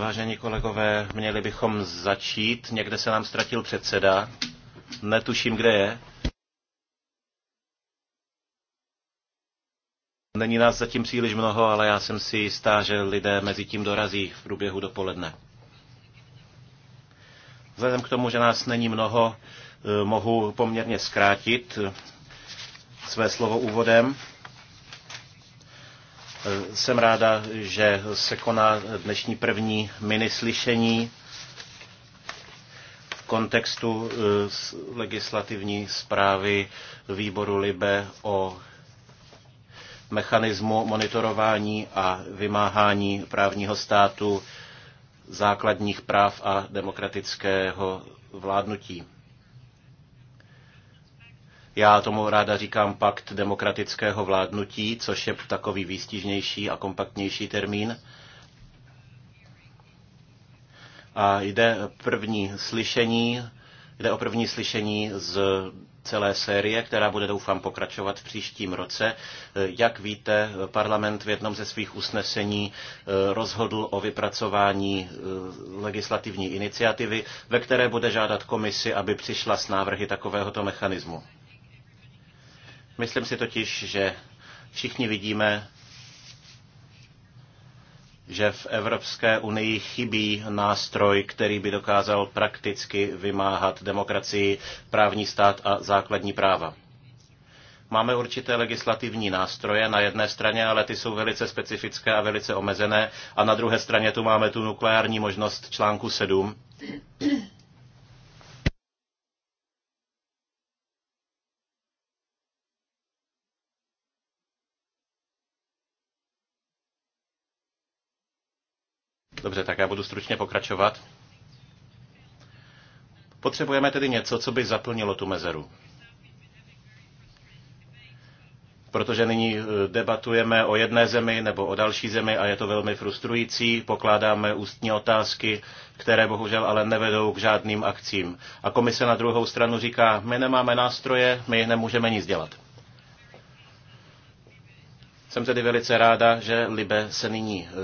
Vážení kolegové, měli bychom začít. Někde se nám ztratil předseda. Netuším, kde je. Není nás zatím příliš mnoho, ale já jsem si jistá, že lidé mezi tím dorazí v průběhu dopoledne. Vzhledem k tomu, že nás není mnoho, eh, mohu poměrně zkrátit eh, své slovo úvodem. Jsem ráda, že se koná dnešní první minislyšení v kontextu e, legislativní zprávy výboru LIBE o mechanismu monitorování a vymáhání právního státu, základních práv a demokratického vládnutí. Já tomu ráda říkám pakt demokratického vládnutí, což je takový výstižnější a kompaktnější termín. A jde první slyšení, jde o první slyšení z celé série, která bude doufám pokračovat v příštím roce. Jak víte, parlament v jednom ze svých usnesení eh, rozhodl o vypracování eh, legislativní iniciativy, ve které bude žádat komisi, aby přišla s návrhy takovéhoto mechanismu. Myslím si totiž, že všichni vidíme, že v Evropské unii chybí nástroj, který by dokázal prakticky vymáhat demokracii, právní stát a základní práva. Máme určité legislativní nástroje na jedné straně, ale ty jsou velice specifické a velice omezené. A na druhé straně tu máme tu nukleární možnost článku 7, Dobře, tak já budu stručně pokračovat. Potřebujeme tedy něco, co by zaplnilo tu mezeru. Protože nyní e, debatujeme o jedné zemi nebo o další zemi a je to velmi frustrující. Pokládáme ústní otázky, které bohužel ale nevedou k žádným akcím. A komise na druhou stranu říká, my nemáme nástroje, my nemůžeme nic dělat. Jsem tedy velice ráda, že Libe se nyní eh,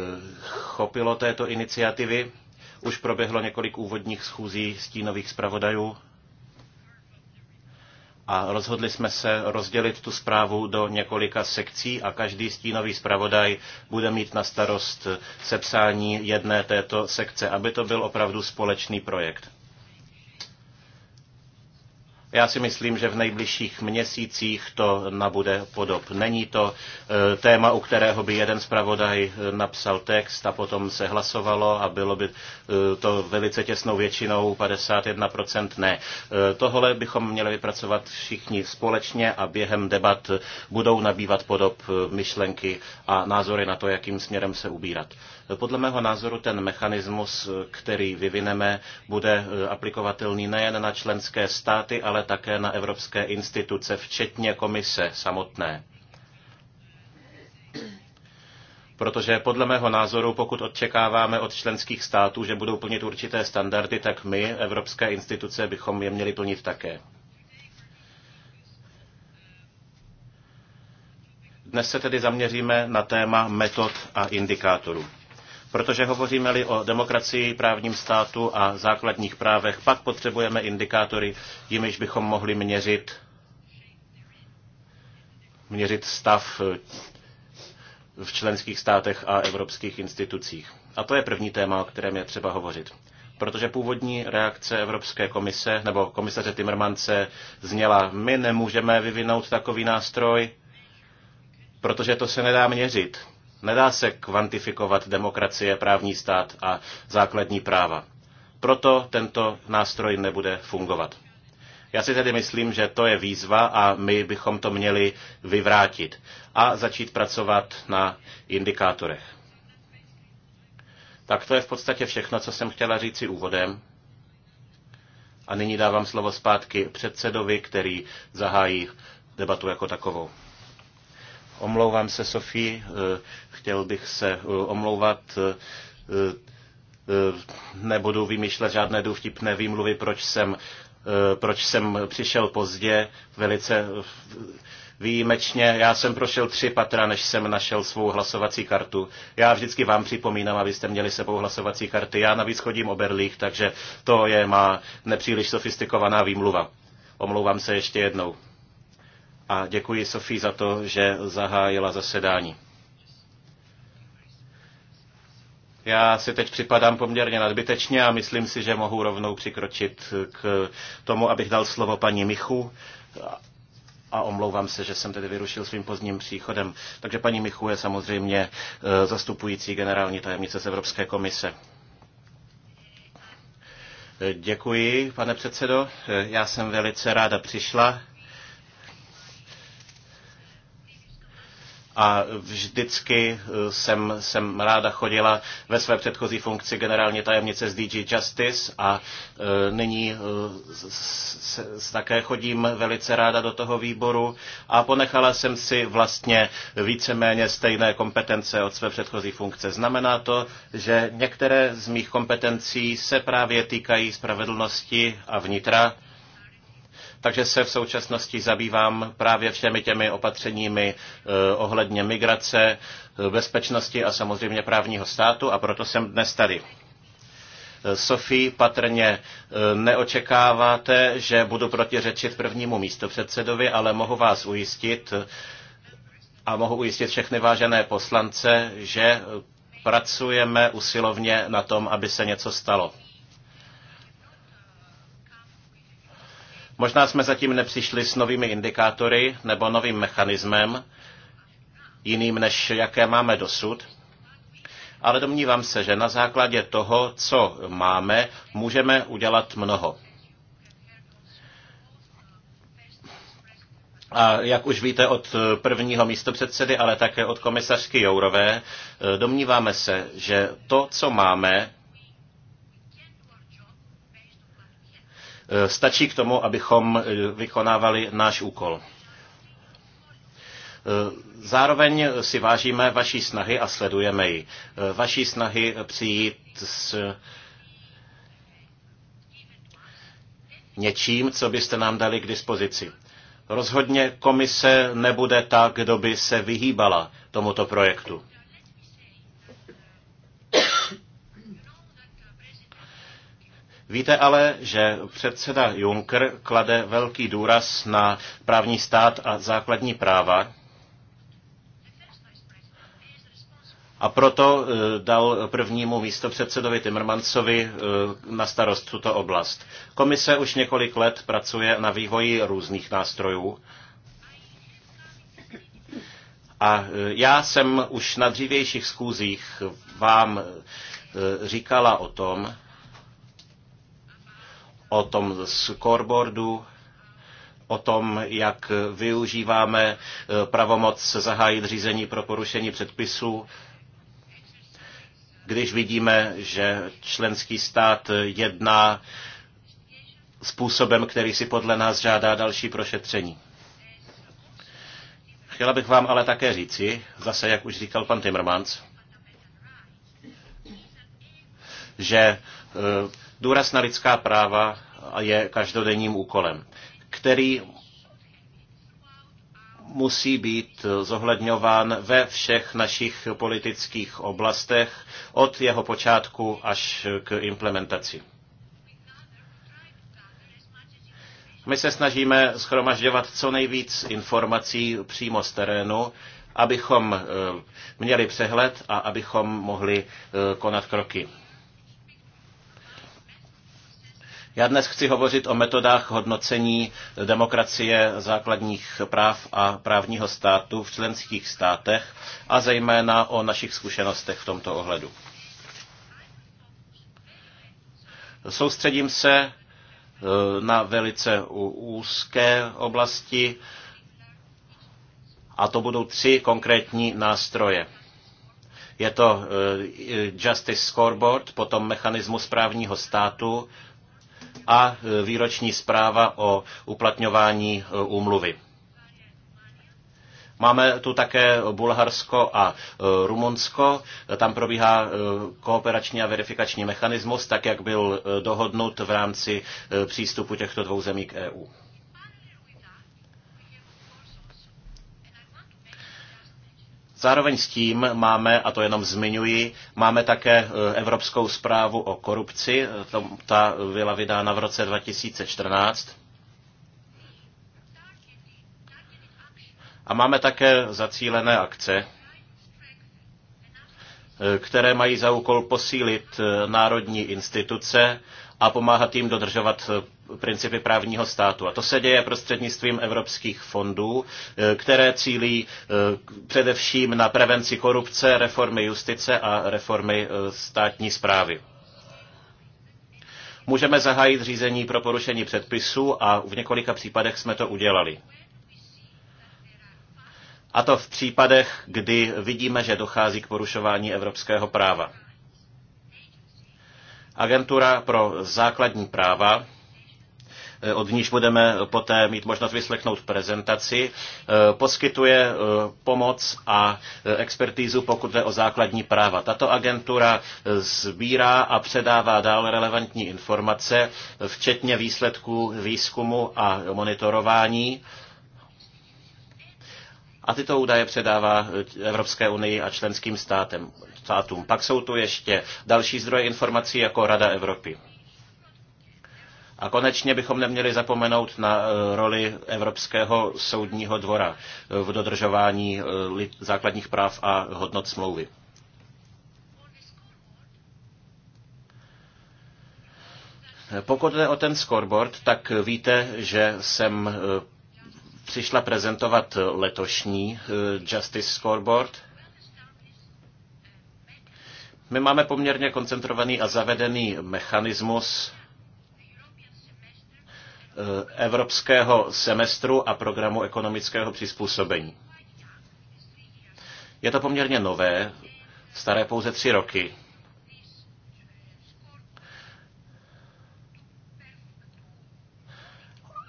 chopilo této iniciativy. Už proběhlo několik úvodních schůzí stínových zpravodajů a rozhodli jsme se rozdělit tu zprávu do několika sekcí a každý stínový zpravodaj bude mít na starost sepsání jedné této sekce, aby to byl opravdu společný projekt. Já si myslím, že v nejbližších měsících to nabude podob. Není to eh, téma, u kterého by jeden zpravodaj eh, napsal text a potom se hlasovalo a bylo by eh, to velice těsnou většinou 51% ne. Tohle bychom měli vypracovat všichni společně a během debat budou nabývat podob myšlenky a názory na to, jakým směrem se ubírat. Podle mého názoru ten mechanismus, který vyvineme, bude aplikovatelný nejen na členské státy, ale také na evropské instituce, včetně komise samotné. Protože podle mého názoru, pokud očekáváme od členských států, že budou plnit určité standardy, tak my, evropské instituce, bychom je měli plnit také. Dnes se tedy zaměříme na téma metod a indikátorů. Protože hovoříme-li o demokracii, právním státu a základních právech, pak potřebujeme indikátory, jimiž bychom mohli měřit, měřit stav v členských státech a evropských institucích. A to je první téma, o kterém je třeba hovořit. Protože původní reakce Evropské komise nebo komisaře Timmermance zněla, my nemůžeme vyvinout takový nástroj, protože to se nedá měřit. Nedá se kvantifikovat demokracie, právní stát a základní práva. Proto tento nástroj nebude fungovat. Já si tedy myslím, že to je výzva a my bychom to měli vyvrátit a začít pracovat na indikátorech. Tak to je v podstatě všechno, co jsem chtěla říct si úvodem. A nyní dávám slovo zpátky předsedovi, který zahájí debatu jako takovou. Omlouvám se, Sofii, eh, chtěl bych se eh, omlouvat eh, nebudu vymýšlet žádné důvtipné výmluvy, proč jsem, proč jsem přišel pozdě, velice výjimečně. Já jsem prošel tři patra, než jsem našel svou hlasovací kartu. Já vždycky vám připomínám, abyste měli sebou hlasovací karty. Já navíc chodím o berlích, takže to je má nepříliš sofistikovaná výmluva. Omlouvám se ještě jednou. A děkuji Sofii za to, že zahájila zasedání. Já si teď připadám poměrně nadbytečně a myslím si, že mohu rovnou přikročit k tomu, abych dal slovo paní Michu. A omlouvám se, že jsem tedy vyrušil svým pozdním příchodem. Takže paní Michu je samozřejmě eh, zastupující generální tajemnice z Evropské komise. Děkuji, pane předsedo. Já jsem velice ráda přišla. a vždycky eh, jsem, jsem ráda chodila ve své předchozí funkci generálně tajemnice z DG Justice a eh, nyní eh, také chodím velice ráda do toho výboru a ponechala jsem si vlastně víceméně stejné kompetence od své předchozí funkce. Znamená to, že některé z mých kompetencí se právě týkají spravedlnosti a vnitra takže se v současnosti zabývám právě všemi těmi opatřeními eh, ohledně migrace, eh, bezpečnosti a samozřejmě právního státu a proto jsem dnes tady. Eh, Sofí, patrně neočekáváte, že budu protiřečit prvnímu místopředsedovi, ale mohu vás ujistit a mohu ujistit všechny vážené poslance, že pracujeme usilovně na tom, aby se něco stalo. Možná jsme zatím nepřišli s novými indikátory nebo novým mechanismem, jiným než jaké máme dosud, ale domnívám se, že na základě toho, co máme, můžeme udělat mnoho. A jak už víte od prvního místopředsedy, ale také od komisařky Jourové, eh, domníváme se, že to, co máme, Eh, stačí k tomu, abychom eh, vykonávali náš úkol. Eh, zároveň si vážíme vaší snahy a sledujeme ji. Vaší snahy přijít s něčím, co byste nám dali k dispozici. Rozhodně komise nebude ta, kdo by se vyhýbala tomuto projektu. Víte ale, že předseda Juncker klade velký důraz na právní stát a základní práva. A proto eh, dal prvnímu místopředsedovi Timmermansovi eh, na starost tuto oblast. Komise už několik let pracuje na vývoji různých nástrojů. A eh, já jsem už na dřívějších schůzích vám říkala o tom, o tom scoreboardu, o tom, jak využíváme eh, pravomoc zahájit řízení pro porušení předpisů, když vidíme, že členský stát jedná způsobem, který si podle nás žádá další prošetření. Chtěla bych vám ale také říci, zase jak už říkal pan Timmermans, že eh, Důraz na lidská práva je každodenním úkolem, který musí být zohledňován ve všech našich politických oblastech od jeho počátku až k implementaci. My se snažíme schromažďovat co nejvíc informací přímo z terénu, abychom eh, měli přehled a abychom mohli eh, konat kroky Já dnes chci hovořit o metodách hodnocení demokracie, základních práv a právního státu v členských státech a zejména o našich zkušenostech v tomto ohledu. Soustředím se eh, na velice úzké oblasti a to budou tři konkrétní nástroje. Je to eh, Justice Scoreboard, potom mechanismus právního státu a e, výroční zpráva o uplatňování e, úmluvy. Máme tu také Bulharsko a e, Rumunsko. Tam probíhá kooperační a verifikační mechanismus, tak jak byl dohodnut v rámci přístupu těchto dvou zemí k EU. Zároveň s tím máme, a to jenom zmiňuji, máme také e, Evropskou zprávu o korupci, e, ta byla vydána v roce 2014. A máme také zacílené akce, e, které mají za úkol posílit národní instituce, a pomáhat jim dodržovat eh, principy právního státu. A to se děje prostřednictvím evropských fondů, eh, které cílí eh, především na prevenci korupce, reformy justice a reformy státní zprávy. Můžeme zahájit řízení pro porušení předpisů a v několika případech jsme to udělali. A to v případech, kdy vidíme, že dochází k porušování evropského práva. Agentura pro základní práva eh, od níž budeme poté mít možnost vyslechnout prezentaci, eh, poskytuje eh, pomoc a expertízu, pokud jde o základní práva. Tato agentura sbírá a předává dál relevantní informace, včetně výsledků výzkumu a monitorování a tyto údaje předává eh, Evropské unii a členským státem, státům. Pak jsou tu ještě další zdroje informací jako Rada Evropy. A konečně bychom neměli zapomenout na eh, roli Evropského soudního dvora eh, v dodržování základních práv a hodnot smlouvy. Pokud jde o ten scoreboard, tak víte, že jsem přišla prezentovat letošní eh, Justice Scoreboard. My máme poměrně koncentrovaný a zavedený mechanismus eh, evropského semestru a programu ekonomického přizpůsobení. Je to poměrně nové, staré pouze tři roky.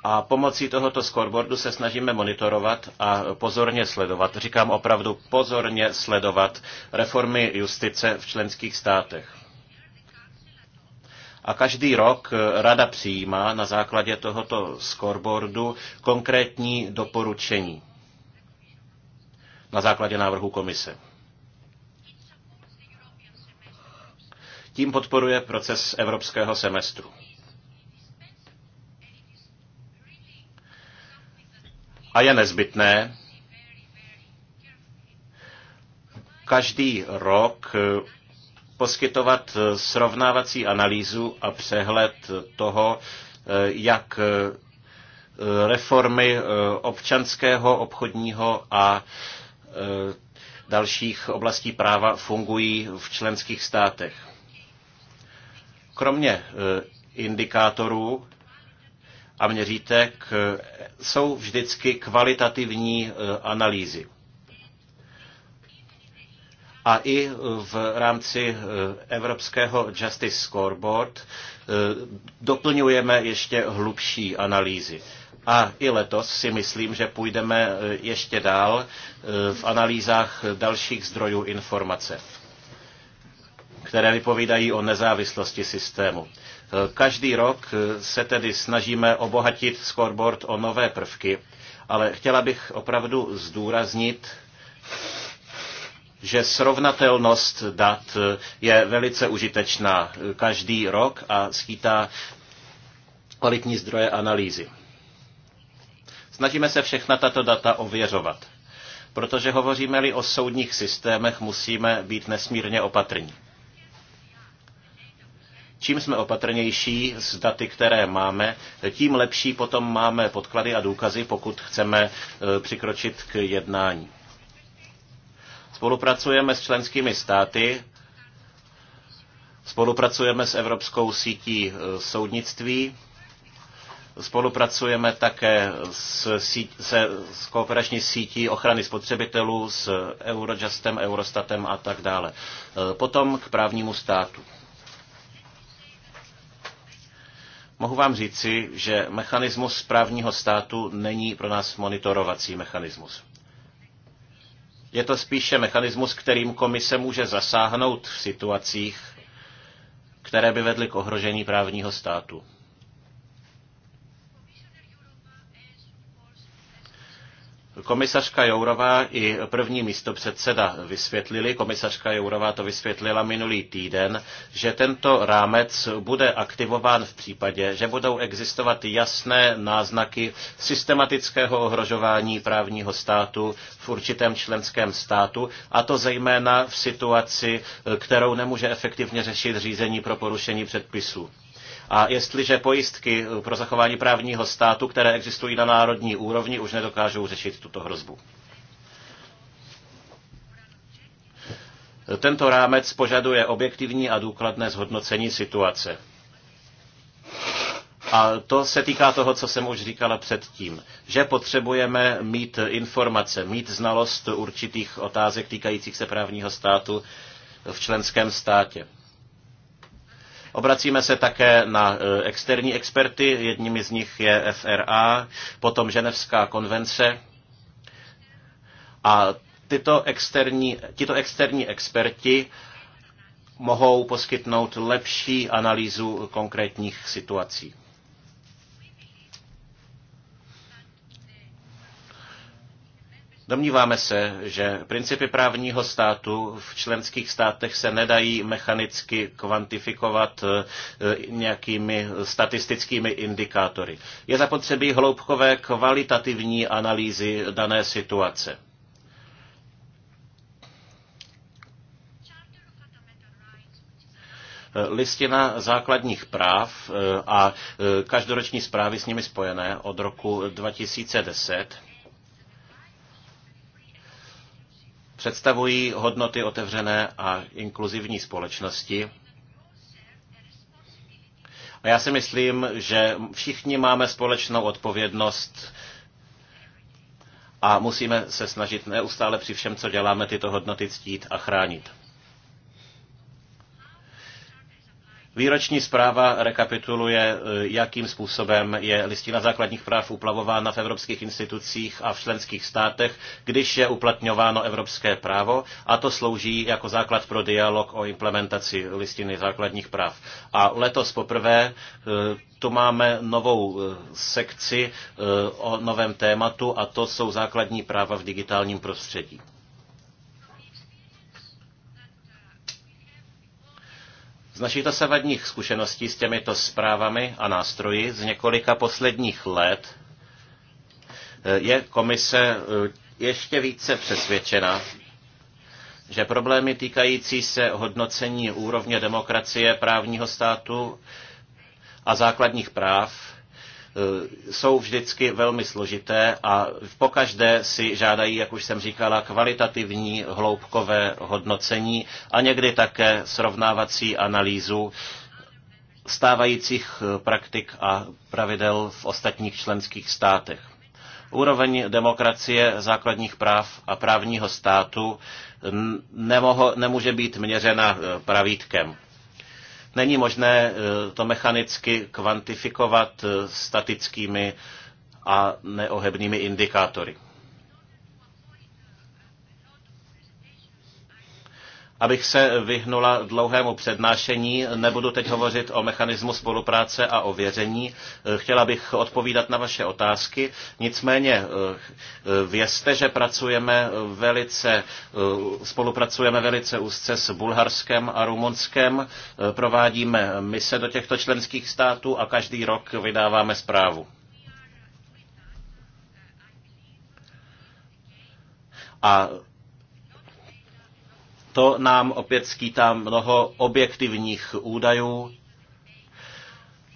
A pomocí tohoto scoreboardu se snažíme monitorovat a pozorně sledovat, říkám opravdu pozorně sledovat reformy justice v členských státech. A každý rok rada přijímá na základě tohoto scoreboardu konkrétní doporučení na základě návrhu komise. Tím podporuje proces evropského semestru. a je nezbytné každý rok eh, poskytovat eh, srovnávací analýzu a přehled toho, eh, jak reformy občanského, obchodního a dalších oblastí práva fungují v členských státech. Kromě indikátorů a měřítek eh, jsou vždycky kvalitativní eh, analýzy. A i eh, v rámci Evropského Justice Scoreboard doplňujeme ještě hlubší analýzy. A i letos si myslím, že půjdeme ještě dál v analýzách dalších zdrojů informace, které vypovídají o nezávislosti systému. Každý rok se tedy snažíme obohatit scoreboard o nové prvky, ale chtěla bych opravdu zdůraznit, že srovnatelnost dat je velice užitečná každý rok a skýtá kvalitní zdroje analýzy. Snažíme se všechna tato data ověřovat, protože hovoříme-li o soudních systémech, musíme být nesmírně opatrní. Čím jsme opatrnější s daty, které máme, tím lepší potom máme podklady a důkazy, pokud chceme e, přikročit k jednání. Spolupracujeme s členskými státy, spolupracujeme s Evropskou sítí e, soudnictví, Spolupracujeme také s, síť, se, s kooperační sítí ochrany spotřebitelů, s Eurojustem, Eurostatem a tak dále. E, potom k právnímu státu. Mohu vám říci, že mechanismus správního státu není pro nás monitorovací mechanismus. Je to spíše mechanismus, kterým komise může zasáhnout v situacích, které by vedly k ohrožení právního státu. Komisařka Jourová i první místo předseda vysvětlili, komisařka Jourová to vysvětlila minulý týden, že tento rámec bude aktivován v případě, že budou existovat jasné náznaky systematického ohrožování právního státu v určitém členském státu, a to zejména v situaci, kterou nemůže efektivně řešit řízení pro porušení předpisů. A jestliže pojistky pro zachování právního státu, které existují na národní úrovni, už nedokážou řešit tuto hrozbu. Tento rámec požaduje objektivní a důkladné zhodnocení situace. A to se týká toho, co jsem už říkala předtím, že potřebujeme mít informace, mít znalost určitých otázek týkajících se právního státu v členském státě. Obracíme se také na e, externí experty, jedním z nich je FRA, potom Ženevská konvence a tyto externí, tyto externí experti mohou poskytnout lepší analýzu konkrétních situací. Domníváme se, že principy právního státu v členských státech se nedají mechanicky kvantifikovat eh, nějakými statistickými indikátory. Je zapotřebí hloubkové kvalitativní analýzy dané situace. listina základních práv eh, a eh, každoroční zprávy s nimi spojené od roku 2010 představují hodnoty otevřené a inkluzivní společnosti. A já si myslím, že všichni máme společnou odpovědnost a musíme se snažit neustále při všem, co děláme, tyto hodnoty ctít a chránit. Výroční zpráva rekapituluje, e, jakým způsobem je listina základních práv uplavována v evropských institucích a v členských státech, když je uplatňováno evropské právo a to slouží jako základ pro dialog o implementaci listiny základních práv. A letos poprvé e, tu máme novou e, sekci o novém tématu a to jsou základní práva v digitálním prostředí. Z našich dosavadních zkušeností s těmito zprávami a nástroji z několika posledních let je komise eh, ještě více přesvědčena, že problémy týkající se hodnocení úrovně demokracie, právního státu a základních práv Eh, jsou vždycky velmi složité a pokaždé si žádají, jak už jsem říkala, kvalitativní hloubkové hodnocení a někdy také srovnávací analýzu stávajících eh, praktik a pravidel v ostatních členských státech. Úroveň demokracie, základních práv a právního státu nemoho, nemůže být měřena eh, pravítkem. Není možné eh, to mechanicky kvantifikovat eh, statickými a neohebnými indikátory. Abych se vyhnula dlouhému přednášení, nebudu teď hovořit o mechanismu spolupráce a o věření. Chtěla bych odpovídat na vaše otázky. Nicméně eh, eh, vězte, že pracujeme velice, eh, spolupracujeme velice úzce s Bulharskem a Rumunskem. Provádíme mise do těchto členských států a každý rok vydáváme zprávu. A to nám opět skýtá mnoho objektivních údajů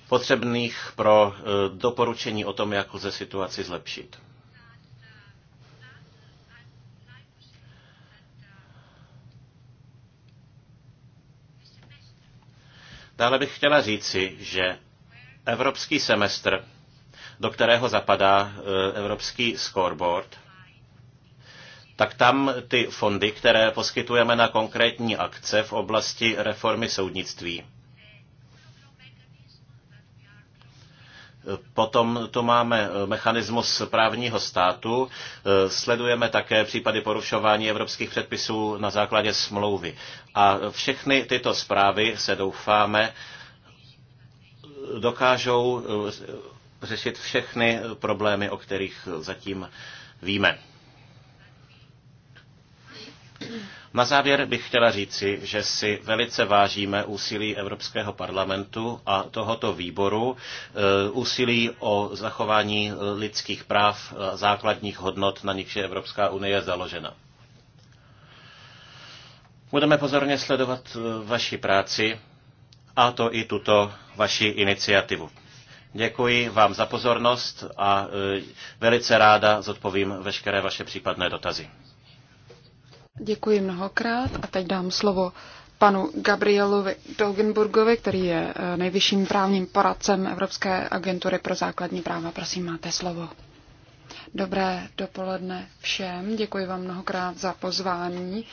potřebných pro e, doporučení o tom, jak lze situaci zlepšit. Dále bych chtěla říci, že evropský semestr, do kterého zapadá e, evropský scoreboard, tak tam ty fondy, které poskytujeme na konkrétní akce v oblasti reformy soudnictví, Potom tu máme mechanismus právního státu, sledujeme také případy porušování evropských předpisů na základě smlouvy. A všechny tyto zprávy se doufáme dokážou řešit všechny problémy, o kterých zatím víme. Na závěr bych chtěla říci, že si velice vážíme úsilí Evropského parlamentu a tohoto výboru, e, úsilí o zachování lidských práv, základních hodnot, na nichž je Evropská unie založena. Budeme pozorně sledovat e, vaši práci a to i tuto vaši iniciativu. Děkuji vám za pozornost a e, velice ráda zodpovím veškeré vaše případné dotazy. Děkuji mnohokrát a teď dám slovo panu Gabrielovi Dogenburgovi, který je eh, nejvyšším právním poradcem Evropské agentury pro základní práva. Prosím, máte slovo. Dobré dopoledne všem. Děkuji vám mnohokrát za pozvání.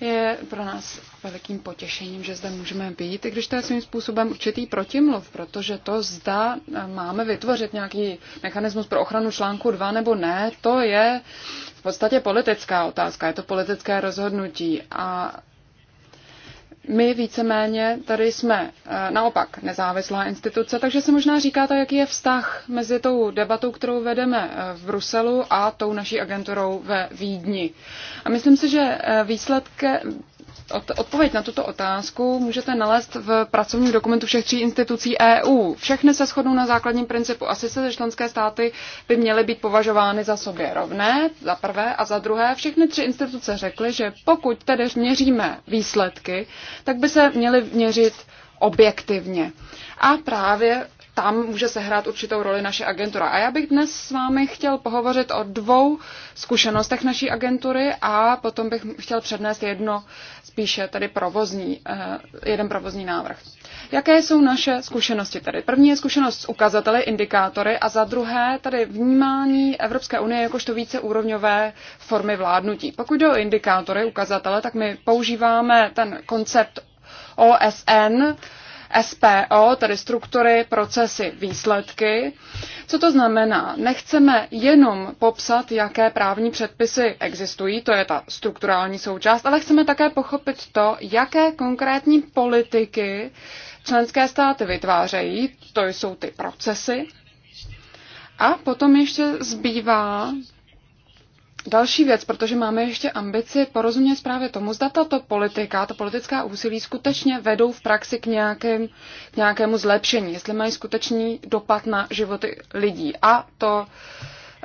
Je pro nás velikým potěšením, že zde můžeme být, i když to je svým způsobem určitý protimluv, protože to zda eh, máme vytvořit nějaký mechanismus pro ochranu článku 2 nebo ne, to je v podstatě politická otázka, je to politické rozhodnutí a my víceméně tady jsme eh, naopak nezávislá instituce, takže se možná říkáte, jaký je vztah mezi tou debatou, kterou vedeme eh, v Bruselu a tou naší agenturou ve Vídni. A myslím si, že eh, výsledky odpověď na tuto otázku můžete nalézt v pracovním dokumentu všech tří institucí EU. Všechny se shodnou na základním principu. Asi se členské státy by měly být považovány za sobě rovné, za prvé, a za druhé. Všechny tři instituce řekly, že pokud tedy měříme výsledky, tak by se měly měřit objektivně. A právě tam může sehrát určitou roli naše agentura. A já bych dnes s vámi chtěl pohovořit o dvou zkušenostech naší agentury a potom bych chtěl přednést jedno spíše tady provozní, eh, jeden provozní návrh. Jaké jsou naše zkušenosti tady? První je zkušenost s ukazateli, indikátory a za druhé tady vnímání Evropské unie jakožto více úrovňové formy vládnutí. Pokud jde o indikátory, ukazatele, tak my používáme ten koncept OSN, SPO, tedy struktury, procesy, výsledky. Co to znamená? Nechceme jenom popsat, jaké právní předpisy existují, to je ta strukturální součást, ale chceme také pochopit to, jaké konkrétní politiky členské státy vytvářejí, to jsou ty procesy. A potom ještě zbývá Další věc, protože máme ještě ambici porozumět právě tomu, zda tato politika, ta politická úsilí skutečně vedou v praxi k, nějakém, k nějakému zlepšení, jestli mají skutečný dopad na životy lidí. A to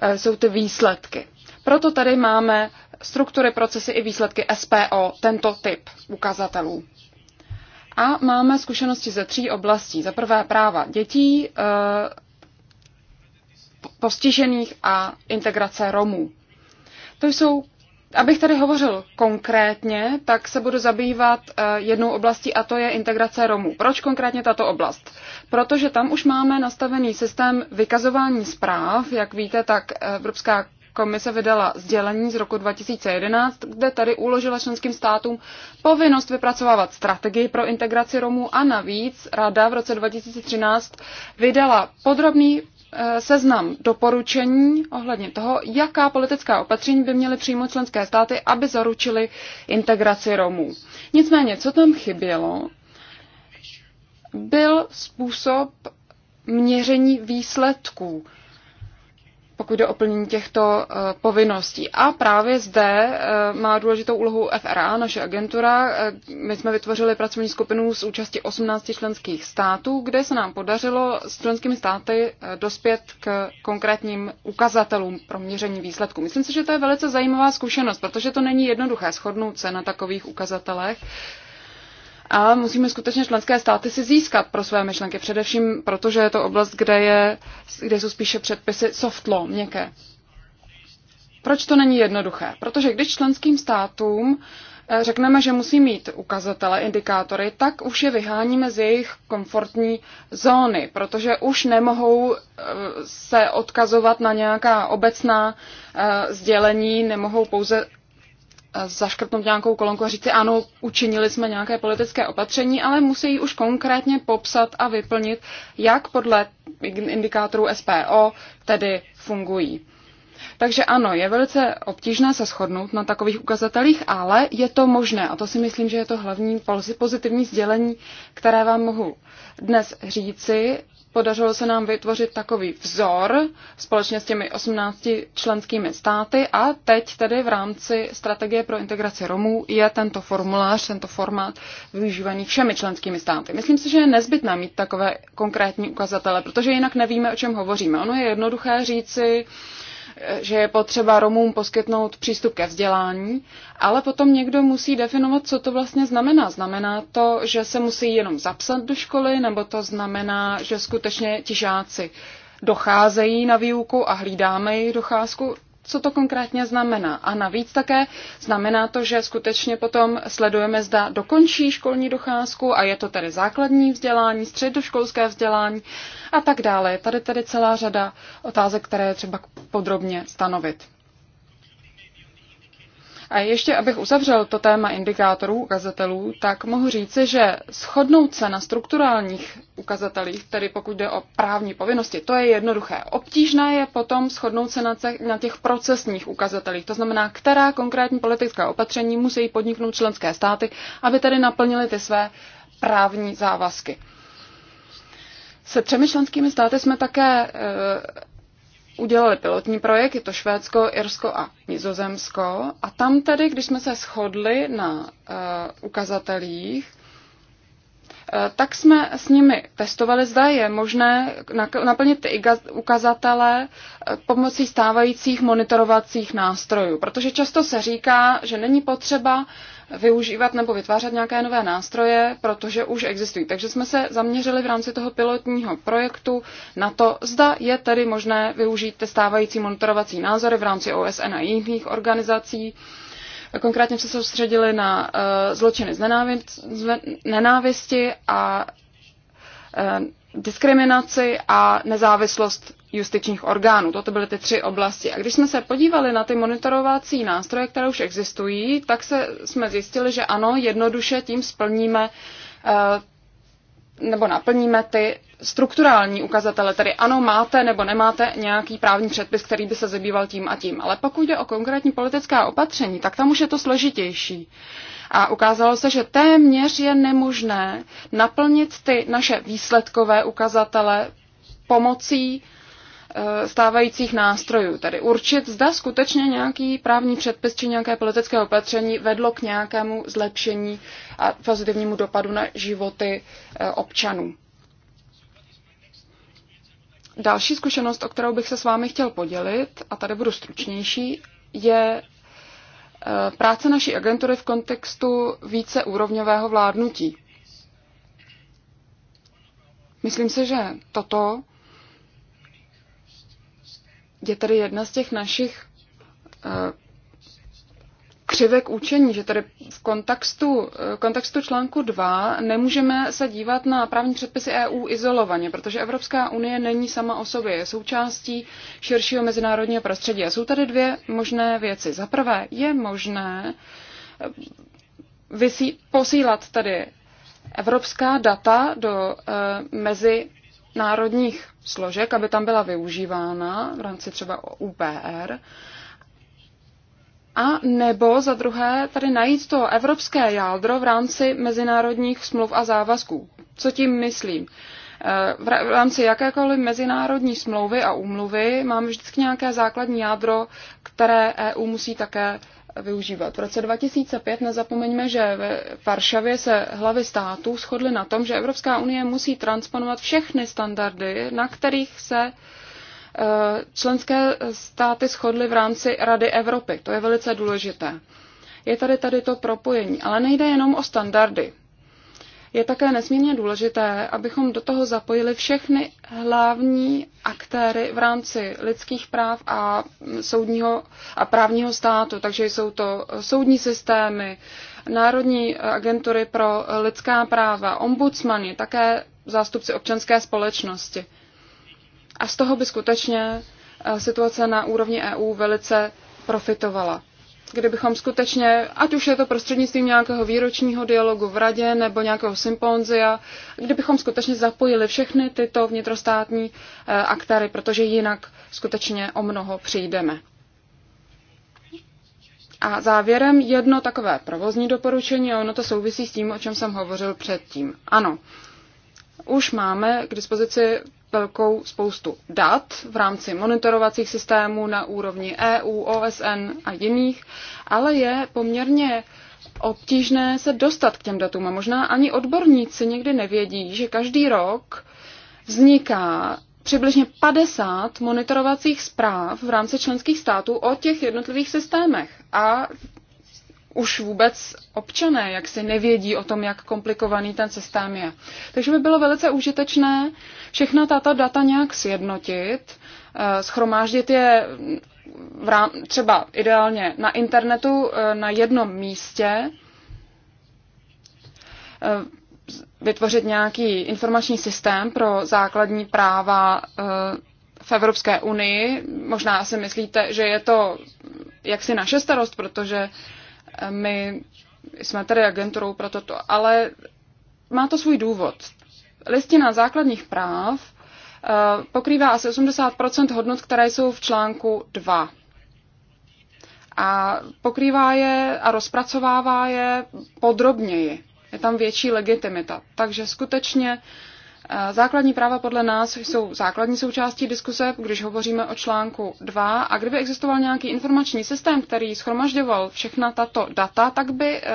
e, jsou ty výsledky. Proto tady máme struktury, procesy i výsledky SPO, tento typ ukazatelů. A máme zkušenosti ze tří oblastí. Za prvé práva dětí, e, postižených a integrace Romů. To jsou, abych tady hovořil konkrétně, tak se budu zabývat eh, jednou oblastí a to je integrace Romů. Proč konkrétně tato oblast? Protože tam už máme nastavený systém vykazování zpráv, jak víte, tak Evropská komise vydala sdělení z roku 2011, kde tady uložila členským státům povinnost vypracovávat strategii pro integraci Romů a navíc Rada v roce 2013 vydala podrobný Eh, seznam doporučení ohledně toho, jaká politická opatření by měly přijmout členské státy, aby zaručili integraci Romů. Nicméně, co tam chybělo, byl způsob měření výsledků pokud jde o plnění těchto eh, povinností. A právě zde eh, má důležitou úlohu FRA, naše agentura. Eh, my jsme vytvořili pracovní skupinu s účastí 18 členských států, kde se nám podařilo s členskými státy dospět k konkrétním ukazatelům pro měření výsledků. Myslím si, že to je velice zajímavá zkušenost, protože to není jednoduché shodnout se na takových ukazatelech a musíme skutečně členské státy si získat pro své myšlenky, především protože je to oblast, kde, je, kde jsou spíše předpisy soft law, měkké. Proč to není jednoduché? Protože když členským státům eh, řekneme, že musí mít ukazatele, indikátory, tak už je vyháníme z jejich komfortní zóny, protože už nemohou eh, se odkazovat na nějaká obecná eh, sdělení, nemohou pouze zaškrtnout nějakou kolonku a říci, ano, učinili jsme nějaké politické opatření, ale musí už konkrétně popsat a vyplnit, jak podle indikátorů SPO tedy fungují. Takže ano, je velice obtížné se shodnout na takových ukazatelích, ale je to možné a to si myslím, že je to hlavní pozitivní sdělení, které vám mohu dnes říci. Podařilo se nám vytvořit takový vzor společně s těmi 18 členskými státy a teď tedy v rámci strategie pro integraci Romů je tento formulář, tento formát využívaný všemi členskými státy. Myslím si, že je nezbytné mít takové konkrétní ukazatele, protože jinak nevíme, o čem hovoříme. Ono je jednoduché říci, že je potřeba Romům poskytnout přístup ke vzdělání, ale potom někdo musí definovat, co to vlastně znamená. Znamená to, že se musí jenom zapsat do školy, nebo to znamená, že skutečně ti žáci docházejí na výuku a hlídáme jejich docházku, co to konkrétně znamená. A navíc také znamená to, že skutečně potom sledujeme, zda dokončí školní docházku a je to tedy základní vzdělání, středoškolské vzdělání a tak dále. Tady tedy celá řada otázek, které je třeba podrobně stanovit. A ještě, abych uzavřel to téma indikátorů ukazatelů, tak mohu říci, že shodnout se na strukturálních ukazatelích, tedy pokud jde o právní povinnosti, to je jednoduché. Obtížné je potom shodnout se na těch, procesních ukazatelích, to znamená, která konkrétní politická opatření musí podniknout členské státy, aby tedy naplnili ty své právní závazky. Se třemi členskými státy jsme také eh, udělali pilotní projekt, je to Švédsko, Irsko a Nizozemsko. A tam tedy, když jsme se shodli na uh, ukazatelích, Eh, tak jsme s nimi testovali, zda je možné naplnit ty ukazatele eh, pomocí stávajících monitorovacích nástrojů. Protože často se říká, že není potřeba využívat nebo vytvářet nějaké nové nástroje, protože už existují. Takže jsme se zaměřili v rámci toho pilotního projektu na to, zda je tedy možné využít ty stávající monitorovací názory v rámci OSN a jiných organizací Konkrétně se soustředili na eh, zločiny z nenávisti a eh, diskriminaci a nezávislost justičních orgánů. Toto byly ty tři oblasti. A když jsme se podívali na ty monitorovací nástroje, které už existují, tak se, jsme zjistili, že ano, jednoduše tím splníme eh, nebo naplníme ty strukturální ukazatele, tedy ano, máte nebo nemáte nějaký právní předpis, který by se zabýval tím a tím. Ale pokud jde o konkrétní politická opatření, tak tam už je to složitější. A ukázalo se, že téměř je nemožné naplnit ty naše výsledkové ukazatele pomocí eh, stávajících nástrojů, tedy určit, zda skutečně nějaký právní předpis či nějaké politické opatření vedlo k nějakému zlepšení a pozitivnímu dopadu na životy eh, občanů. Další zkušenost, o kterou bych se s vámi chtěl podělit, a tady budu stručnější, je e, práce naší agentury v kontextu víceúrovňového vládnutí. Myslím si, že toto je tedy jedna z těch našich e, křivek učení, že tady v kontextu, eh, kontextu článku 2 nemůžeme se dívat na právní předpisy EU izolovaně, protože Evropská unie není sama o sobě, je součástí širšího mezinárodního prostředí. A jsou tady dvě možné věci. Za prvé je možné eh, vysí, posílat tady evropská data do uh, eh, mezi národních složek, aby tam byla využívána v rámci třeba UPR. A nebo za druhé tady najít to evropské jádro v rámci mezinárodních smluv a závazků. Co tím myslím? Eh, v rámci jakékoliv mezinárodní smlouvy a úmluvy máme vždycky nějaké základní jádro, které EU musí také využívat. V roce 2005 nezapomeňme, že v Varšavě se hlavy států shodly na tom, že Evropská unie musí transponovat všechny standardy, na kterých se uh, členské státy shodly v rámci Rady Evropy. To je velice důležité. Je tady tady to propojení, ale nejde jenom o standardy. Je také nesmírně důležité, abychom do toho zapojili všechny hlavní aktéry v rámci lidských práv a soudního a právního státu. Takže jsou to soudní systémy, národní agentury pro lidská práva, ombudsmany, také zástupci občanské společnosti. A z toho by skutečně eh, situace na úrovni EU velice profitovala. Kdybychom skutečně, ať už je to prostřednictvím nějakého výročního dialogu v radě nebo nějakého symponzia, kdybychom skutečně zapojili všechny tyto vnitrostátní eh, aktéry, protože jinak skutečně o mnoho přijdeme. A závěrem jedno takové provozní doporučení, a ono to souvisí s tím, o čem jsem hovořil předtím. Ano, už máme k dispozici velkou spoustu dat v rámci monitorovacích systémů na úrovni EU, OSN a jiných, ale je poměrně obtížné se dostat k těm datům. A možná ani odborníci někdy nevědí, že každý rok vzniká přibližně 50 monitorovacích zpráv v rámci členských států o těch jednotlivých systémech. A už vůbec občané, jak si nevědí o tom, jak komplikovaný ten systém je. Takže by bylo velice užitečné všechna tato data nějak sjednotit, eh, schromáždit je v rám, třeba ideálně na internetu eh, na jednom místě, eh, vytvořit nějaký informační systém pro základní práva v Evropské unii. Možná si myslíte, že je to jaksi naše starost, protože uh, my jsme tedy agenturou pro toto, ale má to svůj důvod. Listina základních práv eh, pokrývá asi 80 hodnot, které jsou v článku 2. A pokrývá je a rozpracovává je podrobněji. Je tam větší legitimita. Takže skutečně uh, Základní práva podle nás jsou základní součástí diskuse, když hovoříme o článku 2 a kdyby existoval nějaký informační systém, který schromažďoval všechna tato data, tak by eh,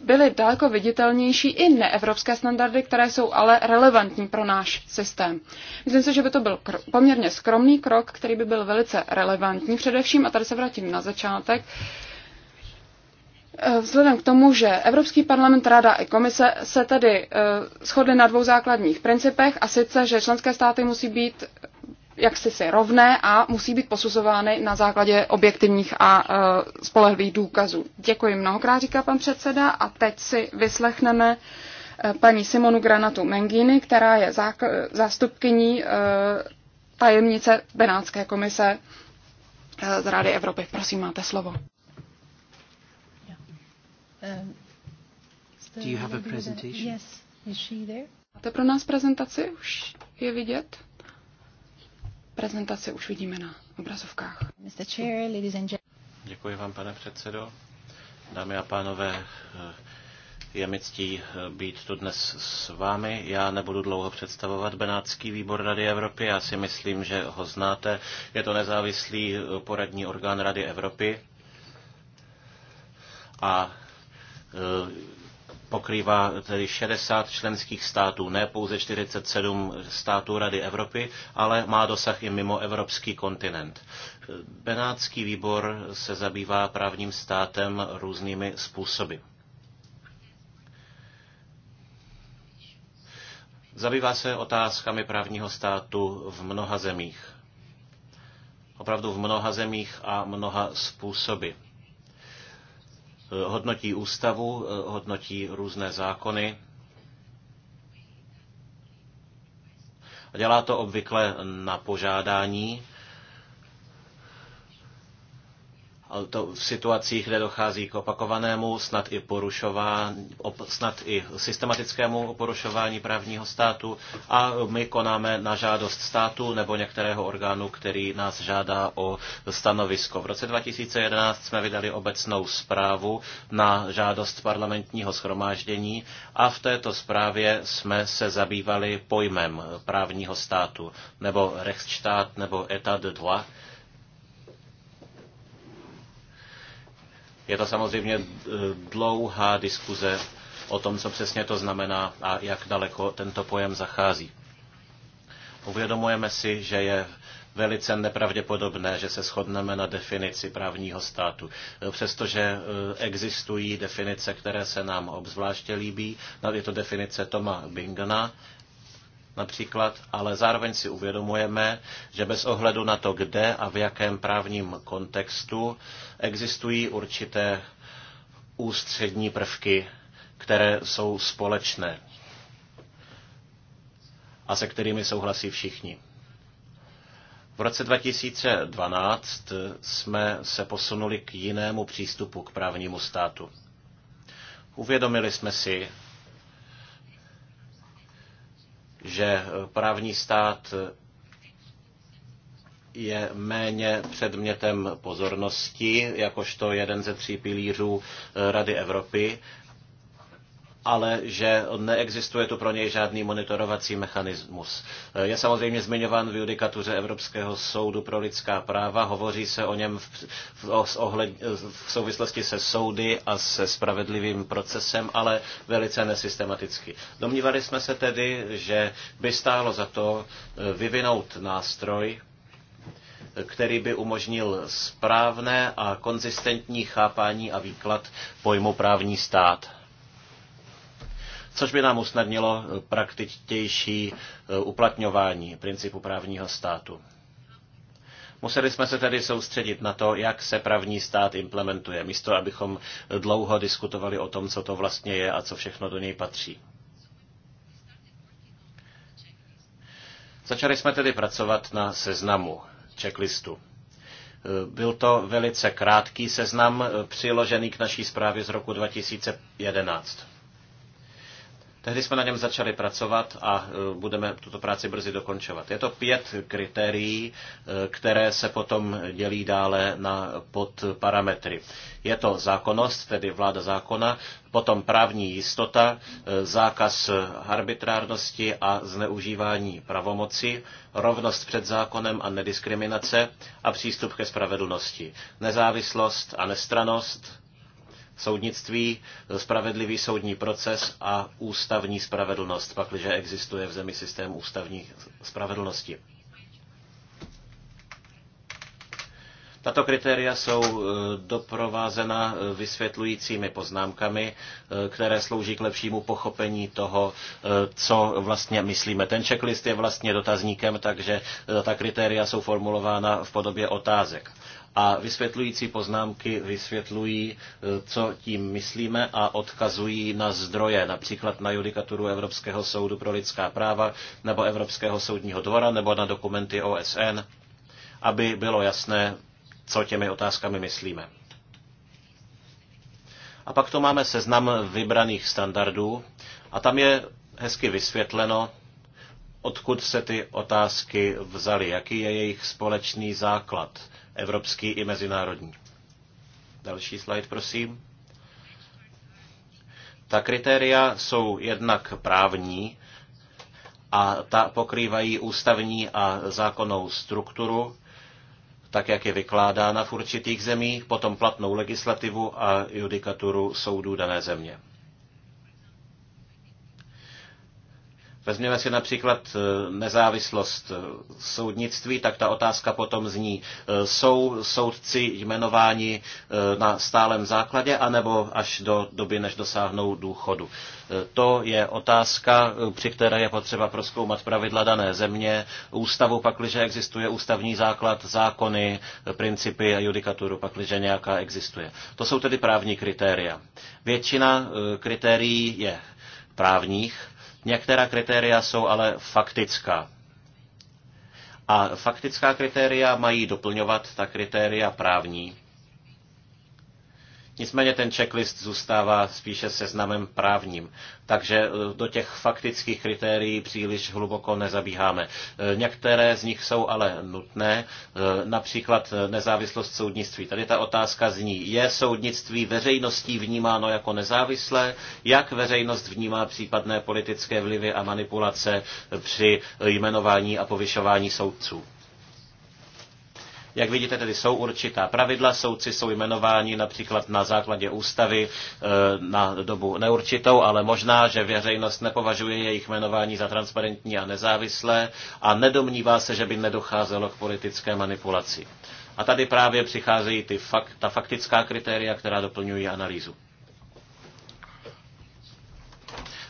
byly daleko viditelnější i neevropské standardy, které jsou ale relevantní pro náš systém. Myslím si, že by to byl poměrně skromný krok, který by byl velice relevantní především, a tady se vrátím na začátek, Eh, vzhledem k tomu, že Evropský parlament, Rada i Komise se tedy eh, shodly na dvou základních principech, a sice, že členské státy musí být eh, jaksi si rovné a musí být posuzovány na základě objektivních a spolehlivých důkazů. Děkuji mnohokrát, říká pan předseda, a teď si vyslechneme paní Simonu Granatu Mengini, která je zástupkyní tajemnice Benátské komise z Rady Evropy. Prosím, máte slovo. Um, Do you have a presentation? Yes. Is she there? Máte pro nás prezentaci? Už je vidět? Prezentaci už vidíme na obrazovkách. Mr. Chair, ladies and Děkuji vám, pane předsedo. Dámy a pánové, je mi ctí být tu dnes s vámi. Já nebudu dlouho představovat Benátský výbor Rady Evropy. Já si myslím, že ho znáte. Je to nezávislý poradní orgán Rady Evropy. A Eh, pokrývá tedy 60 členských států, ne pouze 47 států Rady Evropy, ale má dosah i mimo evropský kontinent. Eh, Benátský výbor se zabývá právním státem různými způsoby. Zabývá se otázkami právního státu v mnoha zemích. Opravdu v mnoha zemích a mnoha způsoby Eh, hodnotí ústavu, eh, hodnotí různé zákony. A dělá to obvykle na požádání to v situacích, kde dochází k opakovanému, snad i, porušování, snad i systematickému porušování právního státu a my konáme na žádost státu nebo některého orgánu, který nás žádá o stanovisko. V roce 2011 jsme vydali obecnou zprávu na žádost parlamentního schromáždění a v této zprávě jsme se zabývali pojmem právního státu nebo rechtsstaat nebo etat 2 Je to samozřejmě eh, dlouhá diskuze o tom, co přesně to znamená a jak daleko tento pojem zachází. Uvědomujeme si, že je velice nepravděpodobné, že se shodneme na definici právního státu. Eh, přestože eh, existují definice, které se nám obzvláště líbí, no, je to definice Toma Bingana, například, ale zároveň si uvědomujeme, že bez ohledu na to, kde a v jakém právním kontextu existují určité ústřední prvky, které jsou společné a se kterými souhlasí všichni. V roce 2012 jsme se posunuli k jinému přístupu k právnímu státu. Uvědomili jsme si, že právní stát je méně předmětem pozornosti, jakožto jeden ze tří pilířů Rady Evropy ale že neexistuje tu pro něj žádný monitorovací mechanismus. Je samozřejmě zmiňován v judikatuře Evropského soudu pro lidská práva, hovoří se o něm v, v, ohled, v souvislosti se soudy a se spravedlivým procesem, ale velice nesystematicky. Domnívali jsme se tedy, že by stálo za to eh, vyvinout nástroj, který by umožnil správné a konzistentní chápání a výklad pojmu právní stát což by nám usnadnilo praktičtější eh, uplatňování principu právního státu. Museli jsme se tedy soustředit na to, jak se právní stát implementuje, místo abychom dlouho diskutovali o tom, co to vlastně je a co všechno do něj patří. Začali jsme tedy pracovat na seznamu, checklistu. Eh, byl to velice krátký seznam eh, přiložený k naší zprávě z roku 2011. Tehdy jsme na něm začali pracovat a e, budeme tuto práci brzy dokončovat. Je to pět kritérií, e, které se potom dělí dále na podparametry. Je to zákonnost, tedy vláda zákona, potom právní jistota, e, zákaz arbitrárnosti a zneužívání pravomoci, rovnost před zákonem a nediskriminace a přístup ke spravedlnosti, nezávislost a nestranost, soudnictví, spravedlivý soudní proces a ústavní spravedlnost, pakliže existuje v zemi systém ústavní spravedlnosti. Tato kritéria jsou eh, doprovázena eh, vysvětlujícími poznámkami, eh, které slouží k lepšímu pochopení toho, co vlastně myslíme. Ten checklist je vlastně dotazníkem, takže ta kritéria jsou formulována v podobě otázek a vysvětlující poznámky vysvětlují, e, co tím myslíme a odkazují na zdroje, například na judikaturu Evropského soudu pro lidská práva nebo Evropského soudního dvora nebo na dokumenty OSN, aby bylo jasné, co těmi otázkami myslíme. A pak tu máme seznam vybraných standardů a tam je hezky vysvětleno, odkud se ty otázky vzaly, jaký je jejich společný základ evropský i mezinárodní. Další slide, prosím. Ta kritéria jsou jednak právní a ta pokrývají ústavní a zákonnou strukturu, tak jak je vykládána v určitých zemích, potom platnou legislativu a judikaturu soudů dané země. Vezměme si například eh, nezávislost eh, soudnictví, tak ta otázka potom zní, eh, jsou soudci jmenováni na stálem základě, anebo až do doby, než dosáhnou důchodu. To je otázka, při které je potřeba proskoumat pravidla dané země, ústavu, pakliže existuje ústavní základ, zákony, principy a judikaturu, pakliže nějaká existuje. To jsou tedy právní kritéria. Většina kritérií je právních, Některá kritéria jsou ale faktická. A faktická kritéria mají doplňovat ta kritéria právní. Nicméně ten checklist zůstává spíše seznamem právním, takže e, do těch faktických kritérií příliš hluboko nezabíháme. E, některé z nich jsou ale nutné, e, například nezávislost soudnictví. Tady ta otázka zní, je soudnictví veřejností vnímáno jako nezávislé? Jak veřejnost vnímá případné politické vlivy a manipulace při jmenování a povyšování soudců? Jak vidíte, tedy jsou určitá pravidla, soudci jsou jmenováni například na základě ústavy eh, na dobu neurčitou, ale možná, že veřejnost nepovažuje jejich jmenování za transparentní a nezávislé a nedomnívá se, že by nedocházelo k politické manipulaci. A tady právě přicházejí ty fakt, ta faktická kritéria, která doplňují analýzu.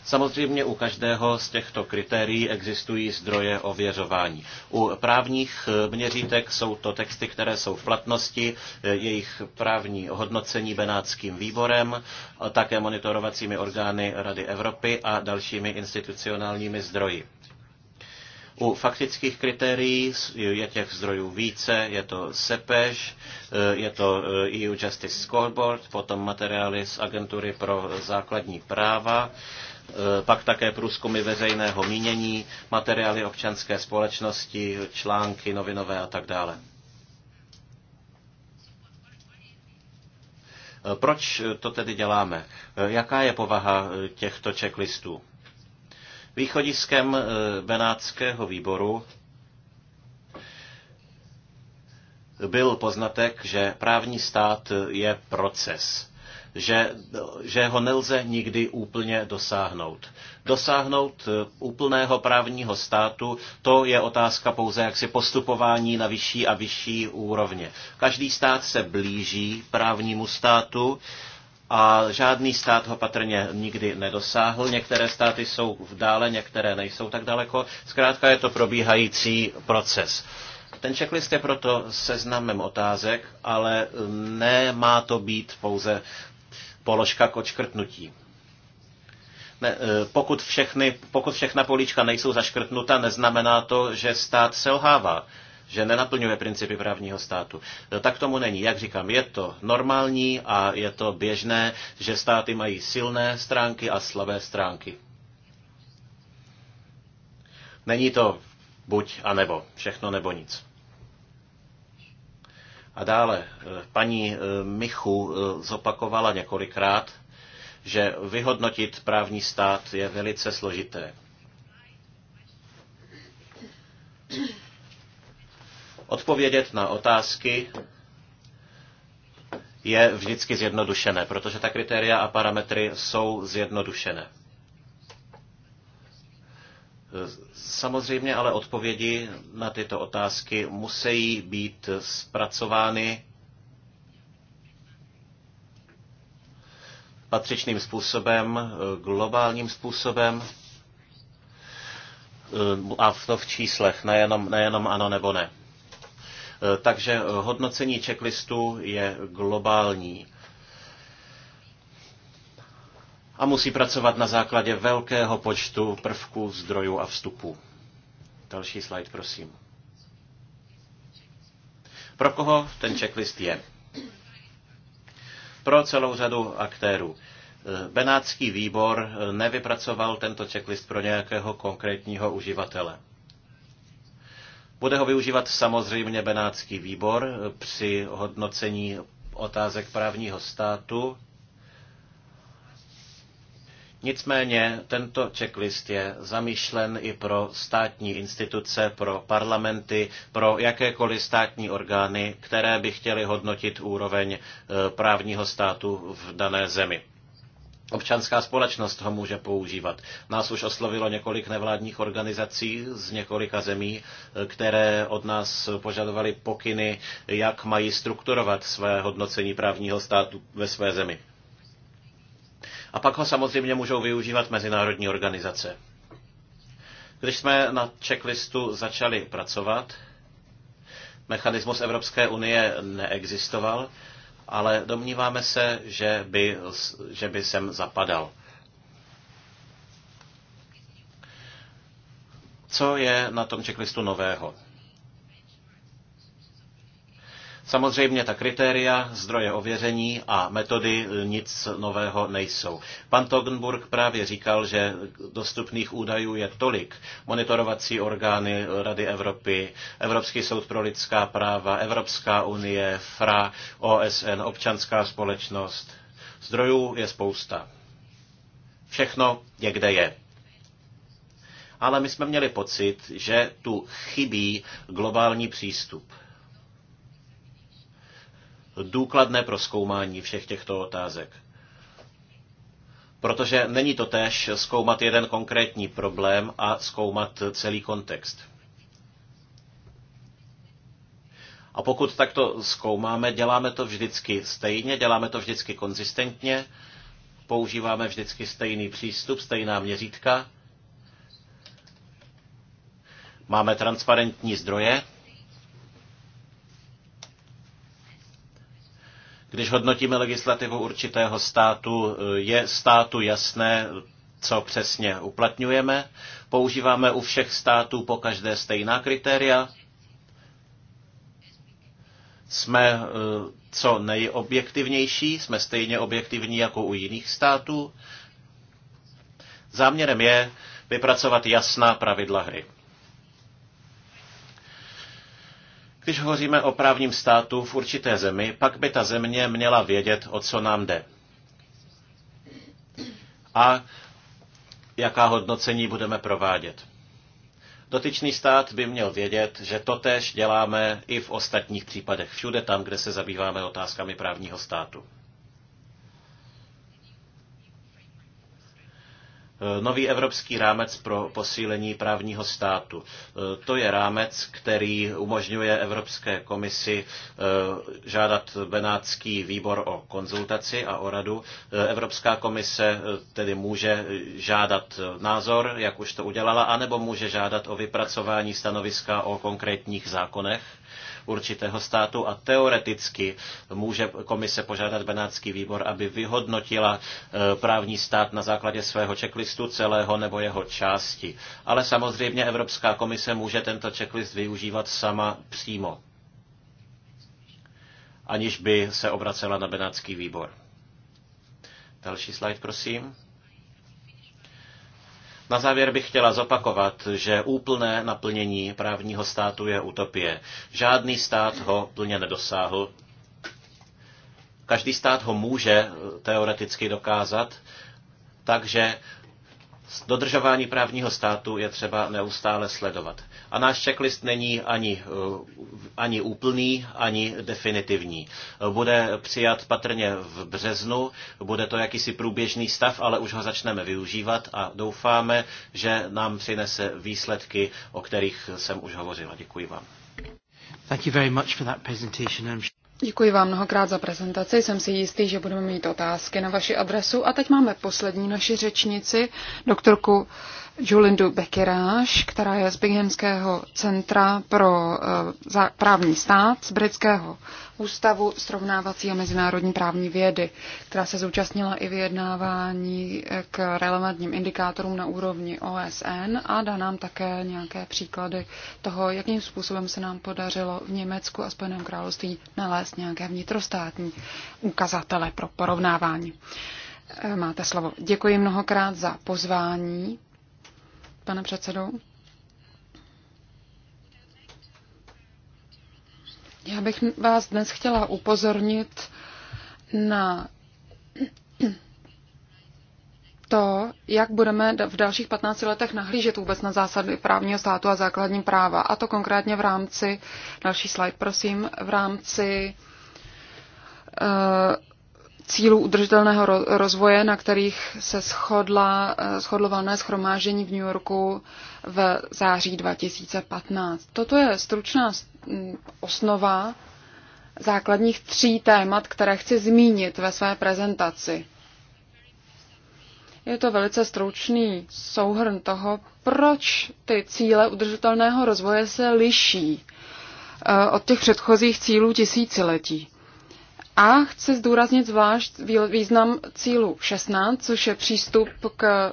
Samozřejmě u každého z těchto kritérií existují zdroje ověřování. U právních měřítek jsou to texty, které jsou v platnosti, jejich právní hodnocení Benátským výborem, také monitorovacími orgány Rady Evropy a dalšími institucionálními zdroji. U faktických kritérií je těch zdrojů více, je to SEPEŽ, je to EU Justice Scoreboard, potom materiály z Agentury pro základní práva, Eh, pak také průzkumy veřejného mínění, materiály občanské společnosti, články novinové a tak dále. Eh, proč to tedy děláme? Eh, jaká je povaha těchto checklistů? Východiskem Benátského výboru byl poznatek, že právní stát je proces že, že ho nelze nikdy úplně dosáhnout. Dosáhnout eh, úplného právního státu, to je otázka pouze jaksi postupování na vyšší a vyšší úrovně. Každý stát se blíží právnímu státu, a žádný stát ho patrně nikdy nedosáhl. Některé státy jsou v dále, některé nejsou tak daleko. Zkrátka je to probíhající proces. Ten checklist je proto seznamem otázek, ale nemá to být pouze položka k odškrtnutí. Ne, e, pokud, všechny, pokud všechna políčka nejsou zaškrtnuta, neznamená to, že stát selhává že nenaplňuje principy právního státu. E, tak tomu není. Jak říkám, je to normální a je to běžné, že státy mají silné stránky a slabé stránky. Není to buď a nebo, všechno nebo nic. A dále eh, paní eh, Michu eh, zopakovala několikrát, že vyhodnotit právní stát je velice složité. Odpovědět na otázky je vždycky zjednodušené, protože ta kritéria a parametry jsou zjednodušené. Samozřejmě ale odpovědi na tyto otázky musí být zpracovány patřičným způsobem, globálním způsobem a to v číslech, nejenom, nejenom ano nebo ne. Takže hodnocení checklistu je globální a musí pracovat na základě velkého počtu prvků, zdrojů a vstupů. Další slide, prosím. Pro koho ten checklist je? Pro celou řadu aktérů. Benátský výbor nevypracoval tento checklist pro nějakého konkrétního uživatele. Bude ho využívat samozřejmě Benátský výbor při hodnocení otázek právního státu Nicméně tento checklist je zamýšlen i pro státní instituce, pro parlamenty, pro jakékoliv státní orgány, které by chtěly hodnotit úroveň eh, právního státu v dané zemi. Občanská společnost ho může používat. Nás už oslovilo několik nevládních organizací z několika zemí, eh, které od nás požadovaly pokyny, jak mají strukturovat své hodnocení právního státu ve své zemi. A pak ho samozřejmě můžou využívat mezinárodní organizace. Když jsme na checklistu začali pracovat, mechanismus Evropské unie neexistoval, ale domníváme se, že by, že by sem zapadal. Co je na tom checklistu nového? Samozřejmě ta kritéria, zdroje ověření a metody e, nic nového nejsou. Pan Togenburg právě říkal, že dostupných údajů je tolik. Monitorovací orgány Rady Evropy, Evropský soud pro lidská práva, Evropská unie, FRA, OSN, občanská společnost. Zdrojů je spousta. Všechno někde je ale my jsme měli pocit, že tu chybí globální přístup důkladné proskoumání všech těchto otázek. Protože není to též zkoumat jeden konkrétní problém a zkoumat celý kontext. A pokud takto zkoumáme, děláme to vždycky stejně, děláme to vždycky konzistentně, používáme vždycky stejný přístup, stejná měřítka, máme transparentní zdroje, Když hodnotíme legislativu určitého státu, je státu jasné, co přesně uplatňujeme. Používáme u všech států po každé stejná kritéria. Jsme eh, co nejobjektivnější, jsme stejně objektivní jako u jiných států. Záměrem je vypracovat jasná pravidla hry. Když hovoříme o právním státu v určité zemi, pak by ta země měla vědět, o co nám jde. A jaká hodnocení budeme provádět. Dotyčný stát by měl vědět, že totéž děláme i v ostatních případech, všude tam, kde se zabýváme otázkami právního státu. nový evropský rámec pro posílení právního státu. E, to je rámec, který umožňuje Evropské komisi e, žádat Benátský výbor o konzultaci a o radu. E, Evropská komise tedy může žádat názor, jak už to udělala, anebo může žádat o vypracování stanoviska o konkrétních zákonech určitého státu a teoreticky může komise požádat Benátský výbor, aby vyhodnotila e, právní stát na základě svého checklistu celého nebo jeho části. Ale samozřejmě Evropská komise může tento checklist využívat sama přímo aniž by se obracela na Benátský výbor. Další slide, prosím. Na závěr bych chtěla zopakovat, že úplné naplnění právního státu je utopie. Žádný stát ho plně nedosáhl. Každý stát ho může eh, teoreticky dokázat, takže dodržování právního státu je třeba neustále sledovat. A náš checklist není ani, eh, ani úplný, ani definitivní. Bude přijat patrně v březnu, bude to jakýsi průběžný stav, ale už ho začneme využívat a doufáme, že nám přinese výsledky, o kterých jsem už hovořila. Děkuji vám. Thank you very much for that presentation. I'm... Děkuji vám mnohokrát za prezentaci. Jsem si jistý, že budeme mít otázky na vaši adresu. A teď máme poslední naši řečnici, doktorku Julindu Bekiráš, která je z Binghamského centra pro eh, právní stát z Britského ústavu srovnávací a mezinárodní právní vědy, která se zúčastnila i vyjednávání eh, k relevantním indikátorům na úrovni OSN a dá nám také nějaké příklady toho, jakým způsobem se nám podařilo v Německu a Spojeném království nalézt nějaké vnitrostátní ukazatele pro porovnávání. Eh, máte slovo. Děkuji mnohokrát za pozvání pane předsedo. Já bych vás dnes chtěla upozornit na to, jak budeme v dalších 15 letech nahlížet vůbec na zásady právního státu a základní práva. A to konkrétně v rámci, další slide prosím, v rámci uh, cílů udržitelného rozvoje, na kterých se shodla, eh, shodlo valné schromáždění v New Yorku v září 2015. Toto je stručná osnova základních tří témat, které chci zmínit ve své prezentaci. Je to velice stručný souhrn toho, proč ty cíle udržitelného rozvoje se liší eh, od těch předchozích cílů tisíciletí. A chci zdůraznit zvlášť význam cílu 16, což je přístup k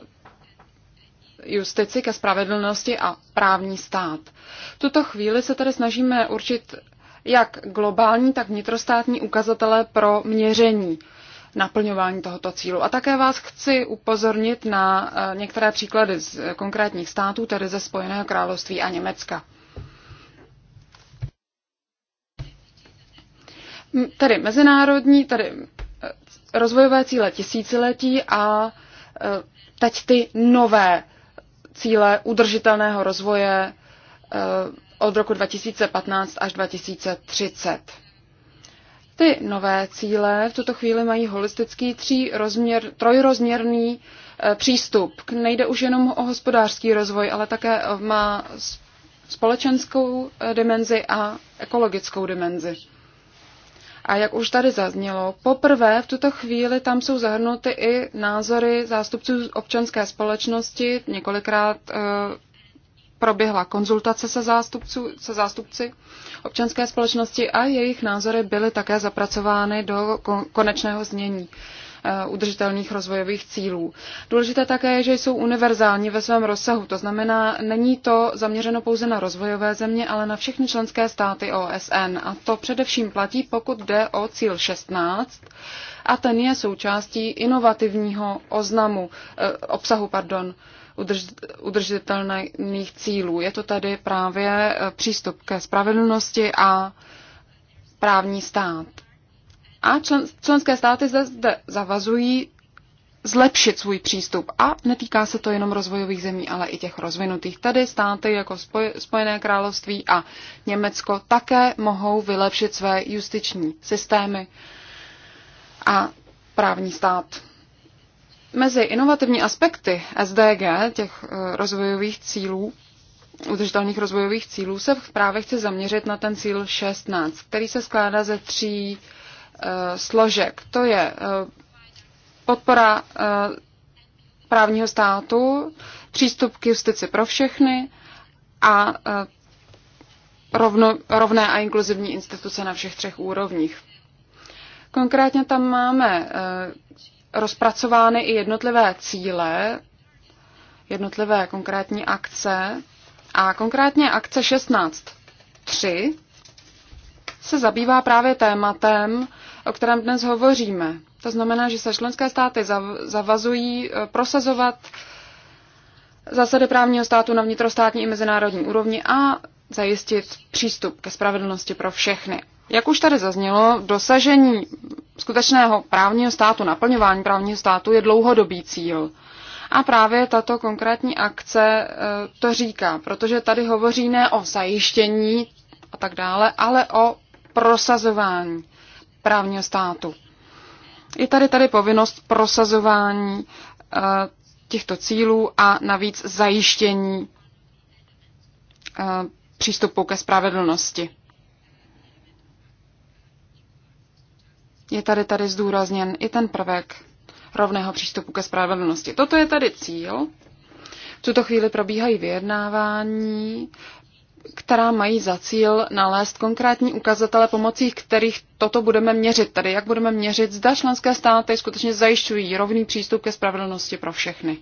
justici, ke spravedlnosti a právní stát. V tuto chvíli se tady snažíme určit jak globální, tak vnitrostátní ukazatele pro měření naplňování tohoto cílu. A také vás chci upozornit na eh, některé příklady z konkrétních států, tedy ze Spojeného království a Německa. tady mezinárodní, tady e, rozvojové cíle tisíciletí a e, teď ty nové cíle udržitelného rozvoje e, od roku 2015 až 2030. Ty nové cíle v tuto chvíli mají holistický tří rozměr, trojrozměrný přístup. Nejde už jenom o hospodářský rozvoj, ale také má společenskou dimenzi a ekologickou dimenzi. A jak už tady zaznělo, poprvé v tuto chvíli tam jsou zahrnuty i názory zástupců občanské společnosti. Několikrát e, proběhla konzultace se, zástupců, se zástupci občanské společnosti a jejich názory byly také zapracovány do konečného znění. E, Eh, udržitelných rozvojových cílů. Důležité také je, že jsou univerzální ve svém rozsahu, to znamená, není to zaměřeno pouze na rozvojové země, ale na všechny členské státy OSN. A to především platí, pokud jde o cíl 16, a ten je součástí inovativního oznamu, eh, obsahu, pardon, udržitelných cílů. Je to tady právě eh, přístup ke spravedlnosti a právní stát. A člen, členské státy zde, zde zavazují zlepšit svůj přístup. A netýká se to jenom rozvojových zemí, ale i těch rozvinutých. Tady státy jako Spojené království a Německo také mohou vylepšit své justiční systémy a právní stát. Mezi inovativní aspekty SDG, těch eh, rozvojových cílů, udržitelných rozvojových cílů, se právě chci zaměřit na ten cíl 16, který se skládá ze tří Eh, složek. To je eh, podpora eh, právního státu, přístup k justici pro všechny a rovno, rovné a inkluzivní instituce na všech třech úrovních. Konkrétně tam máme rozpracovány i jednotlivé cíle, jednotlivé konkrétní akce a konkrétně akce 16.3 se zabývá právě tématem o kterém dnes hovoříme. To znamená, že se členské státy zavazují eh, prosazovat zásady právního státu na vnitrostátní i mezinárodní úrovni a zajistit přístup ke spravedlnosti pro všechny. Jak už tady zaznělo, dosažení skutečného právního státu, naplňování právního státu je dlouhodobý cíl. A právě tato konkrétní akce eh, to říká, protože tady hovoří ne o zajištění a tak dále, ale o prosazování právního státu. Je tady tady povinnost prosazování eh, těchto cílů a navíc zajištění eh, přístupu ke spravedlnosti. Je tady tady zdůrazněn i ten prvek rovného přístupu ke spravedlnosti. Toto je tady cíl. V tuto chvíli probíhají vyjednávání která mají za cíl nalézt konkrétní ukazatele, pomocí kterých toto budeme měřit, tedy jak budeme měřit, zda členské státy skutečně zajišťují rovný přístup ke spravedlnosti pro všechny.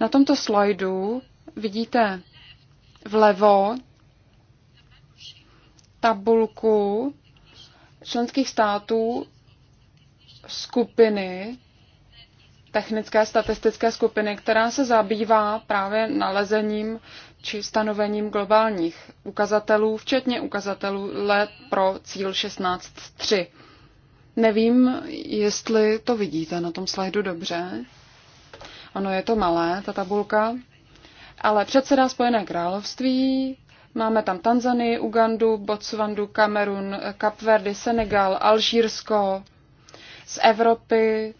Na tomto slajdu vidíte vlevo tabulku členských států skupiny, technické statistické skupiny, která se zabývá právě nalezením či stanovením globálních ukazatelů, včetně ukazatelů let pro cíl 16.3. Nevím, jestli to vidíte na tom slajdu dobře. Ono je to malé, ta tabulka. Ale předseda Spojené království, máme tam Tanzanii, Ugandu, Botswandu, Kamerun, Kapverdy, Senegal, Alžírsko, z Evropy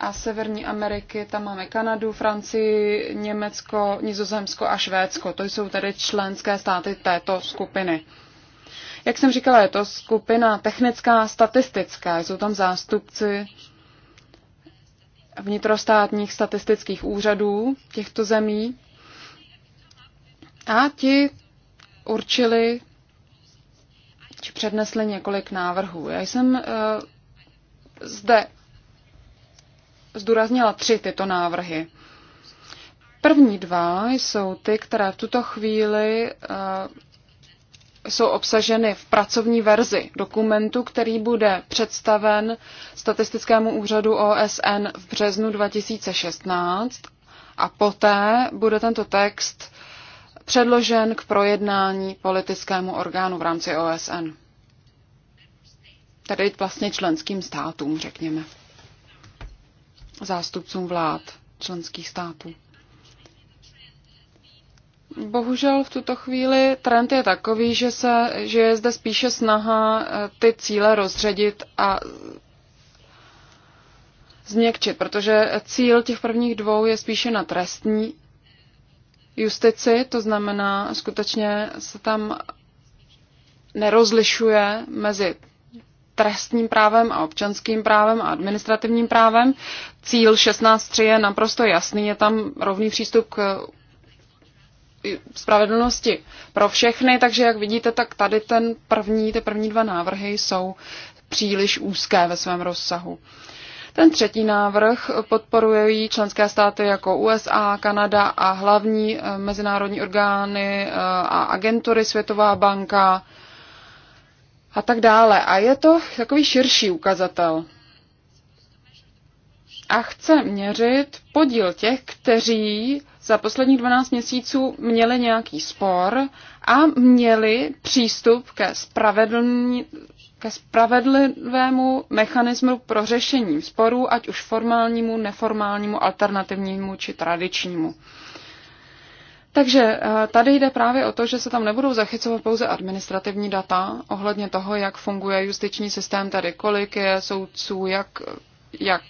a Severní Ameriky, tam máme Kanadu, Francii, Německo, Nizozemsko a Švédsko. To jsou tedy členské státy této skupiny. Jak jsem říkala, je to skupina technická, statistická. Jsou tam zástupci vnitrostátních statistických úřadů těchto zemí a ti určili či přednesli několik návrhů. Já jsem eh, zde zdůraznila tři tyto návrhy. První dva jsou ty, které v tuto chvíli eh, jsou obsaženy v pracovní verzi dokumentu, který bude představen Statistickému úřadu OSN v březnu 2016 a poté bude tento text předložen k projednání politickému orgánu v rámci OSN. Tedy vlastně členským státům, řekněme zástupcům vlád členských států. Bohužel v tuto chvíli trend je takový, že, se, že je zde spíše snaha eh, ty cíle rozředit a změkčit, protože cíl těch prvních dvou je spíše na trestní justici, to znamená, skutečně se tam nerozlišuje mezi trestním právem a občanským právem a administrativním právem. Cíl 16.3 je naprosto jasný, je tam rovný přístup k spravedlnosti pro všechny, takže jak vidíte, tak tady ten první, ty první dva návrhy jsou příliš úzké ve svém rozsahu. Ten třetí návrh podporují členské státy jako USA, Kanada a hlavní eh, mezinárodní orgány eh, a agentury Světová banka, a tak dále. A je to takový širší ukazatel. A chce měřit podíl těch, kteří za posledních 12 měsíců měli nějaký spor a měli přístup ke, spravedlní, ke spravedlivému mechanismu pro řešení sporů, ať už formálnímu, neformálnímu, alternativnímu či tradičnímu. Takže eh, tady jde právě o to, že se tam nebudou zachycovat pouze administrativní data ohledně toho, jak funguje justiční systém, tady kolik je soudců, jak, jak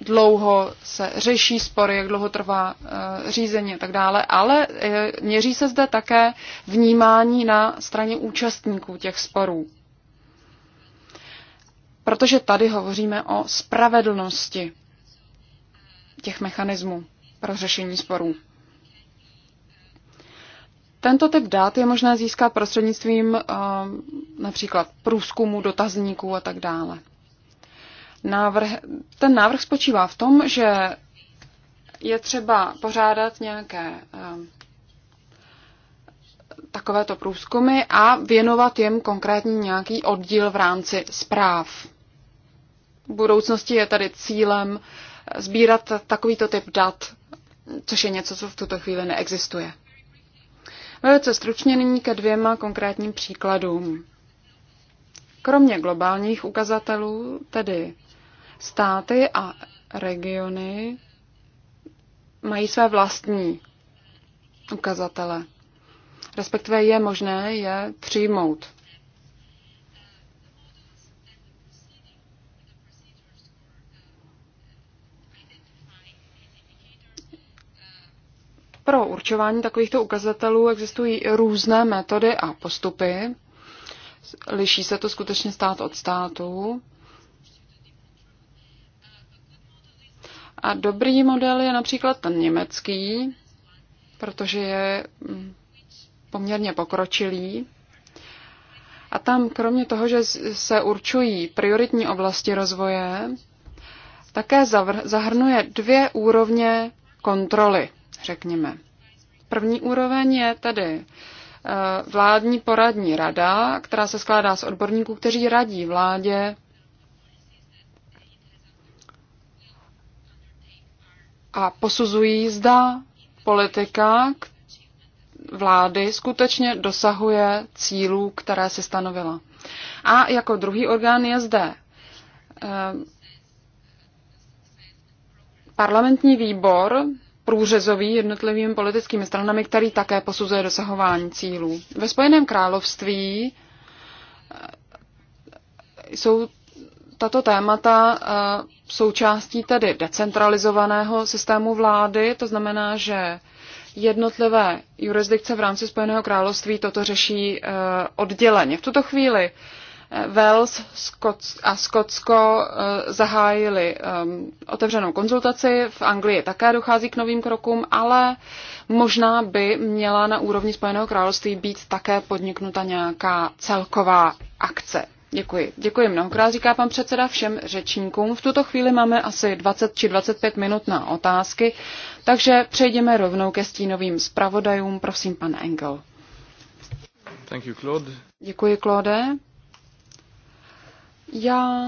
dlouho se řeší spory, jak dlouho trvá eh, řízení a tak dále, ale eh, měří se zde také vnímání na straně účastníků těch sporů. Protože tady hovoříme o spravedlnosti těch mechanismů pro řešení sporů. Tento typ dat je možné získat prostřednictvím eh, například průzkumu, dotazníků a tak dále. Návrh, ten návrh spočívá v tom, že je třeba pořádat nějaké eh, takovéto průzkumy a věnovat jim konkrétní nějaký oddíl v rámci zpráv. V budoucnosti je tady cílem sbírat takovýto typ dat, což je něco, co v tuto chvíli neexistuje. Velice stručně nyní ke dvěma konkrétním příkladům. Kromě globálních ukazatelů, tedy státy a regiony, mají své vlastní ukazatele. Respektive je možné je přijmout. Pro určování takovýchto ukazatelů existují různé metody a postupy. Liší se to skutečně stát od státu. A dobrý model je například ten německý, protože je mm, poměrně pokročilý. A tam kromě toho, že se určují prioritní oblasti rozvoje, také zahrnuje dvě úrovně kontroly řekněme. První úroveň je tedy eh, vládní poradní rada, která se skládá z odborníků, kteří radí vládě a posuzují, zda politika vlády skutečně dosahuje cílů, které si stanovila. A jako druhý orgán je zde eh, parlamentní výbor průřezový jednotlivými politickými stranami, který také posuzuje dosahování cílů. Ve Spojeném království eh, jsou tato témata eh, součástí tedy decentralizovaného systému vlády, to znamená, že jednotlivé jurisdikce v rámci Spojeného království toto řeší eh, odděleně. V tuto chvíli Wales a Skotsko eh, zahájili ehm, otevřenou konzultaci, v Anglii také dochází k novým krokům, ale možná by měla na úrovni Spojeného království být také podniknuta nějaká celková akce. Děkuji. Děkuji mnohokrát, říká pan předseda všem řečníkům. V tuto chvíli máme asi 20 či 25 minut na otázky, takže přejdeme rovnou ke stínovým zpravodajům. Prosím, pan Engel. Thank you, Claude. Děkuji, Claude. Já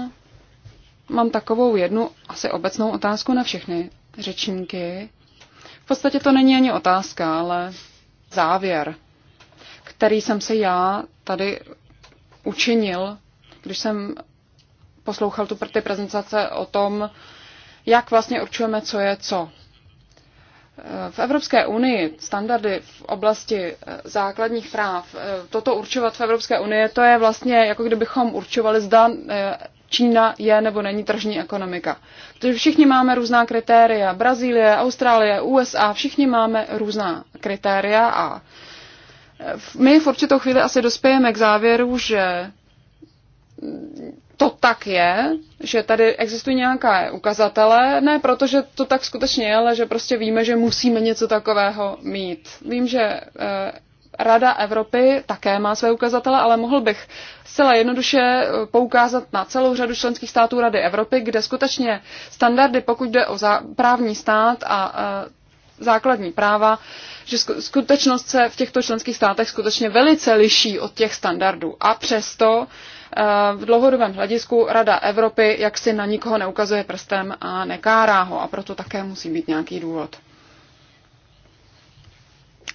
mám takovou jednu asi obecnou otázku na všechny řečníky. V podstatě to není ani otázka, ale závěr, který jsem se já tady učinil, když jsem poslouchal tu ty prezentace o tom, jak vlastně určujeme, co je co v Evropské unii standardy v oblasti eh, základních práv, eh, toto určovat v Evropské unii, to je vlastně jako kdybychom určovali, zda eh, Čína je nebo není tržní ekonomika. Protože všichni máme různá kritéria. Brazílie, Austrálie, USA, všichni máme různá kritéria a my v určitou chvíli asi dospějeme k závěru, že to tak je, že tady existují nějaké ukazatele, ne protože to tak skutečně je, ale že prostě víme, že musíme něco takového mít. Vím, že eh, Rada Evropy také má své ukazatele, ale mohl bych zcela jednoduše eh, poukázat na celou řadu členských států Rady Evropy, kde skutečně standardy, pokud jde o právní stát a eh, základní práva, že skutečnost se v těchto členských státech skutečně velice liší od těch standardů. A přesto uh, Eh, v dlouhodobém hledisku Rada Evropy jaksi na nikoho neukazuje prstem a nekárá ho a proto také musí být nějaký důvod.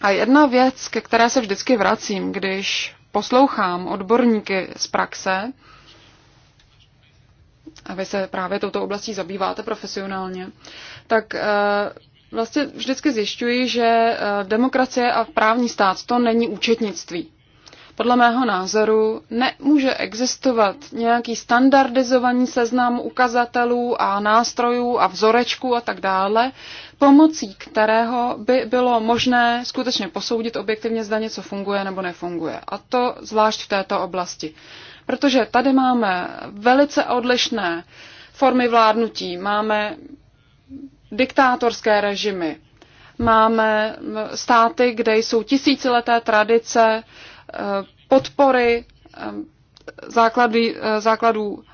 A jedna věc, ke které se vždycky vracím, když poslouchám odborníky z praxe, a vy se právě touto oblastí zabýváte profesionálně, tak eh, vlastně vždycky zjišťuji, že eh, demokracie a právní stát to není účetnictví. Podle mého názoru nemůže existovat nějaký standardizovaný seznam ukazatelů a nástrojů a vzorečků a tak dále, pomocí kterého by bylo možné skutečně posoudit objektivně, zda něco funguje nebo nefunguje. A to zvlášť v této oblasti. Protože tady máme velice odlišné formy vládnutí, máme diktátorské režimy, máme státy, kde jsou tisícileté tradice Eh, podpory eh, základy, eh, základů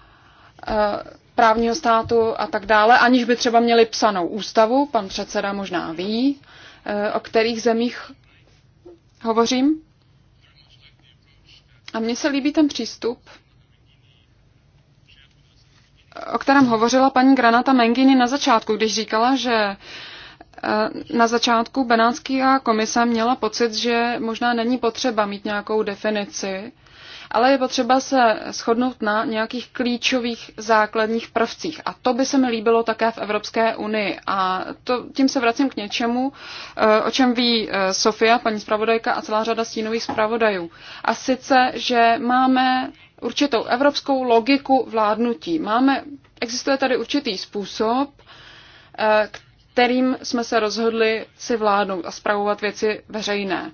právního státu a tak dále, aniž by třeba měli psanou ústavu, pan předseda možná ví, o kterých zemích hovořím. A mně se líbí ten přístup, o kterém hovořila paní Granata Mengini na začátku, když říkala, že Eh, na začátku Benátská komise měla pocit, že možná není potřeba mít nějakou definici, ale je potřeba se shodnout na nějakých klíčových základních prvcích. A to by se mi líbilo také v Evropské unii. A to, tím se vracím k něčemu, eh, o čem ví eh, Sofia, paní zpravodajka a celá řada stínových zpravodajů. A sice, že máme určitou evropskou logiku vládnutí. Máme, existuje tady určitý způsob, který kterým jsme se rozhodli si vládnout a spravovat věci veřejné.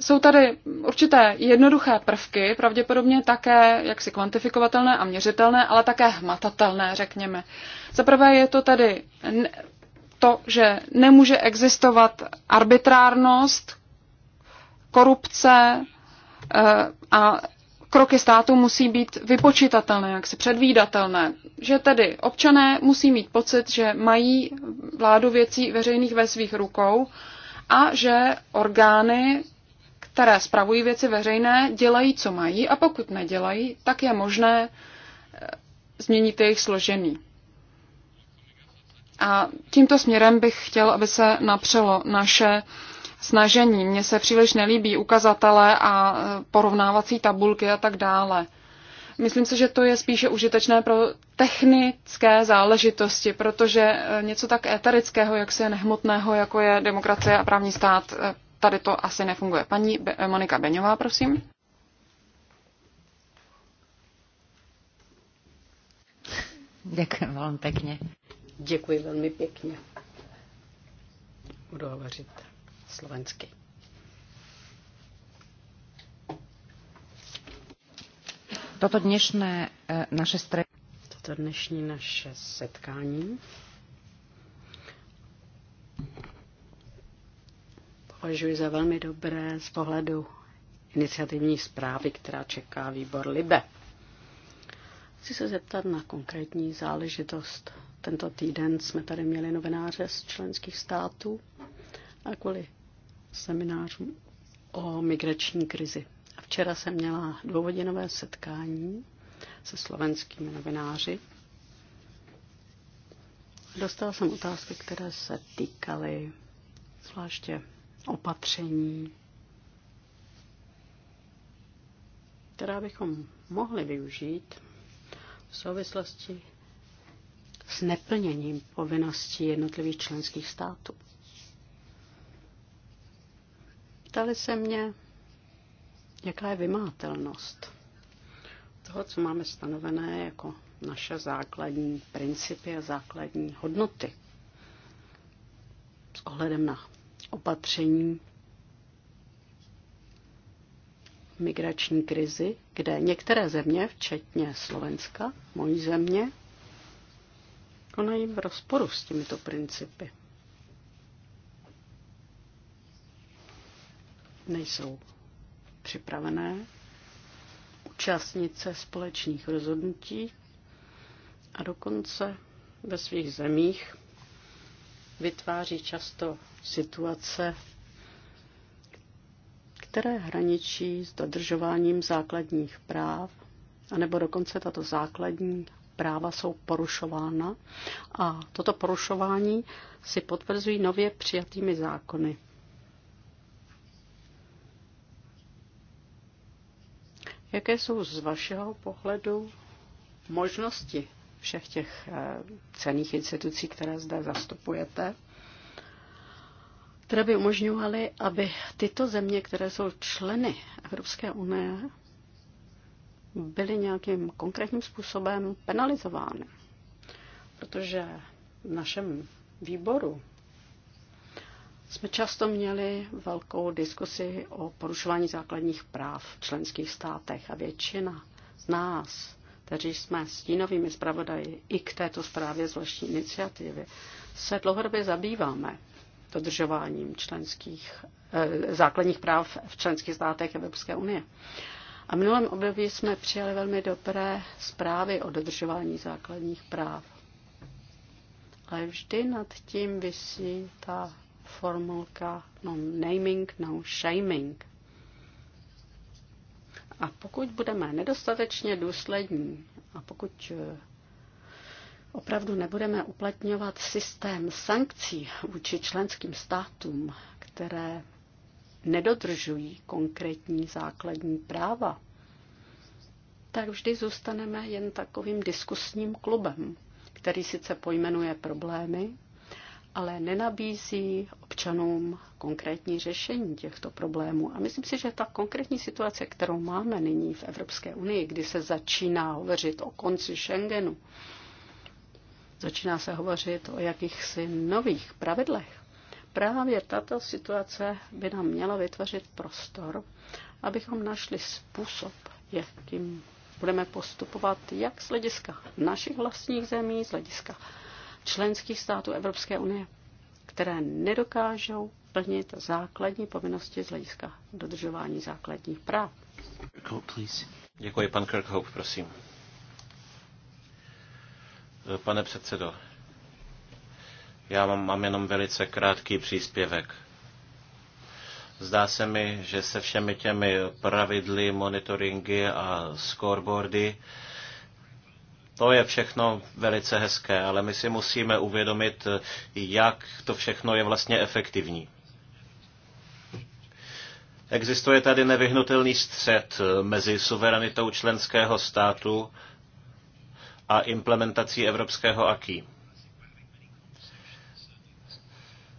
Jsou tady určité jednoduché prvky, pravděpodobně také jaksi kvantifikovatelné a měřitelné, ale také hmatatelné, řekněme. Za prvé je to tady to, že nemůže existovat arbitrárnost, korupce eh, a kroky státu musí být vypočitatelné, jak se předvídatelné. Že tedy občané musí mít pocit, že mají vládu věcí veřejných ve svých rukou a že orgány, které spravují věci veřejné, dělají, co mají a pokud nedělají, tak je možné eh, změnit jejich složení. A tímto směrem bych chtěl, aby se napřelo naše uh, snažení. Mně se příliš nelíbí ukazatele a e, porovnávací tabulky a tak dále. Myslím si, že to je spíše užitečné pro technické záležitosti, protože e, něco tak eterického, jak se je nehmotného, jako je demokracie a právní stát, e, tady to asi nefunguje. Paní Be- Monika Beňová, prosím. Děkuji velmi pěkně. Děkuji velmi pěkně. Budu hovořit slovensky. Toto dnešné e, naše stre... Toto dnešní naše setkání považuji za velmi dobré z pohledu iniciativní zprávy, která čeká výbor Libe. Chci se zeptat na konkrétní záležitost. Tento týden jsme tady měli novináře z členských států a kvůli seminářů o migrační krizi. A včera jsem měla dvouhodinové setkání se slovenskými novináři. Dostala jsem otázky, které se týkaly zvláště opatření, která bychom mohli využít v souvislosti s neplněním povinností jednotlivých členských států. Ptali se mě, jaká je vymátelnost toho, co máme stanovené jako naše základní principy a základní hodnoty s ohledem na opatření migrační krizi, kde některé země, včetně Slovenska, mojí země, konají v rozporu s těmito principy. nejsou připravené účastnit se společných rozhodnutí a dokonce ve svých zemích vytváří často situace, které hraničí s dodržováním základních práv, anebo dokonce tato základní práva jsou porušována a toto porušování si potvrzují nově přijatými zákony. Jaké jsou z vašeho pohledu možnosti všech těch eh, cených institucí, které zde zastupujete, které by umožňovaly, aby tyto země, které jsou členy Evropské unie, byly nějakým konkrétním způsobem penalizovány. Protože v našem výboru jsme často měli velkou diskusi o porušování základních práv v členských státech a většina z nás, kteří jsme stínovými zpravodaji i k této zprávě zvláštní iniciativy, se dlouhodobě zabýváme dodržováním členských, eh, základních práv v členských státech Evropské unie. A v minulém období jsme přijali velmi dobré zprávy o dodržování základních práv. Ale vždy nad tím vysí ta formulka no naming, no shaming. A pokud budeme nedostatečně důslední a pokud eh, opravdu nebudeme uplatňovat systém sankcí vůči členským státům, které nedodržují konkrétní základní práva, tak vždy zůstaneme jen takovým diskusním klubem, který sice pojmenuje problémy, ale nenabízí občanům konkrétní řešení těchto problémů. A myslím si, že ta konkrétní situace, kterou máme nyní v Evropské unii, kdy se začíná hovořit o konci Schengenu, začíná se hovořit o jakýchsi nových pravidlech, právě tato situace by nám měla vytvořit prostor, abychom našli způsob, jakým budeme postupovat jak z hlediska našich vlastních zemí, z hlediska členských států Evropské unie, které nedokážou plnit základní povinnosti z hlediska dodržování základních práv. Děkuji, pan Kirkhope, prosím. Pane předsedo, já mám, mám jenom velice krátký příspěvek. Zdá se mi, že se všemi těmi pravidly, monitoringy a scoreboardy to je všechno velice hezké, ale my si musíme uvědomit, jak to všechno je vlastně efektivní. Existuje tady nevyhnutelný střed mezi suverenitou členského státu a implementací evropského AKI.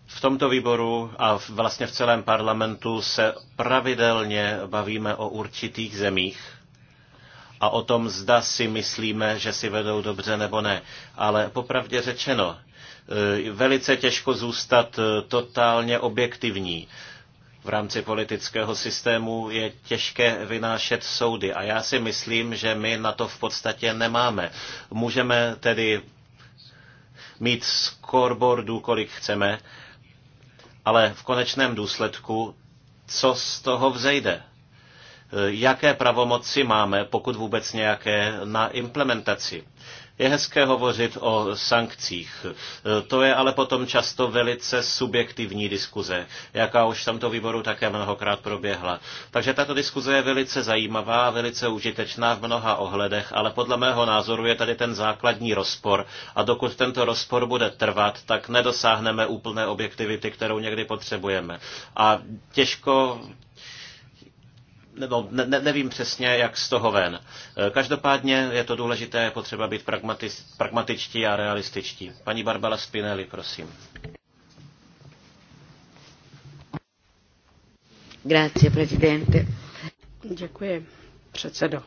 V tomto výboru a vlastně v celém parlamentu se pravidelně bavíme o určitých zemích, a o tom, zda si myslíme, že si vedou dobře nebo ne. Ale popravdě řečeno, eh, velice těžko zůstat eh, totálně objektivní. V rámci politického systému je těžké vynášet soudy a já si myslím, že my na to v podstatě nemáme. Můžeme tedy mít scoreboardů, kolik chceme, ale v konečném důsledku, co z toho vzejde? Eh, jaké pravomoci máme, pokud vůbec nějaké, na implementaci. Je hezké hovořit o sankcích. Eh, to je ale potom často velice subjektivní diskuze, jaká už v tomto výboru také mnohokrát proběhla. Takže tato diskuze je velice zajímavá, velice užitečná v mnoha ohledech, ale podle mého názoru je tady ten základní rozpor. A dokud tento rozpor bude trvat, tak nedosáhneme úplné objektivity, kterou někdy potřebujeme. A těžko no, ne, nevím přesně, jak z toho ven. Eh, každopádně je to důležité, je potřeba být pragmati, pragmatičtí a realističtí. Paní Barbara Spinelli, prosím. Grazie, presidente. Děkuji, předsedo.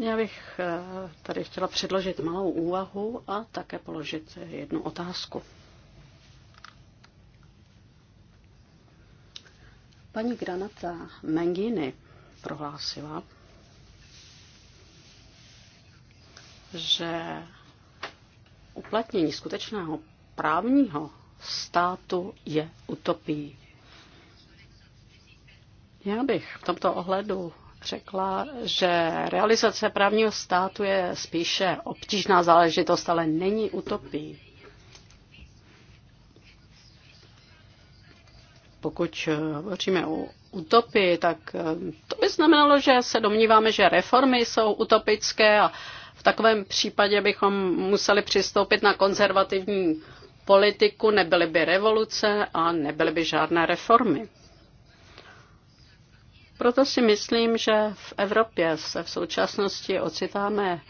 Já bych eh, tady chtěla předložit malou úvahu a také položit jednu otázku. Paní Granata Mengini prohlásila, že uplatnění skutečného právního státu je utopií. Já bych v tomto ohledu řekla, že realizace právního státu je spíše obtížná záležitost, ale není utopií. Pokud eh, hovoříme o utopii, tak eh, to by znamenalo, že se domníváme, že reformy jsou utopické a v takovém případě bychom museli přistoupit na konzervativní politiku, nebyly by revoluce a nebyly by žádné reformy. Proto si myslím, že v Evropě se v současnosti ocitáme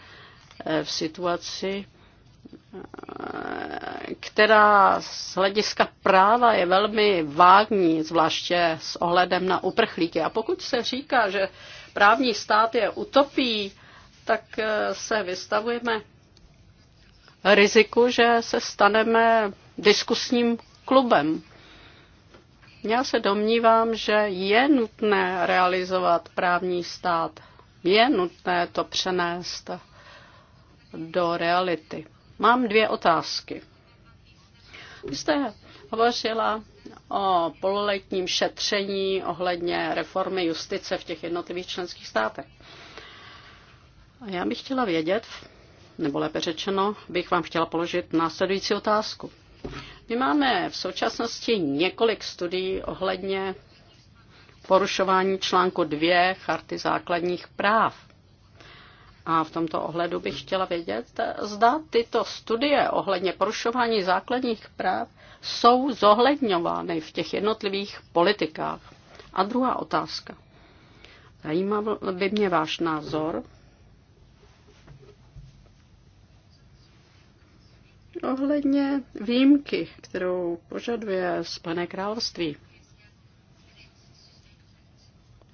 eh, v situaci, která z hlediska práva je velmi vágní, zvláště s ohledem na uprchlíky. A pokud se říká, že právní stát je utopí, tak eh, se vystavujeme riziku, že se staneme diskusním klubem. Já se domnívám, že je nutné realizovat právní stát. Je nutné to přenést do reality. Mám dvě otázky. Vy jste hovořila o pololetním šetření ohledně reformy justice v těch jednotlivých členských státech. A já bych chtěla vědět, nebo lépe řečeno, bych vám chtěla položit následující otázku. My máme v současnosti několik studií ohledně porušování článku 2 Charty základních práv. A v tomto ohledu bych chtěla vědět, zda tyto studie ohledně porušování základních práv jsou zohledňovány v těch jednotlivých politikách. A druhá otázka. Zajímal by mě váš názor ohledně výjimky, kterou požaduje Spojené království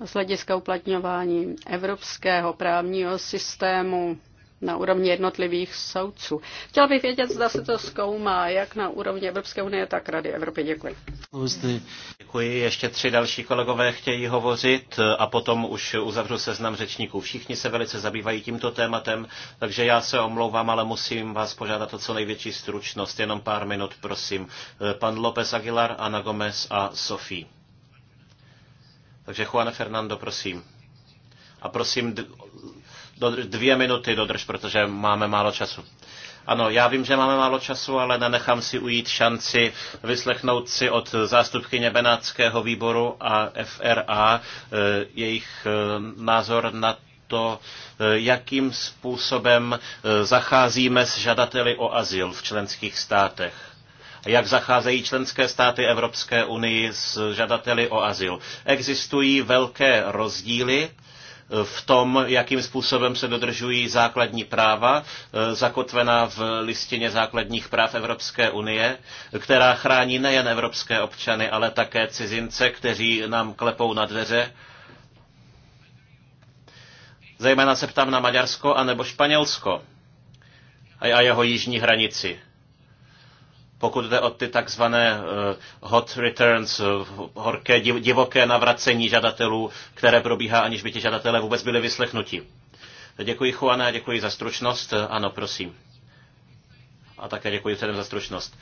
z hlediska uplatňování evropského právního systému na úrovni jednotlivých soudců. Chtěl bych vědět, zda se to zkoumá, jak na úrovni Evropské unie, tak Rady Evropy. Děkuji. Děkuji. Ještě tři další kolegové chtějí hovořit a potom už uzavřu seznam řečníků. Všichni se velice zabývají tímto tématem, takže já se omlouvám, ale musím vás požádat o co největší stručnost. Jenom pár minut, prosím. Pan López Aguilar, Ana Gomez a Sofie. Takže Juan Fernando, prosím. A prosím, dvě minuty dodrž, protože máme málo času. Ano, já vím, že máme málo času, ale nenechám si ujít šanci vyslechnout si od zástupkyně Benátského výboru a FRA eh, jejich eh, názor na to, eh, jakým způsobem zacházíme s žadateli o azyl v členských státech jak zacházejí členské státy Evropské unii s žadateli o azyl. Existují velké rozdíly eh, v tom, jakým způsobem se dodržují základní práva, eh, zakotvená v listině základních práv Evropské unie, která chrání nejen evropské občany, ale také cizince, kteří nám klepou na dveře. Zejména se ptám na Maďarsko anebo Španělsko a jeho jižní hranici pokud jde o ty takzvané eh, hot returns, eh, horké, divoké navracení žadatelů, které probíhá, aniž by ti žadatelé vůbec byli vyslechnuti. Děkuji, Juana, děkuji za stručnost. Eh, ano, prosím. A také děkuji předem za stručnost.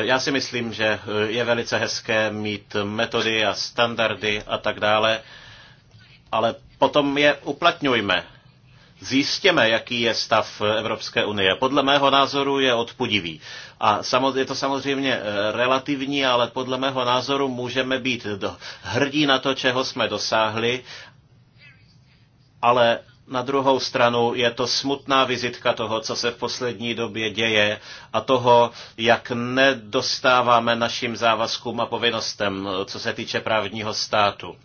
Já si myslím, že je velice hezké mít metody a standardy a tak dále, ale potom je uplatňujme zjistěme, jaký je stav Evropské unie. Podle mého názoru je odpudivý. A je to samozřejmě eh, relativní, ale podle mého názoru můžeme být hrdí na to, čeho jsme dosáhli, ale na druhou stranu je to smutná vizitka toho, co se v poslední době děje a toho, jak nedostáváme našim závazkům a povinnostem, eh, co se týče právního státu.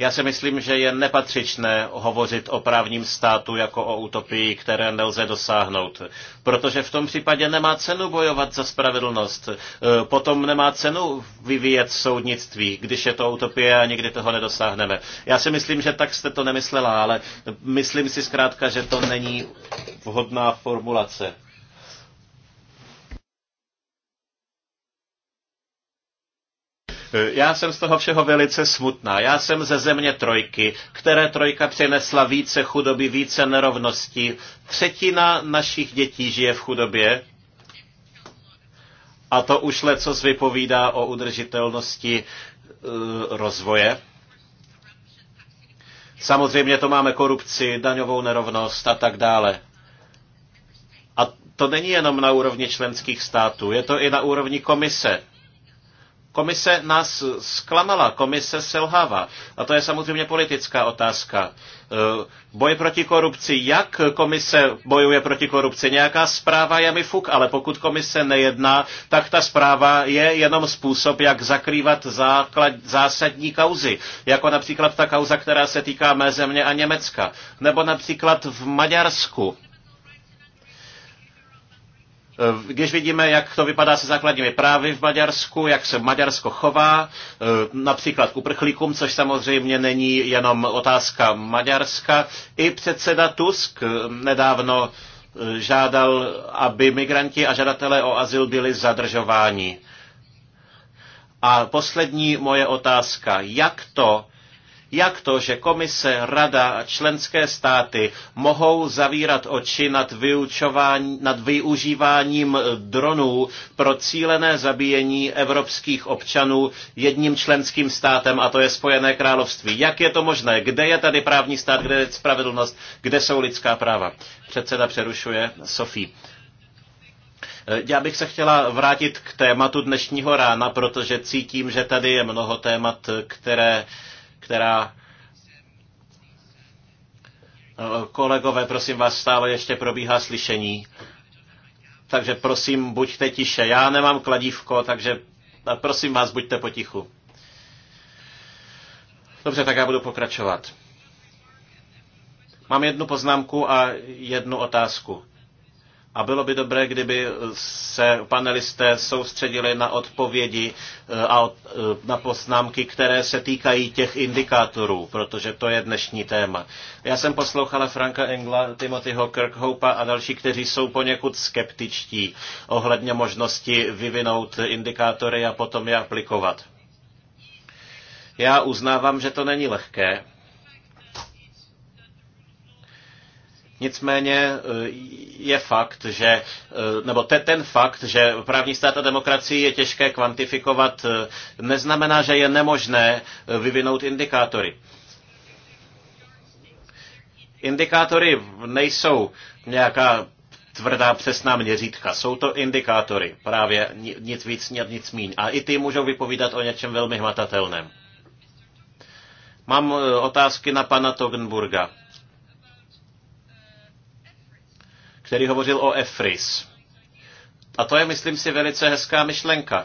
Já si myslím, že je nepatřičné hovořit o právním státu jako o utopii, které nelze dosáhnout. Protože v tom případě nemá cenu bojovat za spravedlnost. E, potom nemá cenu vyvíjet soudnictví, když je to utopie a nikdy toho nedosáhneme. Já si myslím, že tak jste to nemyslela, ale myslím si zkrátka, že to není vhodná formulace. Já jsem z toho všeho velice smutná. Já jsem ze země trojky, které trojka přinesla více chudoby, více nerovností. Třetina našich dětí žije v chudobě. A to už leco vypovídá o udržitelnosti e, rozvoje. Samozřejmě to máme korupci, daňovou nerovnost a tak dále. A to není jenom na úrovni členských států, je to i na úrovni komise. Komise nás zklamala, komise selhává. A to je samozřejmě politická otázka. E, Boj proti korupci. Jak komise bojuje proti korupci? Nějaká zpráva je mi fuk, ale pokud komise nejedná, tak ta zpráva je jenom způsob, jak zakrývat základ, zásadní kauzy. Jako například ta kauza, která se týká mé země a Německa. Nebo například v Maďarsku Eh, když vidíme, jak to vypadá se základními právy v Maďarsku, jak se Maďarsko chová, eh, například k uprchlíkům, což samozřejmě není jenom otázka Maďarska, i předseda Tusk eh, nedávno žádal, aby migranti a žadatelé o azyl byli zadržováni. A poslední moje otázka. Jak to, jak to, že komise, rada a členské státy mohou zavírat oči nad, nad využíváním eh, dronů pro cílené zabíjení evropských občanů jedním členským státem, a to je Spojené království? Jak je to možné? Kde je tady právní stát, kde je spravedlnost, kde jsou lidská práva? Předseda přerušuje Sofie. Eh, já bych se chtěla vrátit k tématu dnešního rána, protože cítím, že tady je mnoho témat, eh, které která no, Kolegové, prosím vás, stále ještě probíhá slyšení. Takže prosím, buďte tiše. Já nemám kladívko, takže prosím vás, buďte potichu. Dobře, tak já budu pokračovat. Mám jednu poznámku a jednu otázku. A bylo by dobré, kdyby se panelisté soustředili na odpovědi e, a e, na poznámky, které se týkají těch indikátorů, protože to je dnešní téma. Já jsem poslouchala Franka Engla, Timothyho Kirkhopa a další, kteří jsou poněkud skeptičtí ohledně možnosti vyvinout indikátory a potom je aplikovat. Já uznávám, že to není lehké, Nicméně e, je fakt, že, e, nebo te, ten fakt, že právní stát a demokracii je těžké kvantifikovat, e, neznamená, že je nemožné vyvinout indikátory. Indikátory nejsou nějaká tvrdá přesná měřítka. Jsou to indikátory, právě nic víc, nic míň. A i ty můžou vypovídat o něčem velmi hmatatelném. Mám otázky na pana Togenburga. který hovořil o EFRIS. A to je, myslím si, velice hezká myšlenka. E,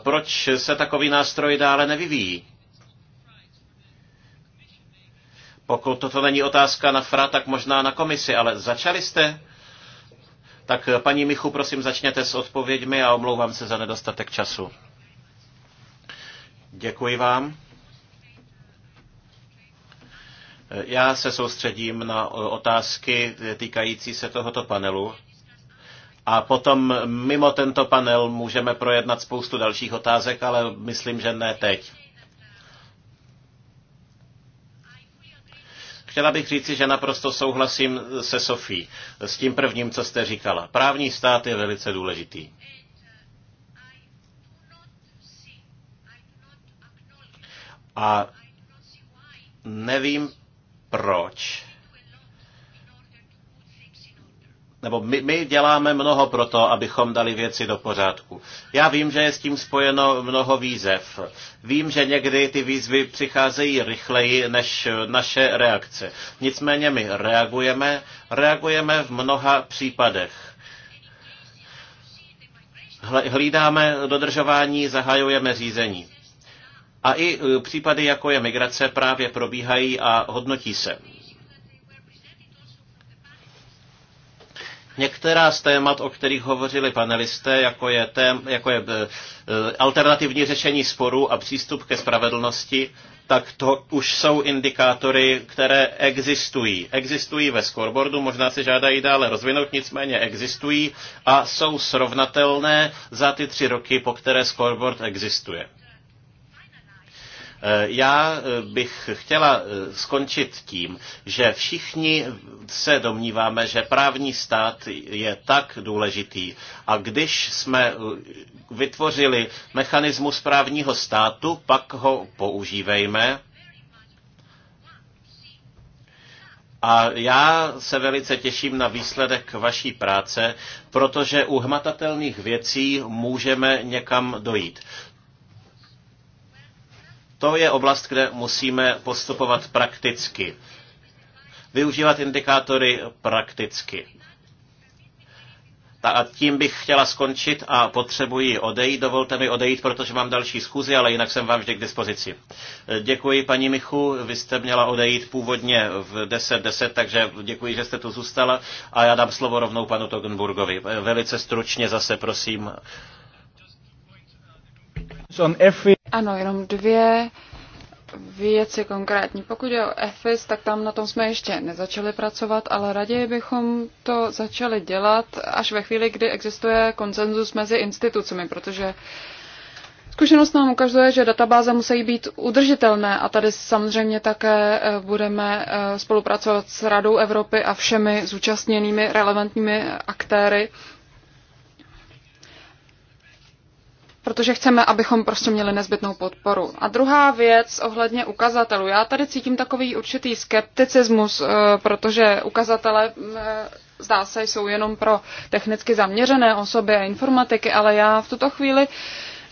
proč se takový nástroj dále nevyvíjí? Pokud toto není otázka na FRA, tak možná na komisi, ale začali jste? Tak e, paní Michu, prosím, začněte s odpověďmi a omlouvám se za nedostatek času. Děkuji vám. Já se soustředím na otázky týkající se tohoto panelu. A potom mimo tento panel můžeme projednat spoustu dalších otázek, ale myslím, že ne teď. Chtěla bych říci, že naprosto souhlasím se Sofí s tím prvním, co jste říkala. Právní stát je velice důležitý. A nevím, proč nebo my, my děláme mnoho pro to, abychom dali věci do pořádku. Já vím, že je s tím spojeno mnoho výzev. Vím, že někdy ty výzvy přicházejí rychleji než naše reakce. Nicméně my reagujeme, reagujeme v mnoha případech. Hlídáme dodržování, zahajujeme řízení. A i e, případy, jako je migrace, právě probíhají a hodnotí se. Některá z témat, o kterých hovořili panelisté, jako je, tém, jako je e, e, alternativní řešení sporů a přístup ke spravedlnosti, tak to už jsou indikátory, které existují. Existují ve scoreboardu, možná se žádají dále rozvinout, nicméně existují a jsou srovnatelné za ty tři roky, po které scoreboard existuje. Eh, já eh, bych chtěla eh, skončit tím, že všichni se domníváme, že právní stát je tak důležitý. A když jsme vytvořili mechanismus právního státu, pak ho používejme. A já se velice těším na výsledek vaší práce, protože u hmatatelných věcí můžeme někam dojít. To je oblast, kde musíme postupovat prakticky. Využívat indikátory prakticky. A tím bych chtěla skončit a potřebuji odejít. Dovolte mi odejít, protože mám další schůzi, ale jinak jsem vám vždy k dispozici. Děkuji, paní Michu. Vy jste měla odejít původně v 10.10, 10, takže děkuji, že jste tu zůstala. A já dám slovo rovnou panu Togenburgovi. Velice stručně zase, prosím. On every ano, jenom dvě věci konkrétní. Pokud je o EFIS, tak tam na tom jsme ještě nezačali pracovat, ale raději bychom to začali dělat až ve chvíli, kdy existuje konsenzus mezi institucemi, protože Zkušenost nám ukazuje, že databáze musí být udržitelné a tady samozřejmě také eh, budeme eh, spolupracovat s Radou Evropy a všemi zúčastněnými relevantními aktéry protože chceme, abychom prostě měli nezbytnou podporu. A druhá věc ohledně ukazatelů. Já tady cítím takový určitý skepticismus, eh, protože ukazatele eh, zdá se jsou jenom pro technicky zaměřené osoby a informatiky, ale já v tuto chvíli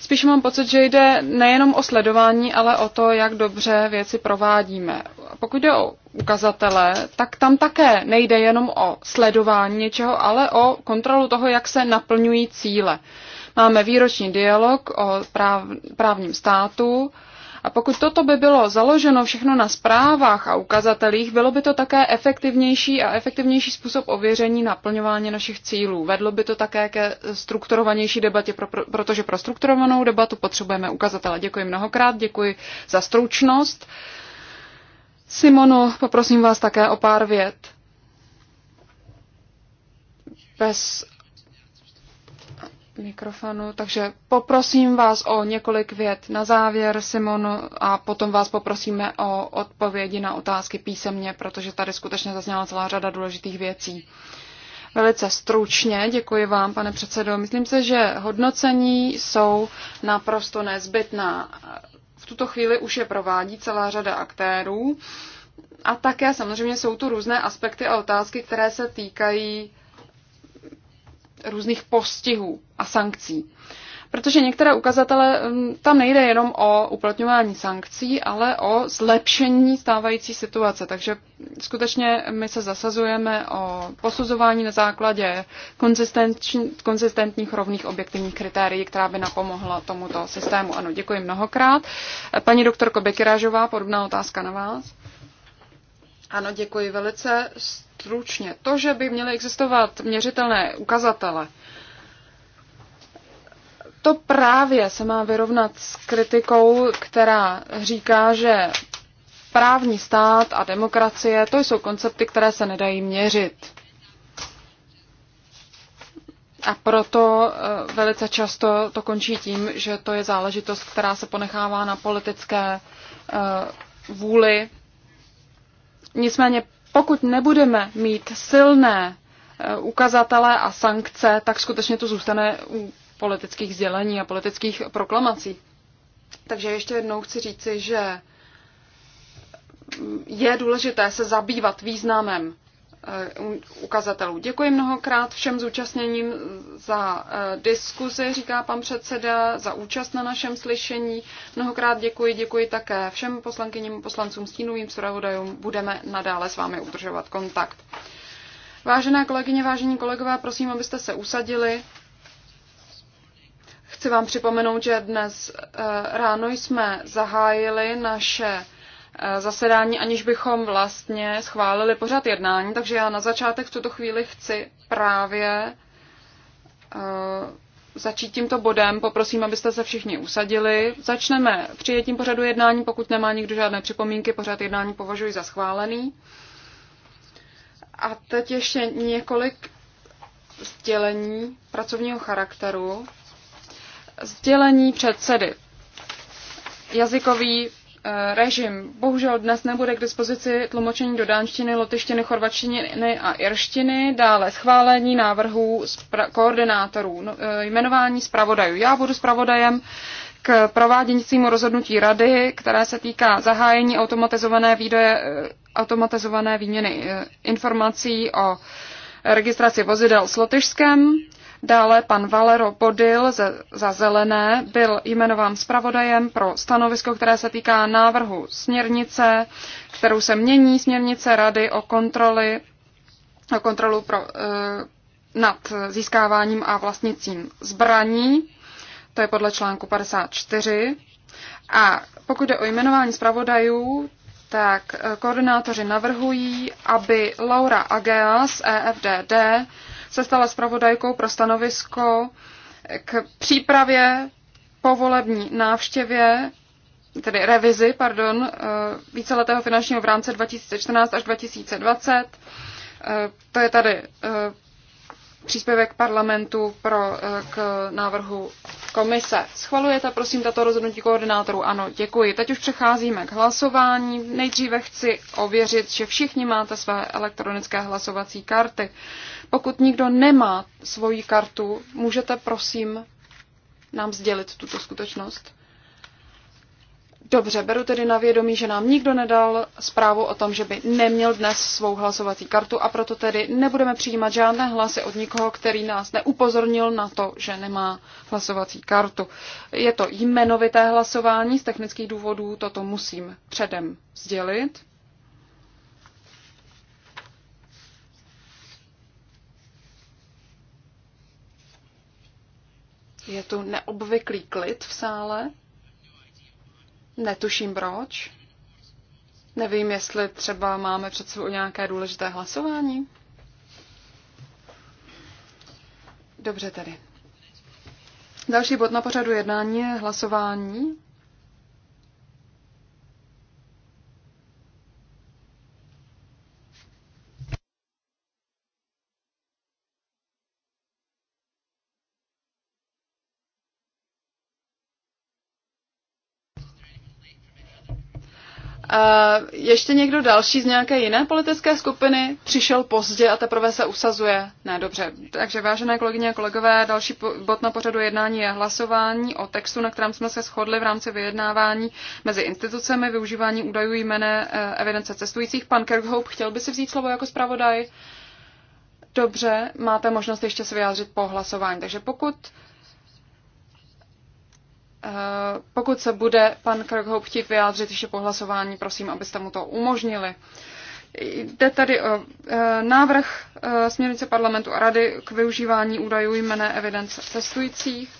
Spíš mám pocit, že jde nejenom o sledování, ale o to, jak dobře věci provádíme. Pokud jde o ukazatele, tak tam také nejde jenom o sledování něčeho, ale o kontrolu toho, jak se naplňují cíle. Máme výroční dialog o práv, právním státu. A pokud toto by bylo založeno všechno na zprávách a ukazatelích, bylo by to také efektivnější a efektivnější způsob ověření naplňování našich cílů. Vedlo by to také ke strukturovanější debatě, protože pro strukturovanou debatu potřebujeme ukazatele. Děkuji mnohokrát, děkuji za stručnost. Simonu, poprosím vás také o pár vět. Bez mikrofonu, takže poprosím vás o několik vět na závěr, Simon, a potom vás poprosíme o odpovědi na otázky písemně, protože tady skutečně zazněla celá řada důležitých věcí. Velice stručně, děkuji vám, pane předsedo. Myslím se, že hodnocení jsou naprosto nezbytná. V tuto chvíli už je provádí celá řada aktérů. A také samozřejmě jsou tu různé aspekty a otázky, které se týkají různých postihů a sankcí. Protože některé ukazatele, mm, tam nejde jenom o uplatňování sankcí, ale o zlepšení stávající situace. Takže skutečně my se zasazujeme o posuzování na základě konzistentních rovných objektivních kritérií, která by napomohla tomuto systému. Ano, děkuji mnohokrát. Paní doktorko Bekirážová, podobná otázka na vás. Ano, děkuji velice stručně. To, že by měly existovat měřitelné ukazatele, to právě se má vyrovnat s kritikou, která říká, že právní stát a demokracie, to jsou koncepty, které se nedají měřit. A proto eh, velice často to končí tím, že to je záležitost, která se ponechává na politické eh, vůli Nicméně pokud nebudeme mít silné eh, ukazatele a sankce, tak skutečně to zůstane u politických sdělení a politických proklamací. Takže ještě jednou chci říci, že mm, je důležité se zabývat významem Eh, ukazatelů. Děkuji mnohokrát všem zúčastněním za eh, diskuzi, říká pan předseda, za účast na našem slyšení. Mnohokrát děkuji, děkuji také všem poslankyním, poslancům, stínovým zpravodajům. Budeme nadále s vámi udržovat kontakt. Vážené kolegyně, vážení kolegové, prosím, abyste se usadili. Chci vám připomenout, že dnes eh, ráno jsme zahájili naše Eh, zasedání, aniž bychom vlastně schválili pořad jednání, takže já na začátek v tuto chvíli chci právě eh, začít tímto bodem. Poprosím, abyste se všichni usadili. Začneme přijetím pořadu jednání. Pokud nemá nikdo žádné připomínky, pořad jednání považuji za schválený. A teď ještě několik sdělení pracovního charakteru. Sdělení předsedy. Jazykový Eh, režim. Bohužel dnes nebude k dispozici tlumočení do dánštiny, lotyštiny, chorvačtiny a irštiny, dále schválení návrhů koordinátorů, no, eh, jmenování zpravodajů. Já budu zpravodajem k prováděnícímu rozhodnutí rady, které se týká zahájení automatizované, výdoje, eh, automatizované výměny informací o registraci vozidel s Lotyšskem. Dále pan Valero Bodil za zelené byl jmenován zpravodajem pro stanovisko, které se týká návrhu směrnice, kterou se mění směrnice Rady o kontroli o kontrolu pro, eh, nad získáváním a vlastnicím zbraní. To je podle článku 54. A pokud jde o jmenování zpravodajů, tak eh, koordinátoři navrhují, aby Laura Ageas EFDD se stala zpravodajkou pro stanovisko k přípravě povolební návštěvě, tedy revizi, pardon, eh, víceletého finančního v rámce 2014 až 2020. Eh, to je tady eh, příspěvek parlamentu pro, k návrhu komise. Schvalujete, prosím, tato rozhodnutí koordinátorů? Ano, děkuji. Teď už přecházíme k hlasování. Nejdříve chci ověřit, že všichni máte své elektronické hlasovací karty. Pokud nikdo nemá svoji kartu, můžete prosím nám sdělit tuto skutečnost? Dobře, beru tedy na vědomí, že nám nikdo nedal zprávu o tom, že by neměl dnes svou hlasovací kartu a proto tedy nebudeme přijímat žádné hlasy od nikoho, který nás neupozornil na to, že nemá hlasovací kartu. Je to jmenovité hlasování, z technických důvodů toto musím předem sdělit. Je tu neobvyklý klid v sále. Netuším proč. Nevím, jestli třeba máme před sebou nějaké důležité hlasování. Dobře tedy. Další bod na pořadu jednání je hlasování ještě někdo další z nějaké jiné politické skupiny přišel pozdě a teprve se usazuje? Ne, dobře. Takže vážené kolegyně a kolegové, další bod na pořadu jednání je hlasování o textu, na kterém jsme se shodli v rámci vyjednávání mezi institucemi, využívání údajů jméne e, evidence cestujících. Pan Kirkhope chtěl by si vzít slovo jako zpravodaj? Dobře, máte možnost ještě se vyjádřit po hlasování. Takže pokud Eh, pokud se bude pan Krkhoub chtít vyjádřit ještě po hlasování, prosím, abyste mu to umožnili. Jde tady o eh, návrh eh, směrnice parlamentu a rady k využívání údajů jmené evidence cestujících.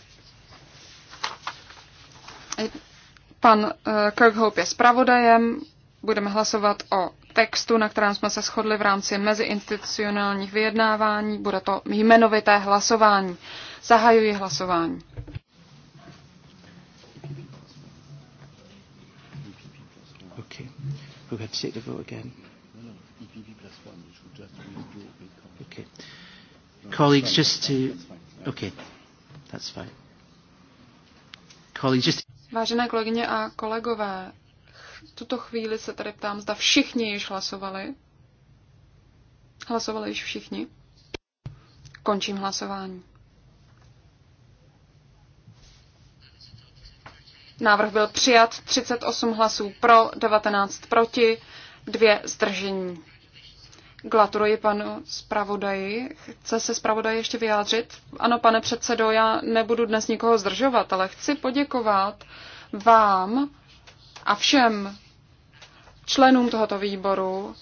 Pan Kirkhope je zpravodajem, budeme hlasovat o textu, na kterém jsme se shodli v rámci meziinstitucionálních vyjednávání. Bude to jmenovité hlasování. Zahajuji hlasování. Okay. We're going to take the vote again. Okay. Colleagues, just to... Okay. That's fine. Colleagues, just... Vážené kolegyně a kolegové, tuto chvíli se tady ptám, zda všichni již hlasovali. Hlasovali již všichni. Končím hlasování. Návrh byl přijat 38 hlasů pro, 19 proti, dvě zdržení. Gratuluji panu zpravodaji. Chce se zpravodaj ještě vyjádřit? Ano, pane předsedo, já nebudu dnes nikoho zdržovat, ale chci poděkovat vám a všem členům tohoto výboru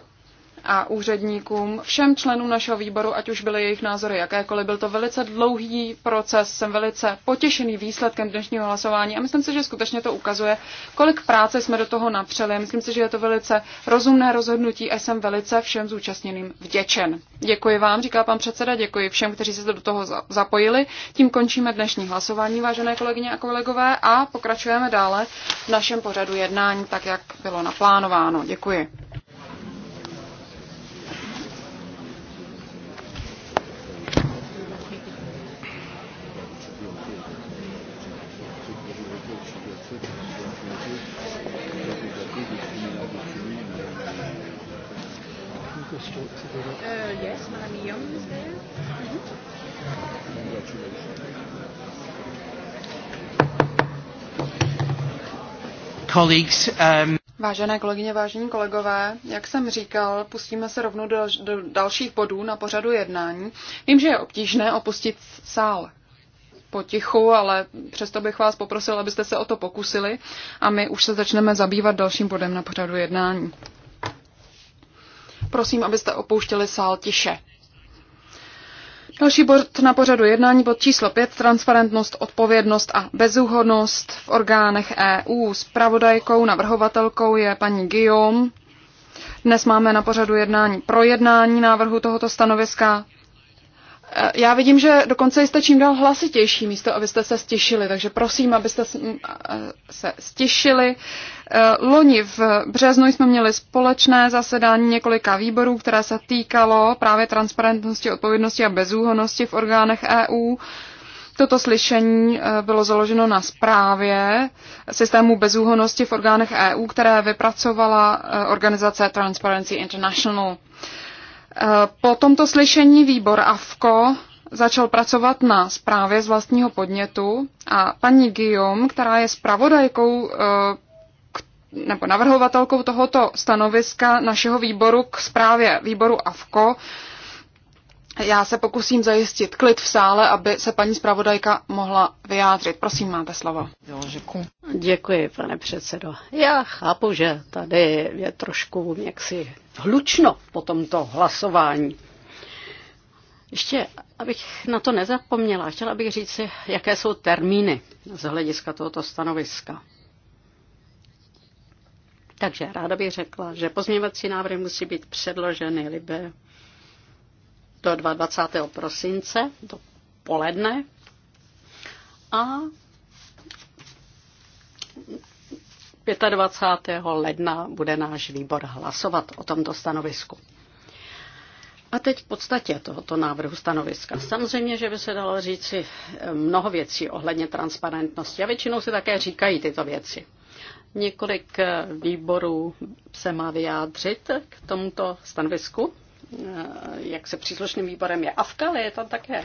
a úředníkům, všem členům našeho výboru, ať už byly jejich názory jakékoliv. Byl to velice dlouhý proces, jsem velice potěšený výsledkem dnešního hlasování a myslím si, že skutečně to ukazuje, kolik práce jsme do toho napřeli. Myslím si, že je to velice rozumné rozhodnutí a jsem velice všem zúčastněným vděčen. Děkuji vám, říká pan předseda, děkuji všem, kteří se do toho zapojili. Tím končíme dnešní hlasování, vážené kolegyně a kolegové, a pokračujeme dále v našem pořadu jednání, tak jak bylo naplánováno. Děkuji. colleagues, um... Vážené kolegyně, vážení kolegové, jak jsem říkal, pustíme se rovnou do, do dalších bodů na pořadu jednání. Vím, že je obtížné opustit sál potichu, ale přesto bych vás poprosil, abyste se o to pokusili a my už se začneme zabývat dalším bodem na pořadu jednání. Prosím, abyste opouštěli sál tiše. Další bod na pořadu jednání, bod číslo 5, transparentnost, odpovědnost a bezúhodnost v orgánech EU. s pravodajkou navrhovatelkou je paní Guillaume. Dnes máme na pořadu jednání projednání návrhu tohoto stanoviska. Eh, já vidím, že dokonce jste čím dál hlasitější místo, abyste se stišili, takže prosím, abyste eh, se stišili. Eh, loni v březnu jsme měli společné zasedání několika výborů, které se týkalo právě transparentnosti, odpovědnosti a bezúhonosti v orgánech EU. Toto slyšení bylo založeno na zprávě systému bezúhonosti v orgánech EU, které vypracovala organizace Transparency International. Eh, po tomto slyšení výbor AFKO začal pracovat na zprávě z vlastního podnětu a paní Guillaume, která je zpravodajkou eh, nebo navrhovatelkou tohoto stanoviska našeho výboru k zprávě výboru AFKO, já se pokusím zajistit klid v sále, aby se paní zpravodajka mohla vyjádřit. Prosím, máte slovo. Děkuji, pane předsedo. Já chápu, že tady je trošku jaksi hlučno po tomto hlasování. Ještě, abych na to nezapomněla, chtěla bych říct si, jaké jsou termíny z hlediska tohoto stanoviska. Takže ráda bych řekla, že pozměňovací návrhy musí být předloženy Libe do 22. prosince, do poledne. A 25. ledna bude náš výbor hlasovat o tomto stanovisku. A teď v podstatě tohoto návrhu stanoviska. Samozřejmě, že by se dalo říci eh, mnoho věcí ohledně transparentnosti a většinou se také říkají tyto věci. Několik eh, výborů se má vyjádřit k tomuto stanovisku. Eh, jak se příslušným výborem je AFKA, ale je tam také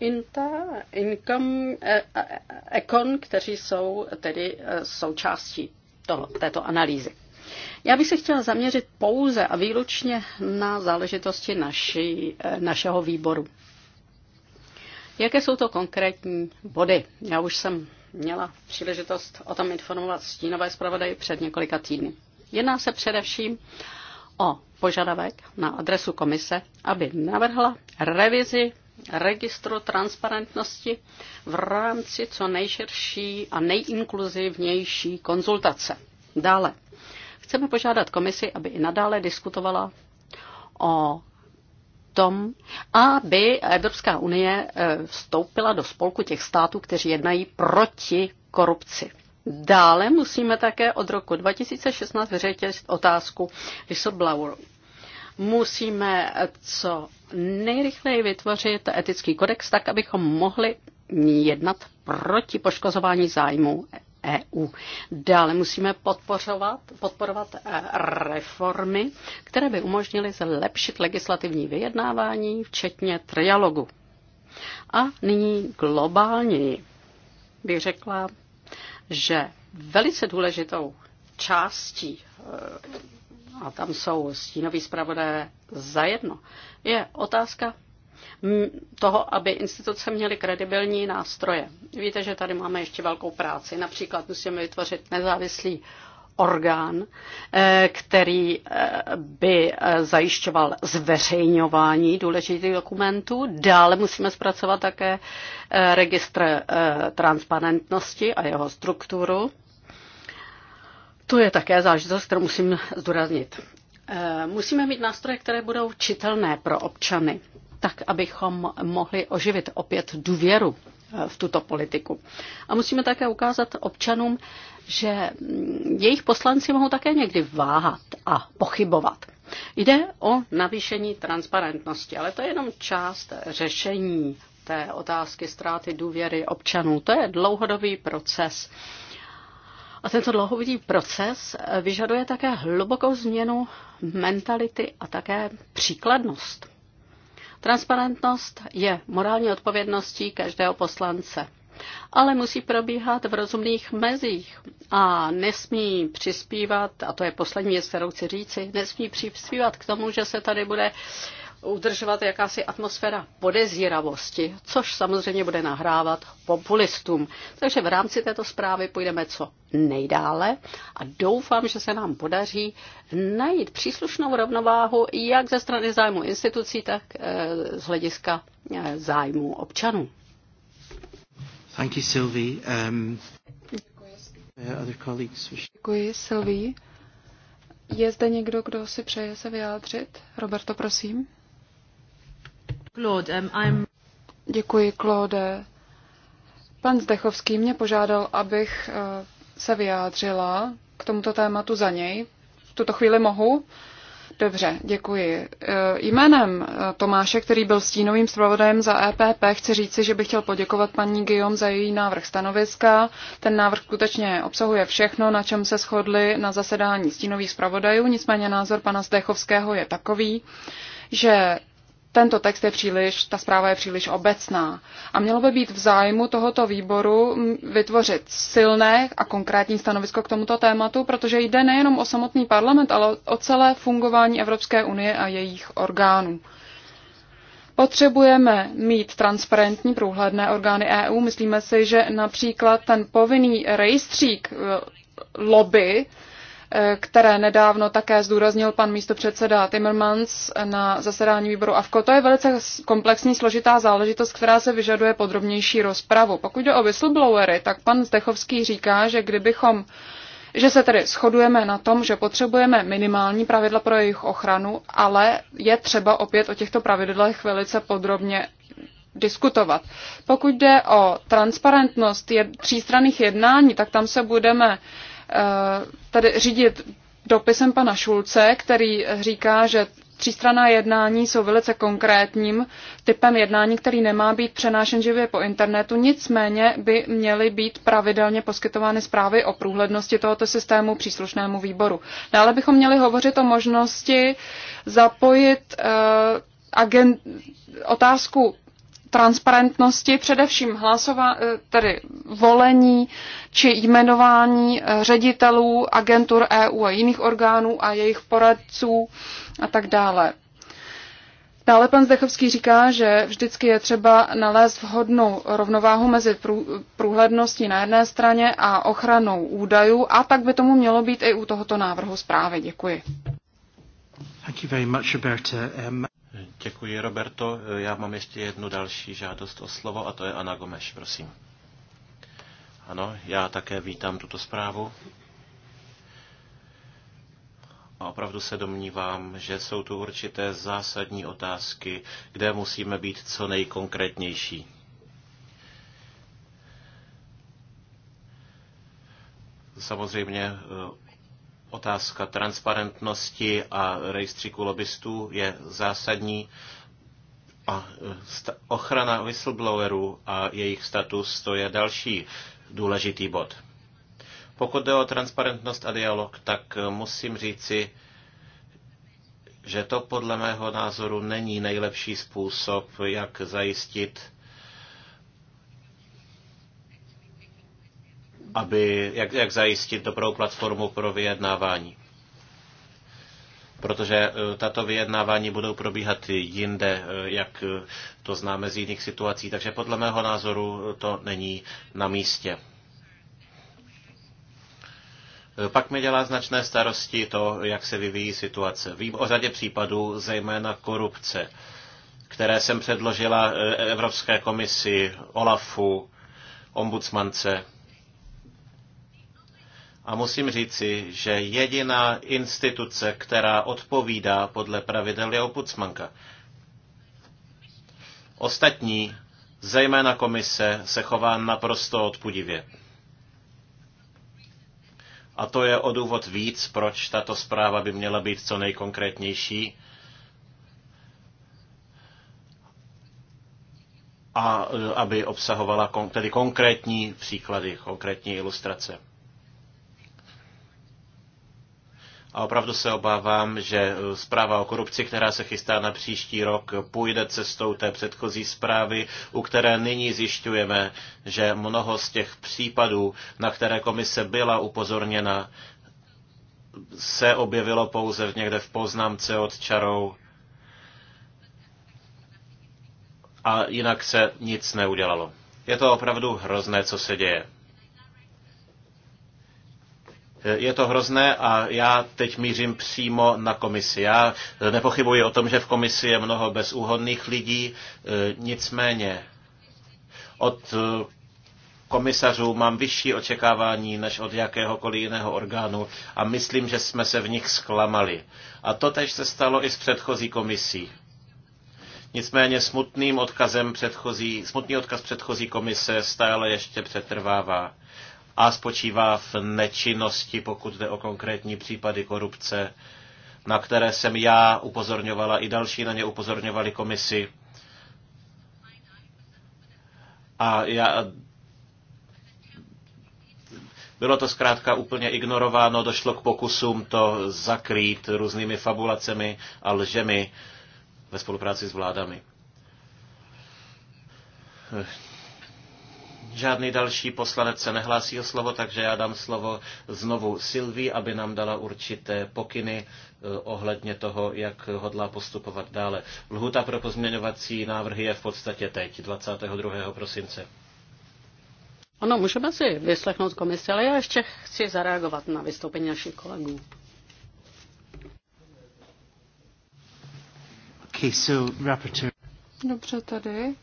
INTA, Income, eh, eh, Econ, kteří jsou tedy součástí toho, této analýzy. Já bych se chtěla zaměřit pouze a výlučně na záležitosti naši, našeho výboru. Jaké jsou to konkrétní body? Já už jsem měla příležitost o tom informovat stínové zpravodaji před několika týdny. Jedná se především o požadavek na adresu komise, aby navrhla revizi registru transparentnosti v rámci co nejširší a nejinkluzivnější konzultace. Dále chceme požádat komisi, aby i nadále diskutovala o tom, aby Evropská unie eh, vstoupila do spolku těch států, kteří jednají proti korupci. Dále musíme také od roku 2016 vyřešit otázku whistleblower. Musíme co nejrychleji vytvořit etický kodex tak, abychom mohli jednat proti poškozování zájmů EU. Dále musíme podporovat, podporovat eh, reformy, které by umožnily zlepšit legislativní vyjednávání, včetně trialogu. A nyní globálněji bych řekla, že velice důležitou částí, eh, a tam jsou stínoví zpravodajové zajedno, je otázka mm, toho, aby instituce měly kredibilní nástroje. Víte, že tady máme ještě velkou práci. Například musíme vytvořit nezávislý orgán, eh, který eh, by eh, zajišťoval zveřejňování důležitých dokumentů. Dále musíme zpracovat také registr transparentnosti a jeho strukturu. To je také zážitost, kterou musím zdůraznit. Musíme mít nástroje, které budou čitelné pro občany, tak abychom mohli oživit opět důvěru v tuto politiku. A musíme také ukázat občanům, že jejich poslanci mohou také někdy váhat a pochybovat. Jde o navýšení transparentnosti, ale to je jenom část řešení té otázky ztráty důvěry občanů. To je dlouhodobý proces. A tento dlouhodobý proces vyžaduje také hlubokou změnu mentality a také příkladnost. Transparentnost je morální odpovědností každého poslance ale musí probíhat v rozumných mezích a nesmí přispívat, a to je poslední věc, kterou chci říci, nesmí přispívat k tomu, že se tady bude udržovat jakási atmosféra podezíravosti, což samozřejmě bude nahrávat populistům. Takže v rámci této zprávy půjdeme co nejdále a doufám, že se nám podaří najít příslušnou rovnováhu jak ze strany zájmu institucí, tak eh, z hlediska eh, zájmu občanů. Thank you, Sylvie. Um, uh, Děkuji, Sylvie. Je zde někdo, kdo si přeje se vyjádřit? Roberto, prosím. Claude, um, I'm... Děkuji, Claude. Pan Zdechovský mě požádal, abych uh, se vyjádřila k tomuto tématu za něj. V tuto chvíli mohu? Dobře, děkuji. Uh, jménem uh, Tomáše, který byl stínovým zpravodajem za EPP, chci říci, že bych chtěl poděkovat paní Guillaume za její návrh stanoviska. Ten návrh skutečně obsahuje všechno, na čem se shodli na zasedání stínových zpravodajů, nicméně názor pana Zdechovského je takový, že tento text je příliš, ta zpráva je příliš obecná. A mělo by být v zájmu tohoto výboru vytvořit silné a konkrétní stanovisko k tomuto tématu, protože jde nejenom o samotný parlament, ale o celé fungování Evropské unie a jejich orgánů. Potřebujeme mít transparentní průhledné orgány EU. Myslíme si, že například ten povinný rejstřík e, lobby Eh, které nedávno také zdůraznil pan místopředseda Timmermans na zasedání výboru AFKO. To je velice komplexní, složitá záležitost, která se vyžaduje podrobnější rozpravu. Pokud jde o whistleblowery, tak pan Zdechovský říká, že kdybychom že se tedy shodujeme na tom, že potřebujeme minimální pravidla pro jejich ochranu, ale je třeba opět o těchto pravidlech velice podrobně diskutovat. Pokud jde o transparentnost jed, třístranných jednání, tak tam se budeme Eh, tady řídit dopisem pana Šulce, který říká, že třístraná jednání jsou velice konkrétním typem jednání, který nemá být přenášen živě po internetu, nicméně by měly být pravidelně poskytovány zprávy o průhlednosti tohoto systému příslušnému výboru. Dále bychom měli hovořit o možnosti zapojit uh, agent, otázku transparentnosti, především hlasová, eh, tedy volení či jmenování eh, ředitelů agentur EU a jiných orgánů a jejich poradců a tak dále. Dále pan Zdechovský říká, že vždycky je třeba nalézt vhodnou rovnováhu mezi průhledností na jedné straně a ochranou údajů a tak by tomu mělo být i u tohoto návrhu zprávy. Děkuji. Thank you very much, Roberta. Um... Děkuji, Roberto. Já mám ještě jednu další žádost o slovo a to je Ana Gomeš, prosím. Ano, já také vítám tuto zprávu. A opravdu se domnívám, že jsou tu určité zásadní otázky, kde musíme být co nejkonkrétnější. Samozřejmě Otázka transparentnosti a rejstříku lobbystů je zásadní a e, ochrana whistleblowerů a jejich status to je další důležitý bod. Pokud jde o transparentnost a dialog, tak e, musím říci, že to podle mého názoru není nejlepší způsob, jak zajistit aby, jak, jak zajistit dobrou platformu pro vyjednávání. Protože eh, tato vyjednávání budou probíhat jinde, eh, jak eh, to známe z jiných situací. Takže podle mého názoru to není na místě. Pak mi dělá značné starosti to, jak se vyvíjí situace. Vím o řadě případů, zejména korupce, které jsem předložila Evropské komisi, OLAFu, ombudsmance. A musím říci, že jediná instituce, která odpovídá podle pravidel, je opucmanka. Ostatní, zejména komise, se chová naprosto odpudivě. A to je o důvod víc, proč tato zpráva by měla být co nejkonkrétnější. A e, aby obsahovala tedy konkrétní příklady, konkrétní ilustrace. A opravdu se obávám, že eh, zpráva o korupci, která se chystá na příští rok, půjde cestou té předchozí zprávy, u které nyní zjišťujeme, že mnoho z těch případů, na které komise byla upozorněna, se objevilo pouze někde v poznámce od čarou a jinak se nic neudělalo. Je to opravdu hrozné, co se děje. Eh, je to hrozné a já teď mířím přímo na komisi. Já eh, nepochybuji o tom, že v komisi je mnoho bezúhodných lidí, eh, nicméně od komisařů mám vyšší očekávání než od jakéhokoliv jiného orgánu a myslím, že jsme se v nich zklamali. A to tež se stalo i s předchozí komisí. Nicméně smutným odkazem předchozí, smutný odkaz předchozí komise stále ještě přetrvává a spočívá v nečinnosti, pokud jde o konkrétní případy korupce, na které jsem já upozorňovala, i další na ně upozorňovali komisi. A já bylo to zkrátka úplně ignorováno, došlo k pokusům to zakrýt různými fabulacemi a lžemi ve spolupráci s vládami. Žádný další poslanec se nehlásí o slovo, takže já dám slovo znovu Silví, aby nám dala určité pokyny eh, ohledně toho, jak hodlá postupovat dále. Lhuta pro pozměňovací návrhy je v podstatě teď, 22. prosince. Ano, můžeme si vyslechnout komisi, ale já ještě chci zareagovat na vystoupení našich kolegů. Dobře, tady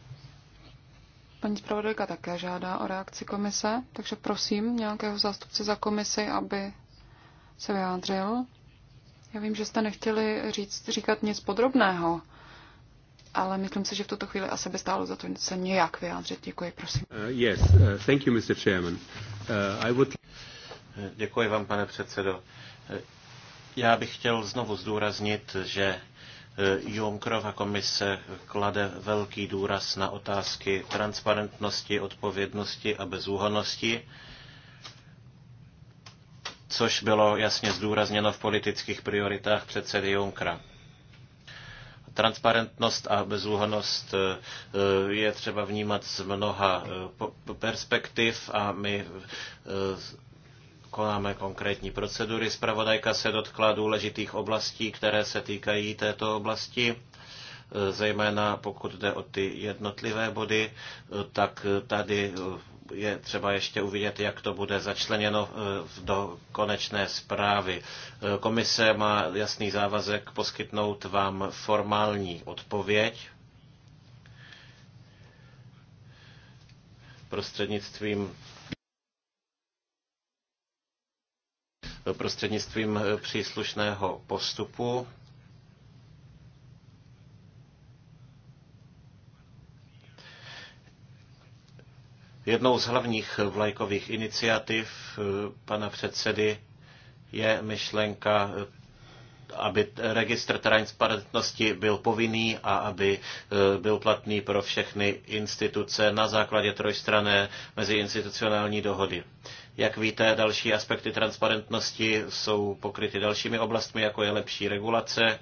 Paní zpravodajka také žádá o reakci komise, takže prosím nějakého zástupce za komisi, aby se vyjádřil. Já vím, že jste nechtěli říct, říkat nic podrobného, ale myslím si, že v tuto chvíli asi by stálo za to se nějak vyjádřit. Děkuji, prosím. Uh, yes, uh, thank you, Mr. Chairman. Uh, I would... Děkuji vám, pane předsedo. Já bych chtěl znovu zdůraznit, že Junckerova komise klade velký důraz na otázky transparentnosti, odpovědnosti a bezúhonosti, což bylo jasně zdůrazněno v politických prioritách předsedy Junckera transparentnost a bezúhonost eh, je třeba vnímat z mnoha eh, perspektiv a my eh, konáme konkrétní procedury. Spravodajka se dotkla důležitých oblastí, které se týkají této oblasti zejména pokud jde o ty jednotlivé body, tak tady je třeba ještě uvidět, jak to bude začleněno eh, do konečné zprávy. Eh, komise má jasný závazek poskytnout vám formální odpověď prostřednictvím prostřednictvím eh, příslušného postupu. Jednou z hlavních vlajkových iniciativ eh, pana předsedy je myšlenka, eh, aby registr transparentnosti byl povinný a aby byl platný pro všechny instituce na základě trojstrané meziinstitucionální dohody. Jak víte, další aspekty transparentnosti jsou pokryty dalšími oblastmi, jako je lepší regulace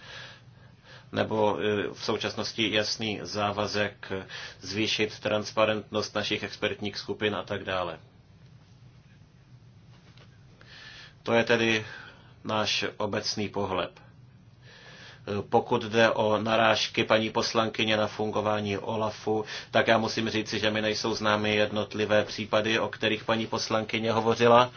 nebo e, v současnosti jasný závazek zvýšit transparentnost našich expertních skupin a tak dále. To je tedy náš obecný pohled. Pokud jde o narážky paní poslankyně na fungování OLAFu, tak já musím říci, že mi nejsou známy jednotlivé případy, o kterých paní poslankyně hovořila.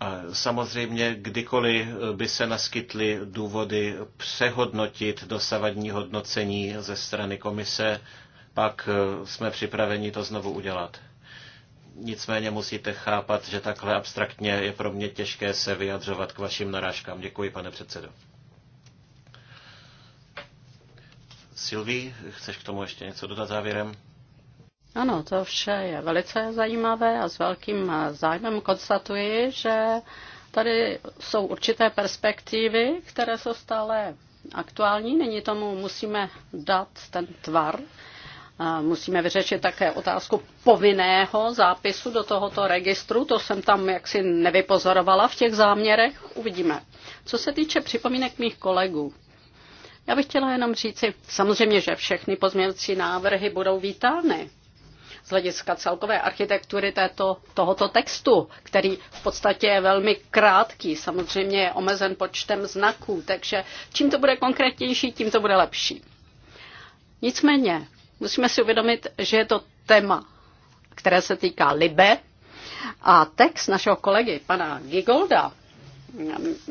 A samozřejmě kdykoliv by se naskytly důvody přehodnotit dosavadní hodnocení ze strany komise, pak jsme připraveni to znovu udělat. Nicméně musíte chápat, že takhle abstraktně je pro mě těžké se vyjadřovat k vašim narážkám. Děkuji, pane předsedo. Silví, chceš k tomu ještě něco dodat závěrem? Ano, to vše je velice zajímavé a s velkým eh, zájmem konstatuji, že tady jsou určité perspektivy, které jsou stále aktuální. Není tomu musíme dát ten tvar, musíme vyřešit také otázku povinného zápisu do tohoto registru. To jsem tam jaksi nevypozorovala v těch záměrech. Uvidíme. Co se týče připomínek mých kolegů, já bych chtěla jenom říci, samozřejmě, že všechny pozměňovací návrhy budou vítány z hlediska celkové architektury této, tohoto textu, který v podstatě je velmi krátký, samozřejmě je omezen počtem znaků, takže čím to bude konkrétnější, tím to bude lepší. Nicméně Musíme si uvědomit, že je to téma, které se týká Libe. A text našeho kolegy, pana Gigolda,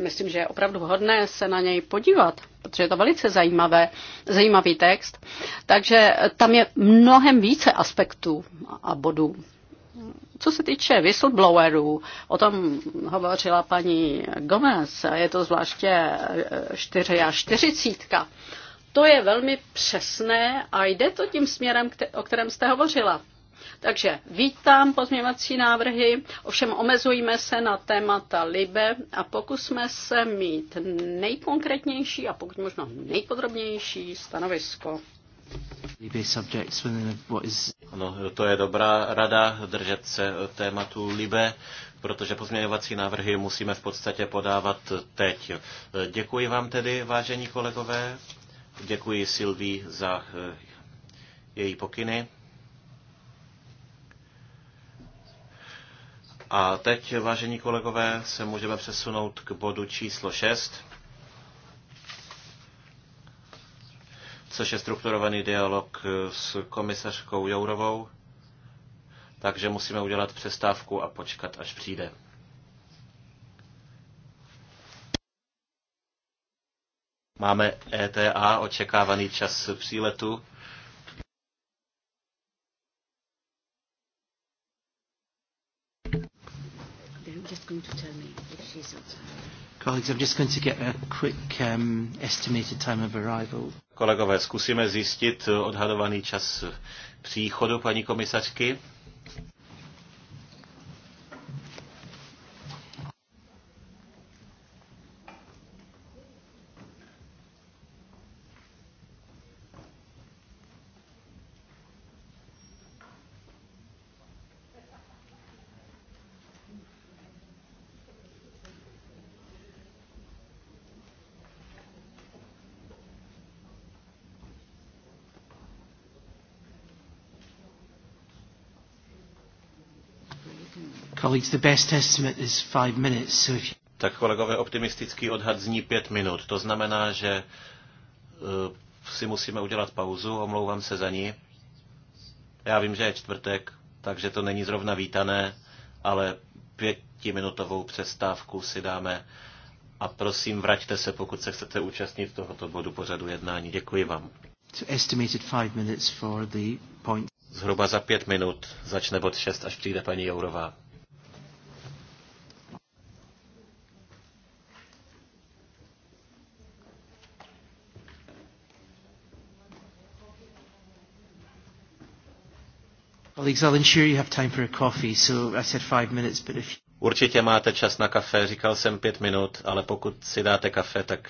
myslím, že je opravdu hodné se na něj podívat, protože je to velice zajímavé, zajímavý text. Takže tam je mnohem více aspektů a bodů. Co se týče whistleblowerů, o tom hovořila paní Gomez, je to zvláště 4 a 40. To je velmi přesné a jde to tím směrem, o kterém jste hovořila. Takže vítám pozměvací návrhy, ovšem omezujme se na témata LIBE a pokusme se mít nejkonkrétnější a pokud možno nejpodrobnější stanovisko. No, to je dobrá rada držet se tématu LIBE, protože pozměňovací návrhy musíme v podstatě podávat teď. Děkuji vám tedy, vážení kolegové. Děkuji Silví za eh, její pokyny. A teď, vážení kolegové, se můžeme přesunout k bodu číslo 6, což je strukturovaný dialog s komisařkou Jourovou. Takže musíme udělat přestávku a počkat, až přijde. Máme ETA, očekávaný čas příletu. Kolegové, zkusíme zjistit odhadovaný čas příchodu paní komisařky. the best estimate is five minutes, so if you... Tak kolegové, optimistický odhad zní pět minut. To znamená, že uh, si musíme udělat pauzu, omlouvám se za ní. Já vím, že je čtvrtek, takže to není zrovna vítané, ale pětiminutovou přestávku si dáme. A prosím, vraťte se, pokud se chcete účastnit tohoto bodu pořadu jednání. Děkuji vám. Zhruba za pět minut začne bod 6, až přijde paní Jourová. Určitě máte čas na kafe, říkal jsem pět minut, ale pokud si dáte kafe, tak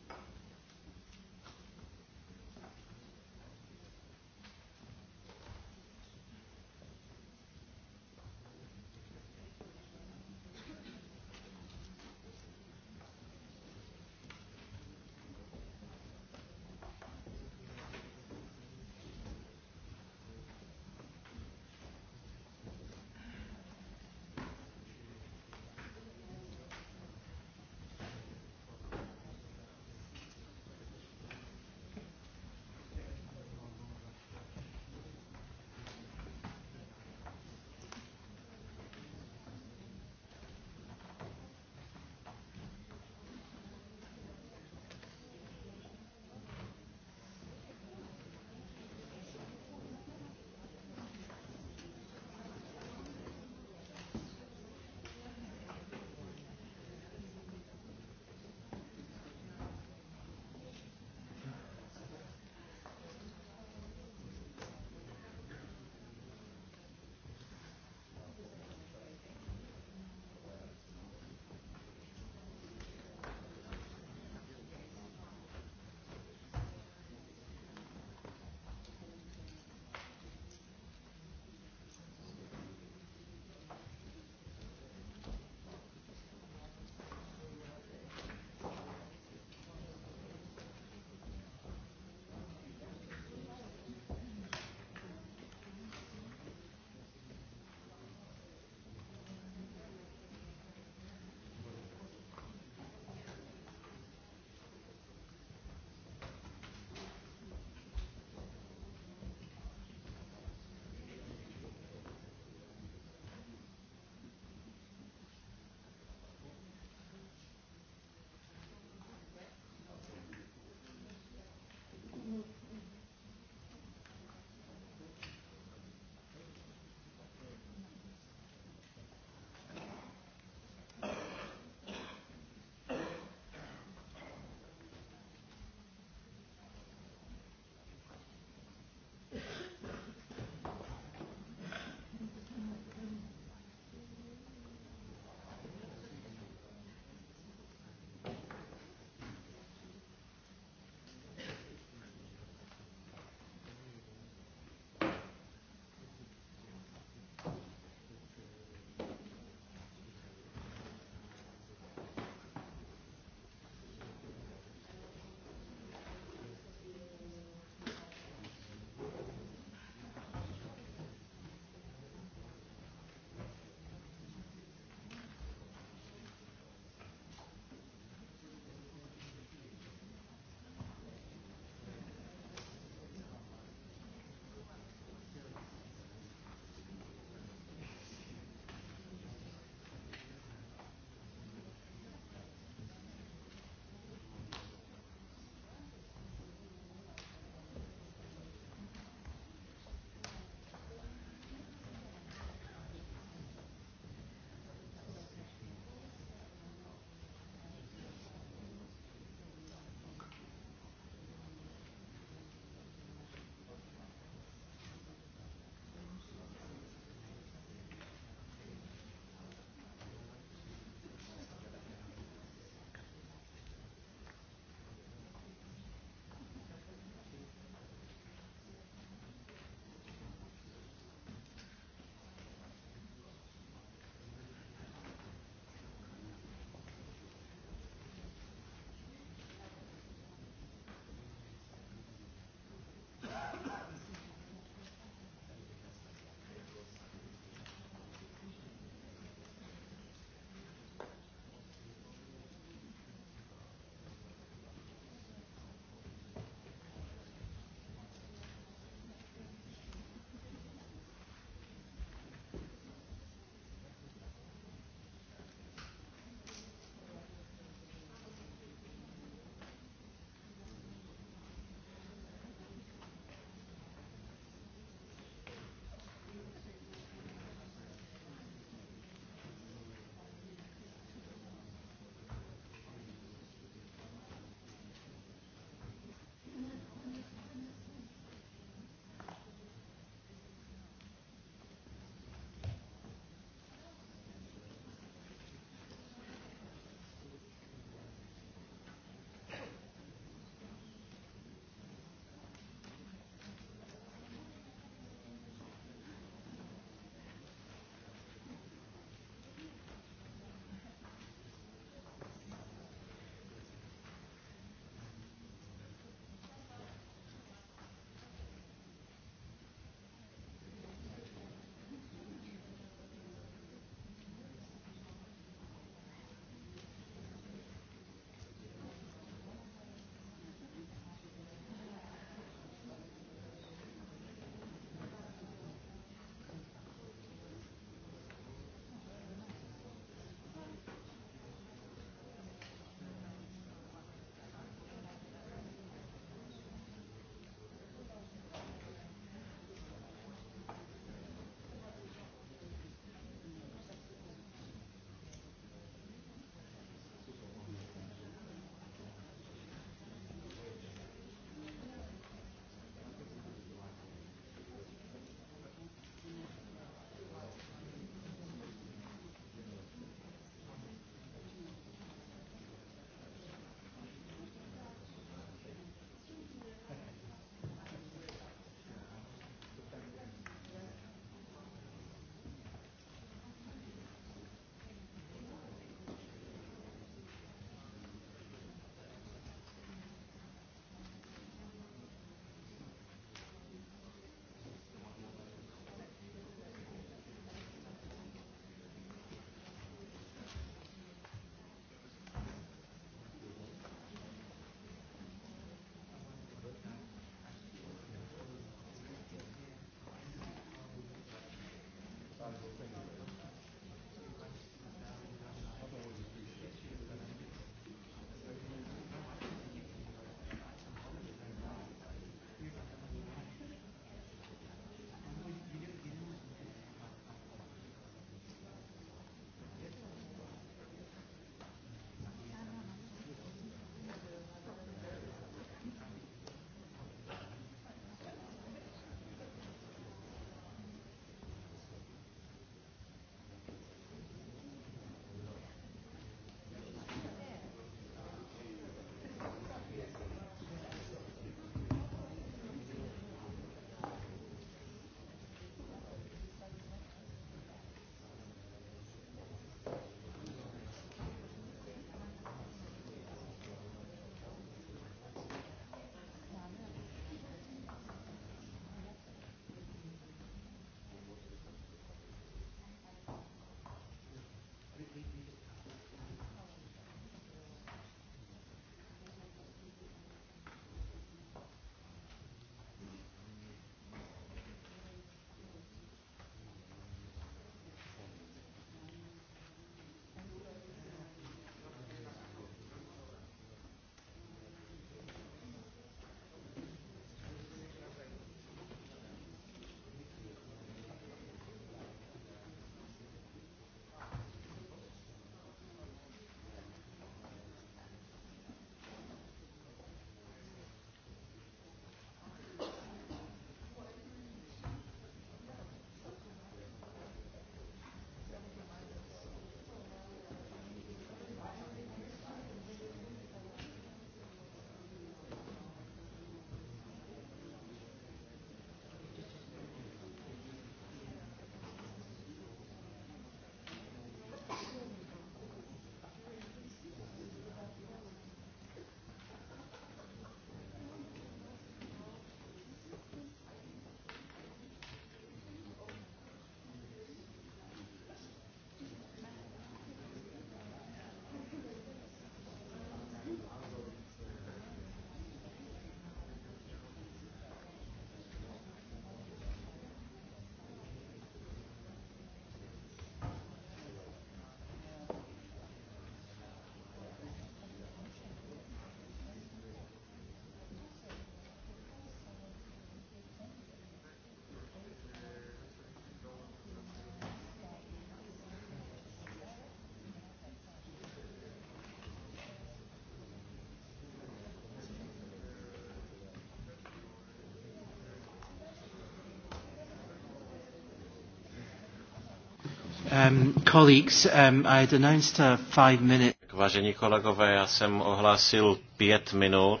Um, colleagues, um, I had announced a five minute... Vážení kolegové, já jsem ohlásil pět minut.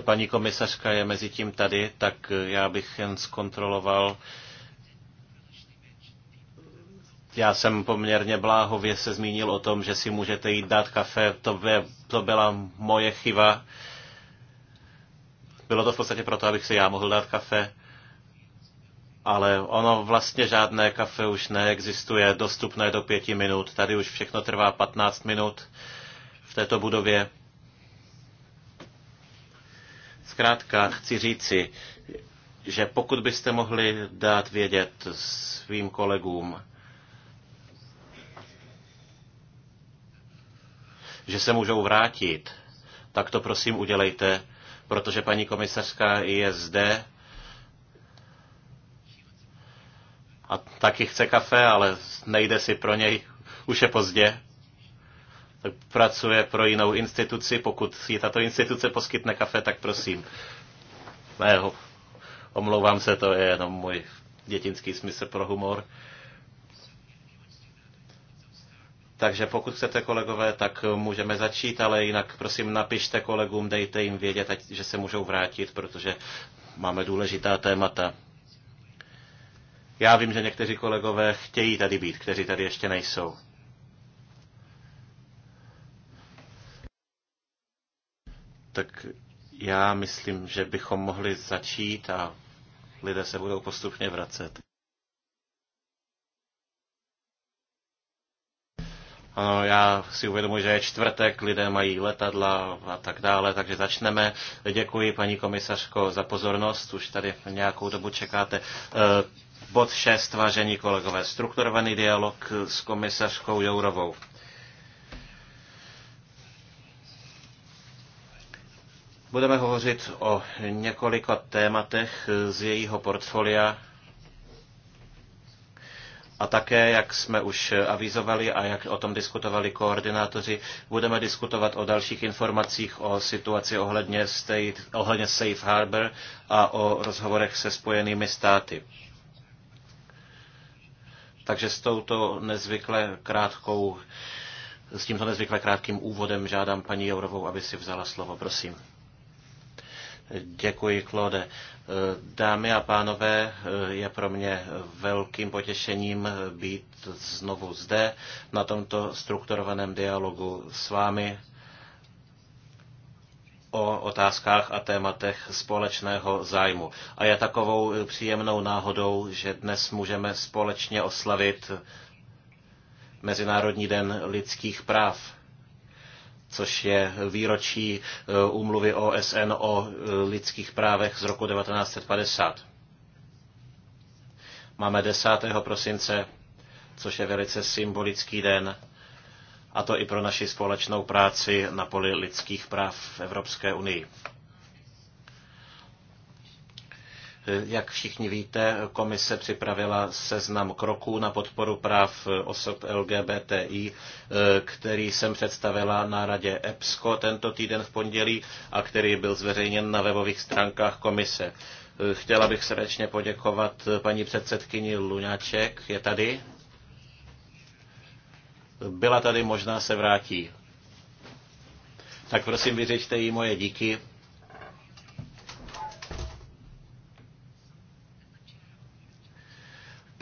Paní komisařka je mezi tím tady, tak já bych jen zkontroloval. Já jsem poměrně bláhově se zmínil o tom, že si můžete jít dát kafe. To, by, to byla moje chyba. Bylo to v podstatě proto, abych si já mohl dát kafe ale ono vlastně žádné kafe už neexistuje, dostupné do pěti minut. Tady už všechno trvá 15 minut v této budově. Zkrátka chci říci, že pokud byste mohli dát vědět svým kolegům, že se můžou vrátit, tak to prosím udělejte, protože paní komisařka je zde a taky chce kafe, ale nejde si pro něj, už je pozdě, tak pracuje pro jinou instituci, pokud si tato instituce poskytne kafe, tak prosím. Ne, omlouvám se, to je jenom můj dětinský smysl pro humor. Takže pokud chcete, kolegové, tak můžeme začít, ale jinak prosím napište kolegům, dejte jim vědět, že se můžou vrátit, protože máme důležitá témata. Já vím, že někteří kolegové chtějí tady být, kteří tady ještě nejsou. Tak já myslím, že bychom mohli začít a lidé se budou postupně vracet. Ano, já si uvědomuji, že je čtvrtek, lidé mají letadla a tak dále, takže začneme. Děkuji, paní komisařko, za pozornost. Už tady nějakou dobu čekáte. E, bod 6, vážení kolegové, strukturovaný dialog s komisařkou Jourovou. Budeme hovořit o několika tématech z jejího portfolia a také, jak jsme už avizovali a jak o tom diskutovali koordinátoři, budeme diskutovat o dalších informacích o situaci ohledně, state, ohledně Safe Harbor a o rozhovorech se spojenými státy. Takže s touto nezvykle krátkou s tímto nezvykle krátkým úvodem žádám paní Jourovou, aby si vzala slovo, prosím. Děkuji, Klode. Dámy a pánové, je pro mě velkým potěšením být znovu zde na tomto strukturovaném dialogu s vámi o otázkách a tématech společného zájmu. A je takovou příjemnou náhodou, že dnes můžeme společně oslavit Mezinárodní den lidských práv což je výročí eh, úmluvy OSN o eh, lidských právech z roku 1950. Máme 10. prosince, což je velice symbolický den, a to i pro naši společnou práci na poli lidských práv v Evropské unii. Jak všichni víte, komise připravila seznam kroků na podporu práv osob LGBTI, který jsem představila na radě EPSCO tento týden v pondělí a který byl zveřejněn na webových stránkách komise. Chtěla bych srdečně poděkovat paní předsedkyni Luňáček. Je tady? Byla tady, možná se vrátí. Tak prosím, vyřešte jí moje díky.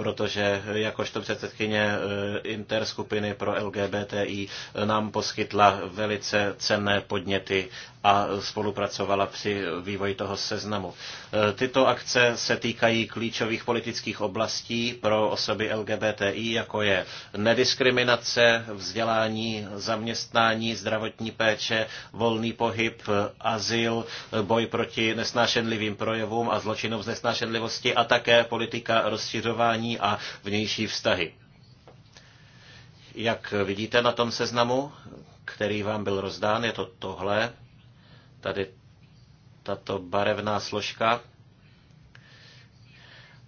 protože jakožto předsedkyně eh, interskupiny pro LGBTI eh, nám poskytla velice cenné podněty a spolupracovala při vývoji toho seznamu. E, tyto akce se týkají klíčových politických oblastí pro osoby LGBTI, jako je nediskriminace, vzdělání, zaměstnání, zdravotní péče, volný pohyb, e, azyl, e, boj proti nesnášenlivým projevům a zločinům z nesnášenlivosti a také politika rozšiřování a vnější vztahy. Jak vidíte na tom seznamu, který vám byl rozdán, je to tohle tady tato barevná složka.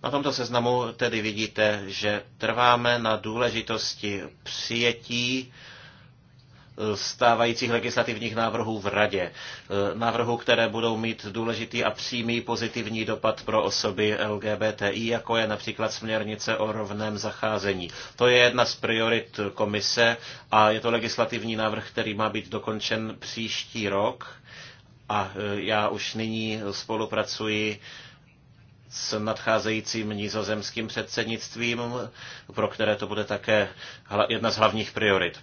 Na tomto seznamu tedy vidíte, že trváme na důležitosti přijetí eh, stávajících legislativních návrhů v Radě. Eh, návrhů, které budou mít důležitý a přímý pozitivní dopad pro osoby LGBTI, jako je například směrnice o rovném zacházení. To je jedna z priorit komise a je to legislativní návrh, který má být dokončen příští rok a e, já už nyní spolupracuji s nadcházejícím nizozemským předsednictvím, pro které to bude také jedna z hlavních priorit.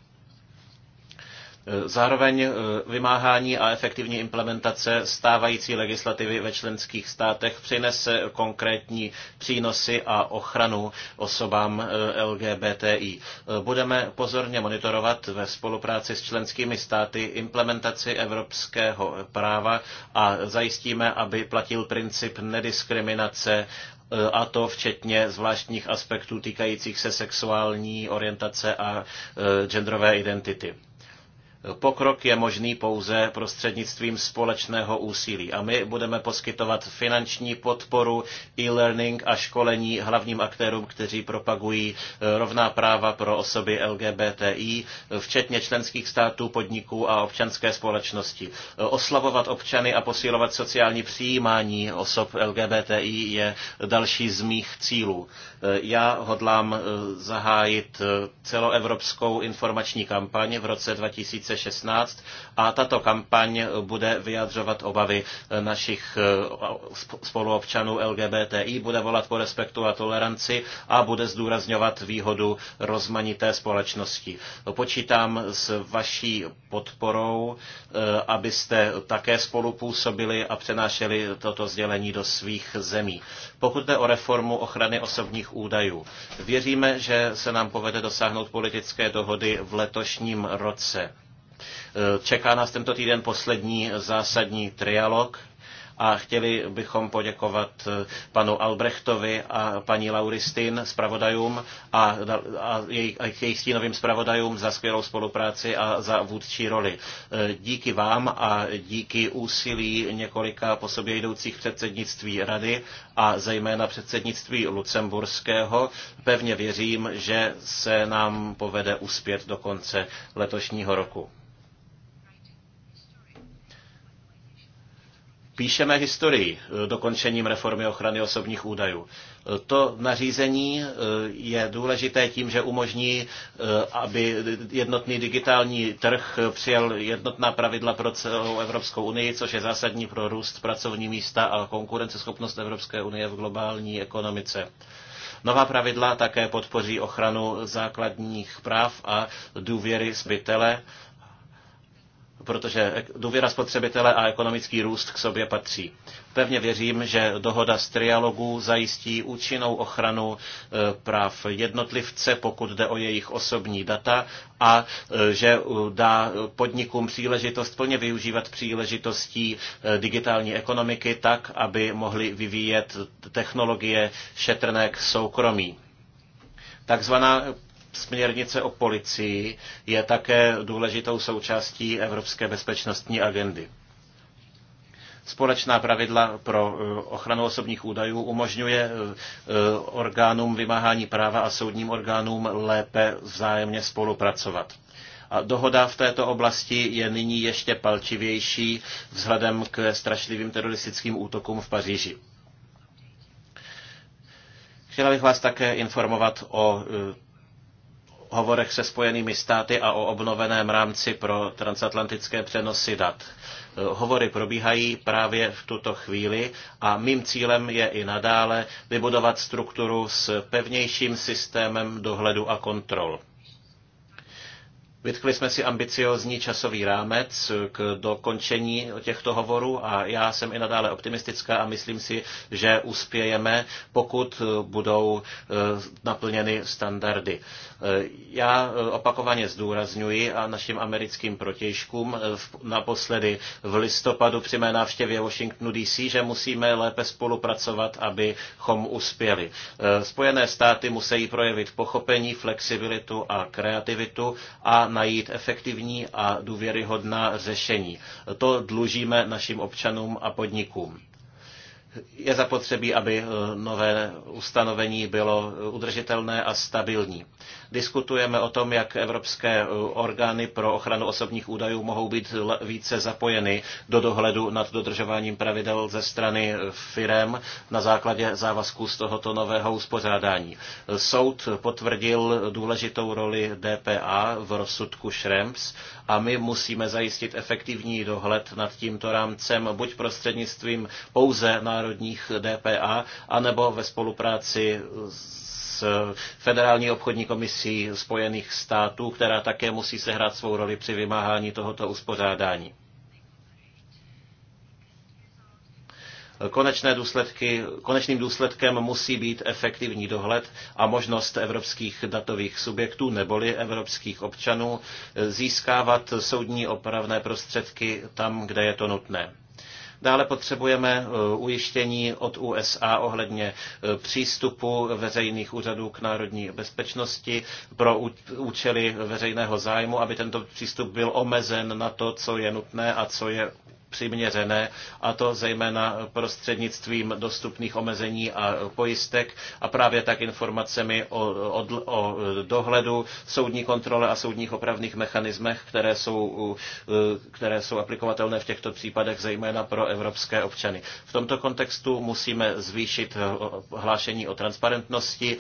Zároveň eh, vymáhání a efektivní implementace stávající legislativy ve členských státech přinese konkrétní přínosy a ochranu osobám eh, LGBTI. Eh, budeme pozorně monitorovat ve spolupráci s členskými státy implementaci evropského práva a zajistíme, aby platil princip nediskriminace a to včetně zvláštních aspektů týkajících se sexuální orientace a genderové identity. Pokrok je možný pouze prostřednictvím společného úsilí a my budeme poskytovat finanční podporu, e-learning a školení hlavním aktérům, kteří propagují e, rovná práva pro osoby LGBTI, včetně členských států, podniků a občanské společnosti. E, oslavovat občany a posilovat sociální přijímání osob LGBTI je další z mých cílů. Eh, já hodlám eh, zahájit eh, celoevropskou informační kampaň v roce 2016 a tato kampaň bude vyjadřovat obavy našich spoluobčanů LGBTI, bude volat po respektu a toleranci a bude zdůrazňovat výhodu rozmanité společnosti. Počítám s vaší podporou, abyste také spolupůsobili a přenášeli toto sdělení do svých zemí. Pokud jde o reformu ochrany osobních osobních údajů. Věříme, že se nám povede dosáhnout politické dohody v letošním roce. E, čeká nás tento týden poslední zásadní trialog a chtěli bychom poděkovat eh, panu Albrechtovi a paní Lauristin zpravodajům a, a, jej, a jejich stínovým zpravodajům za skvělou spolupráci a za vůdčí roli. Eh, díky vám a díky úsilí několika po sobě jdoucích předsednictví rady a zejména předsednictví Lucemburského pevně věřím, že se nám povede uspět do konce letošního roku. Píšeme historii e, dokončením reformy ochrany osobních údajů. E, to nařízení e, je důležité tím, že umožní, aby jednotný digitální trh přijal jednotná pravidla pro celou Evropskou unii, což je zásadní pro růst pracovní místa a konkurenceschopnost Evropské unie v globální ekonomice. Nová pravidla také podpoří ochranu základních práv a důvěry zbytele protože důvěra spotřebitele a ekonomický růst k sobě patří. Pevně věřím, že dohoda z trialogů zajistí účinnou ochranu e, práv jednotlivce, pokud jde o jejich osobní data a e, že e, dá podnikům příležitost plně využívat příležitostí digitální ekonomiky tak, aby mohli vyvíjet technologie šetrné k soukromí takzvaná Směrnice o policii je také důležitou součástí Evropské bezpečnostní agendy. Společná pravidla pro eh, ochranu osobních údajů umožňuje eh, eh, orgánům vymáhání práva a soudním orgánům lépe vzájemně spolupracovat. A dohoda v této oblasti je nyní ještě palčivější vzhledem k strašlivým teroristickým útokům v Paříži. Chtěla bych vás také informovat o hovorech se spojenými státy a o obnoveném rámci pro transatlantické přenosy dat. Hovory probíhají právě v tuto chvíli a mým cílem je i nadále vybudovat strukturu s pevnějším systémem dohledu a kontrol. Vytkli jsme si ambiciozní časový rámec k dokončení těchto hovorů a já jsem i nadále optimistická a myslím si, že uspějeme, pokud budou e, naplněny standardy. E, já e, opakovaně zdůrazňuji a našim americkým protějškům naposledy v listopadu při mé návštěvě Washingtonu DC, že musíme lépe spolupracovat, abychom uspěli. Spojené státy musí projevit pochopení, flexibilitu a kreativitu a najít efektivní a důvěryhodná řešení. To dlužíme našim občanům a podnikům je zapotřebí, aby eh, nové ustanovení bylo eh, udržitelné a stabilní. Diskutujeme o tom, jak evropské e, orgány pro ochranu osobních údajů mohou být více zapojeny do dohledu nad dodržováním pravidel ze strany e, firem na základě závazků z tohoto nového uspořádání. E, soud potvrdil důležitou roli DPA v rozsudku Schrems a my musíme zajistit efektivní dohled nad tímto rámcem buď prostřednictvím pouze národních DPA, anebo ve spolupráci s Eh, Federální obchodní komisí Spojených států, která také musí sehrát svou roli při vymáhání tohoto uspořádání. Konečné důsledky, konečným důsledkem musí být efektivní dohled a možnost evropských datových subjektů neboli evropských občanů eh, získávat soudní opravné prostředky tam, kde je to nutné. Dále potřebujeme e, ujištění od USA ohledně e, přístupu veřejných úřadů k národní bezpečnosti pro účely veřejného zájmu, aby tento přístup byl omezen na to, co je nutné a co je přiměřené, a to zejména prostřednictvím dostupných omezení a pojistek a právě tak informacemi o, o, o dohledu, soudní kontrole a soudních opravných mechanismech, které jsou, které jsou aplikovatelné v těchto případech zejména pro evropské občany. V tomto kontextu musíme zvýšit hlášení o transparentnosti,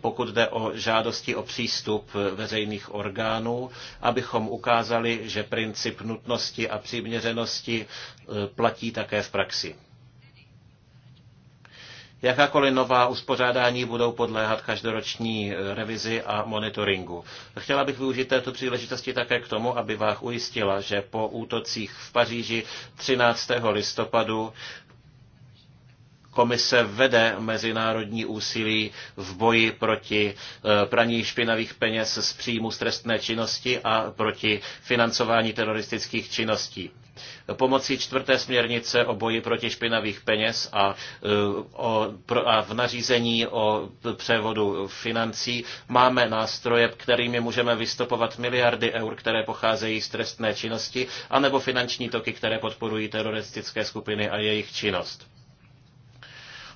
pokud jde o žádosti o přístup veřejných orgánů, abychom ukázali, že princip nutnosti a přiměřenosti Eh, platí také v praxi. Jakákoliv nová uspořádání budou podléhat každoroční eh, revizi a monitoringu. Chtěla bych využít této příležitosti také k tomu, aby vás ujistila, že po útocích v Paříži 13. listopadu komise vede mezinárodní úsilí v boji proti eh, praní špinavých peněz z příjmu z trestné činnosti a proti financování teroristických činností. Pomocí čtvrté směrnice o boji proti špinavých peněz a, eh, o, a v nařízení o převodu financí máme nástroje, kterými můžeme vystopovat miliardy eur, které pocházejí z trestné činnosti, anebo finanční toky, které podporují teroristické skupiny a jejich činnost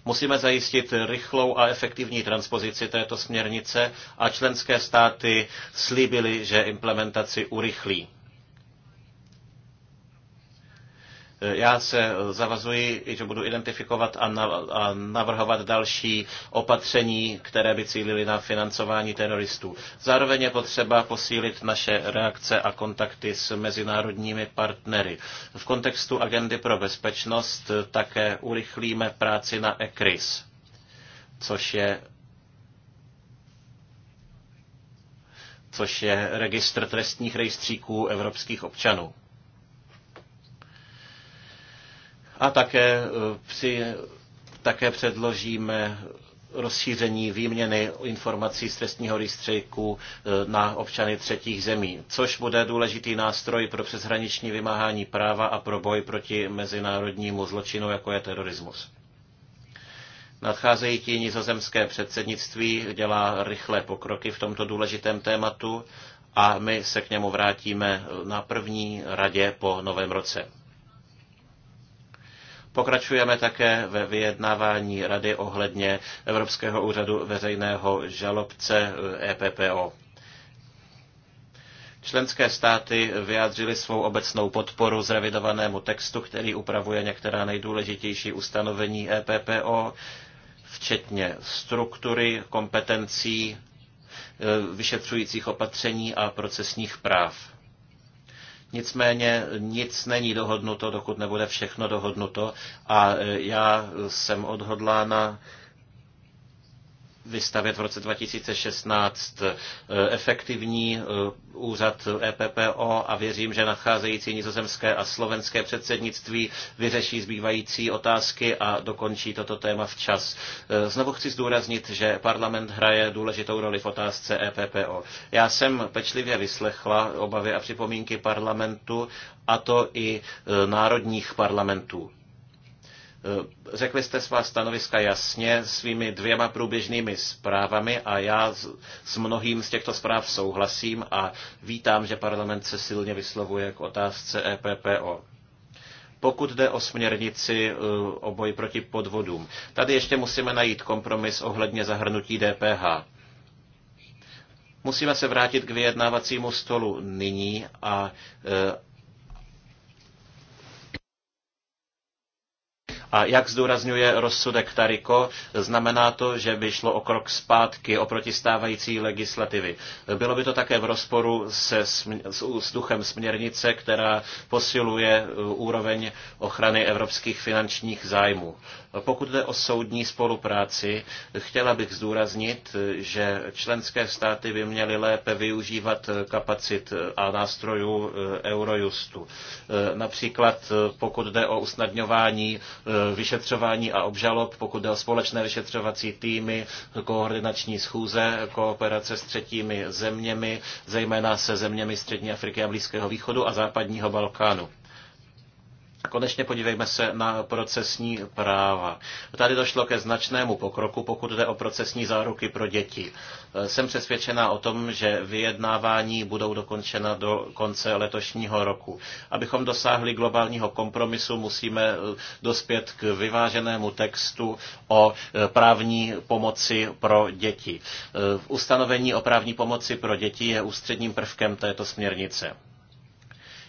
musíme zajistit rychlou a efektivní transpozici této směrnice a členské státy slíbily, že implementaci urychlí. Já se zavazuji, že budu identifikovat a navrhovat další opatření, které by cílily na financování teroristů. Zároveň je potřeba posílit naše reakce a kontakty s mezinárodními partnery. V kontextu agendy pro bezpečnost také urychlíme práci na ECRIS, což je což je registr trestních rejstříků evropských občanů. A také, eh, při, také předložíme rozšíření výměny informací z trestního rejstříku eh, na občany třetích zemí, což bude důležitý nástroj pro přeshraniční vymáhání práva a pro boj proti mezinárodnímu zločinu, jako je terorismus. Nadcházející nizozemské předsednictví dělá rychlé pokroky v tomto důležitém tématu a my se k němu vrátíme na první radě po novém roce. Pokračujeme také ve vyjednávání rady ohledně Evropského úřadu veřejného žalobce EPPO. Eh, e Členské státy vyjádřily svou obecnou podporu zrevidovanému textu, který upravuje některá nejdůležitější ustanovení EPPO, včetně struktury, kompetencí, eh, vyšetřujících opatření a procesních práv. Nicméně nic není dohodnuto, dokud nebude všechno dohodnuto a e, já jsem odhodlána vystavět v roce 2016 eh, efektivní eh, úřad EPPO a věřím, že nadcházející nizozemské a slovenské předsednictví vyřeší zbývající otázky a dokončí toto téma včas. Eh, znovu chci zdůraznit, že parlament hraje důležitou roli v otázce EPPO. Já jsem pečlivě vyslechla obavy a připomínky parlamentu a to i národních parlamentů. Eh, řekli jste svá stanoviska jasně svými dvěma průběžnými zprávami a já s mnohým z těchto zpráv souhlasím a vítám, že parlament se silně vyslovuje k otázce EPPO pokud jde o směrnici eh, o boji proti podvodům. Tady ještě musíme najít kompromis ohledně zahrnutí DPH. Musíme se vrátit k vyjednávacímu stolu nyní a eh, A jak zdůrazňuje rozsudek Tariko, znamená to, že by šlo o krok zpátky oproti stávající legislativy. Bylo by to také v rozporu se, s duchem směrnice, která posiluje uh, úroveň ochrany evropských finančních zájmů. Pokud jde o soudní spolupráci, chtěla bych zdůraznit, uh, že členské státy by měly lépe využívat uh, kapacit a nástrojů Eurojustu. Například pokud jde o usnadňování vyšetřování a obžalob, pokud jde o společné vyšetřovací týmy, koordinační schůze, kooperace s třetími zeměmi, zejména se zeměmi Střední Afriky a Blízkého východu a západního Balkánu. Konečně podívejme se na procesní práva. Tady došlo ke značnému pokroku, pokud jde o procesní záruky pro děti. Jsem přesvědčena o tom, že vyjednávání budou dokončena do konce letošního roku. Abychom dosáhli globálního kompromisu, musíme eh, dospět k vyváženému textu o eh, právní pomoci pro děti. Eh, ustanovení o právní pomoci pro děti je ústředním prvkem této směrnice.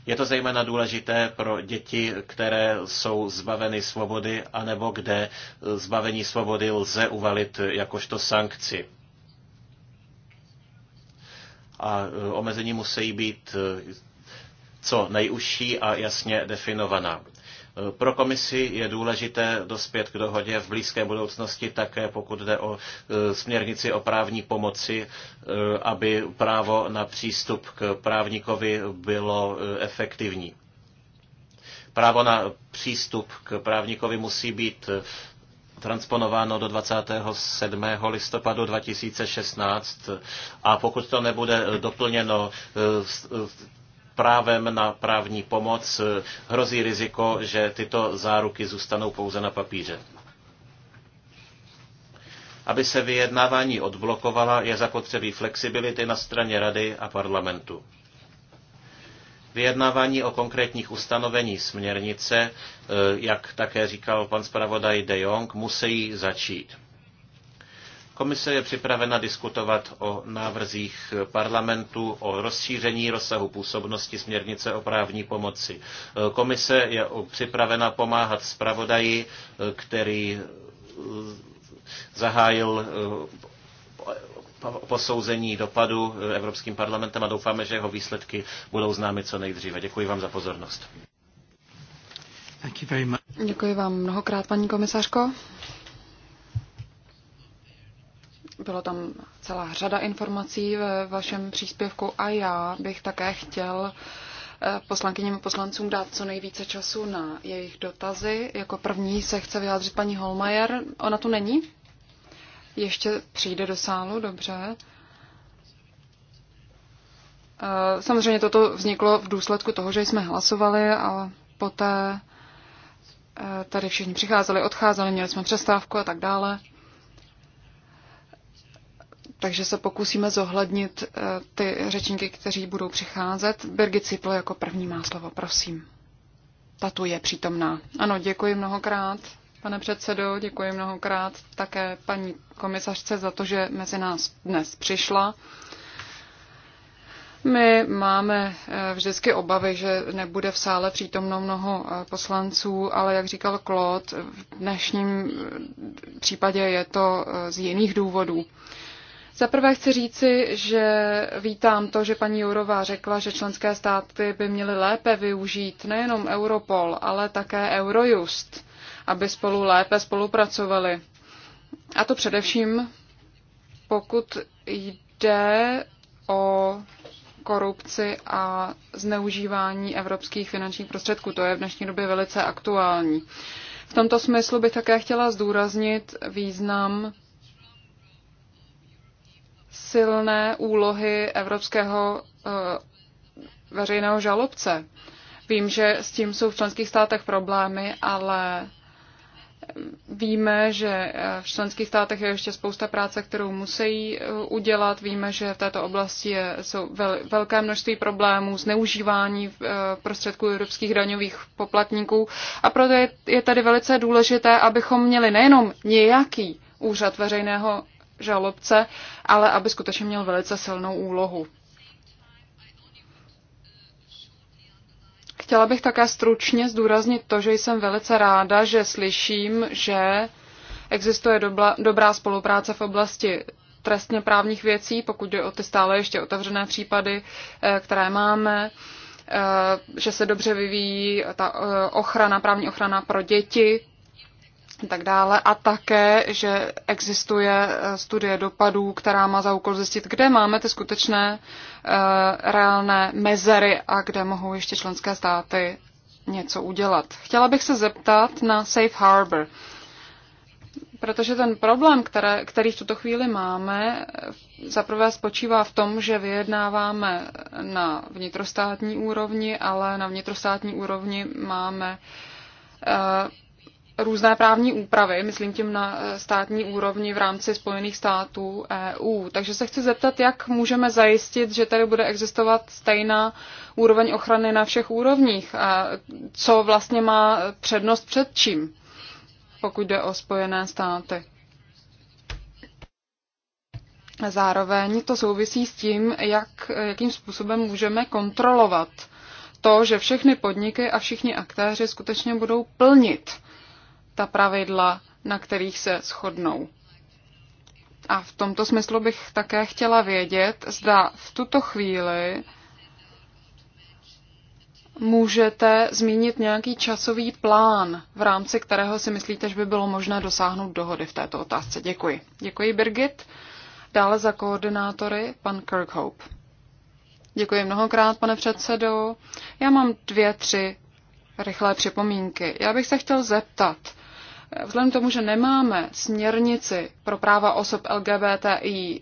Je to zejména důležité pro děti, které jsou zbaveny svobody, anebo kde zbavení svobody lze uvalit jakožto sankci. A e, omezení musí být e, co nejužší a jasně definovaná. Pro komisi je důležité dospět k dohodě v blízké budoucnosti také, pokud jde o e, směrnici o právní pomoci, e, aby právo na přístup k právníkovi bylo e, efektivní. Právo na přístup k právníkovi musí být transponováno do 27. listopadu 2016 a pokud to nebude doplněno právem na právní pomoc eh, hrozí riziko, že tyto záruky zůstanou pouze na papíře. Aby se vyjednávání odblokovala, je zapotřebí flexibility na straně Rady a parlamentu. Vyjednávání o konkrétních ustanovení směrnice, eh, jak také říkal pan zpravodaj De Jong, musí začít. Komise je připravena diskutovat o návrzích parlamentu, o rozšíření rozsahu působnosti směrnice o právní pomoci. Komise je připravena pomáhat zpravodaji, který eh, zahájil eh, posouzení dopadu eh, Evropským parlamentem a doufáme, že jeho výsledky budou známy co nejdříve. Děkuji vám za pozornost. Děkuji vám mnohokrát, paní komisařko. Bylo tam celá řada informací ve vašem příspěvku a já bych také chtěl eh, poslankyním a poslancům dát co nejvíce času na jejich dotazy. Jako první se chce vyjádřit paní Holmajer. Ona tu není? Ještě přijde do sálu, dobře. Eh, samozřejmě toto vzniklo v důsledku toho, že jsme hlasovali a poté eh, tady všichni přicházeli, odcházeli, měli jsme přestávku a tak dále takže se pokusíme zohlednit eh, ty řečníky, kteří budou přicházet. Birgit Cipl jako první má slovo, prosím. Ta tu je přítomná. Ano, děkuji mnohokrát, pane předsedo, děkuji mnohokrát také paní komisařce za to, že mezi nás dnes přišla. My máme eh, vždycky obavy, že nebude v sále přítomno mnoho eh, poslanců, ale jak říkal Klod, v dnešním případě je to z jiných důvodů. Za prvé chci říci, že vítám to, že paní Jourová řekla, že členské státy by měly lépe využít nejenom Europol, ale také Eurojust, aby spolu lépe spolupracovali. A to především, pokud jde o korupci a zneužívání evropských finančních prostředků. To je v dnešní době velice aktuální. V tomto smyslu bych také chtěla zdůraznit význam silné úlohy evropského eh, veřejného žalobce. Vím, že s tím jsou v členských státech problémy, ale Víme, že eh, v členských státech je ještě spousta práce, kterou musí eh, udělat. Víme, že v této oblasti je, jsou vel, velké množství problémů, zneužívání prostředků evropských daňových poplatníků. A proto je, je tady velice důležité, abychom měli nejenom nějaký úřad veřejného žalobce, ale aby skutečně měl velice silnou úlohu. Chtěla bych také stručně zdůraznit to, že jsem velice ráda, že slyším, že existuje dobla, dobrá spolupráce v oblasti trestně právních věcí, pokud jde o ty stále ještě otevřené případy, eh, které máme, eh, že se dobře vyvíjí ta eh, ochrana, právní ochrana pro děti, tak dále. A také, že existuje eh, studie dopadů, která má za úkol zjistit, kde máme ty skutečné eh, reálné mezery a kde mohou ještě členské státy něco udělat. Chtěla bych se zeptat na Safe Harbor, protože ten problém, které, který v tuto chvíli máme, zaprvé spočívá v tom, že vyjednáváme na vnitrostátní úrovni, ale na vnitrostátní úrovni máme eh, různé právní úpravy, myslím tím na eh, státní úrovni v rámci Spojených států EU. Takže se chci zeptat, jak můžeme zajistit, že tady bude existovat stejná úroveň ochrany na všech úrovních a co vlastně má přednost před čím, pokud jde o Spojené státy. Zároveň to souvisí s tím, jak, jakým způsobem můžeme kontrolovat to, že všechny podniky a všichni aktéři skutečně budou plnit ta pravidla, na kterých se shodnou. A v tomto smyslu bych také chtěla vědět, zda v tuto chvíli můžete zmínit nějaký časový plán, v rámci kterého si myslíte, že by bylo možné dosáhnout dohody v této otázce. Děkuji. Děkuji, Birgit. Dále za koordinátory pan Kirkhope. Děkuji mnohokrát, pane předsedo. Já mám dvě, tři rychlé připomínky. Já bych se chtěl zeptat, vzhledem k tomu, že nemáme směrnici pro práva osob LGBTI,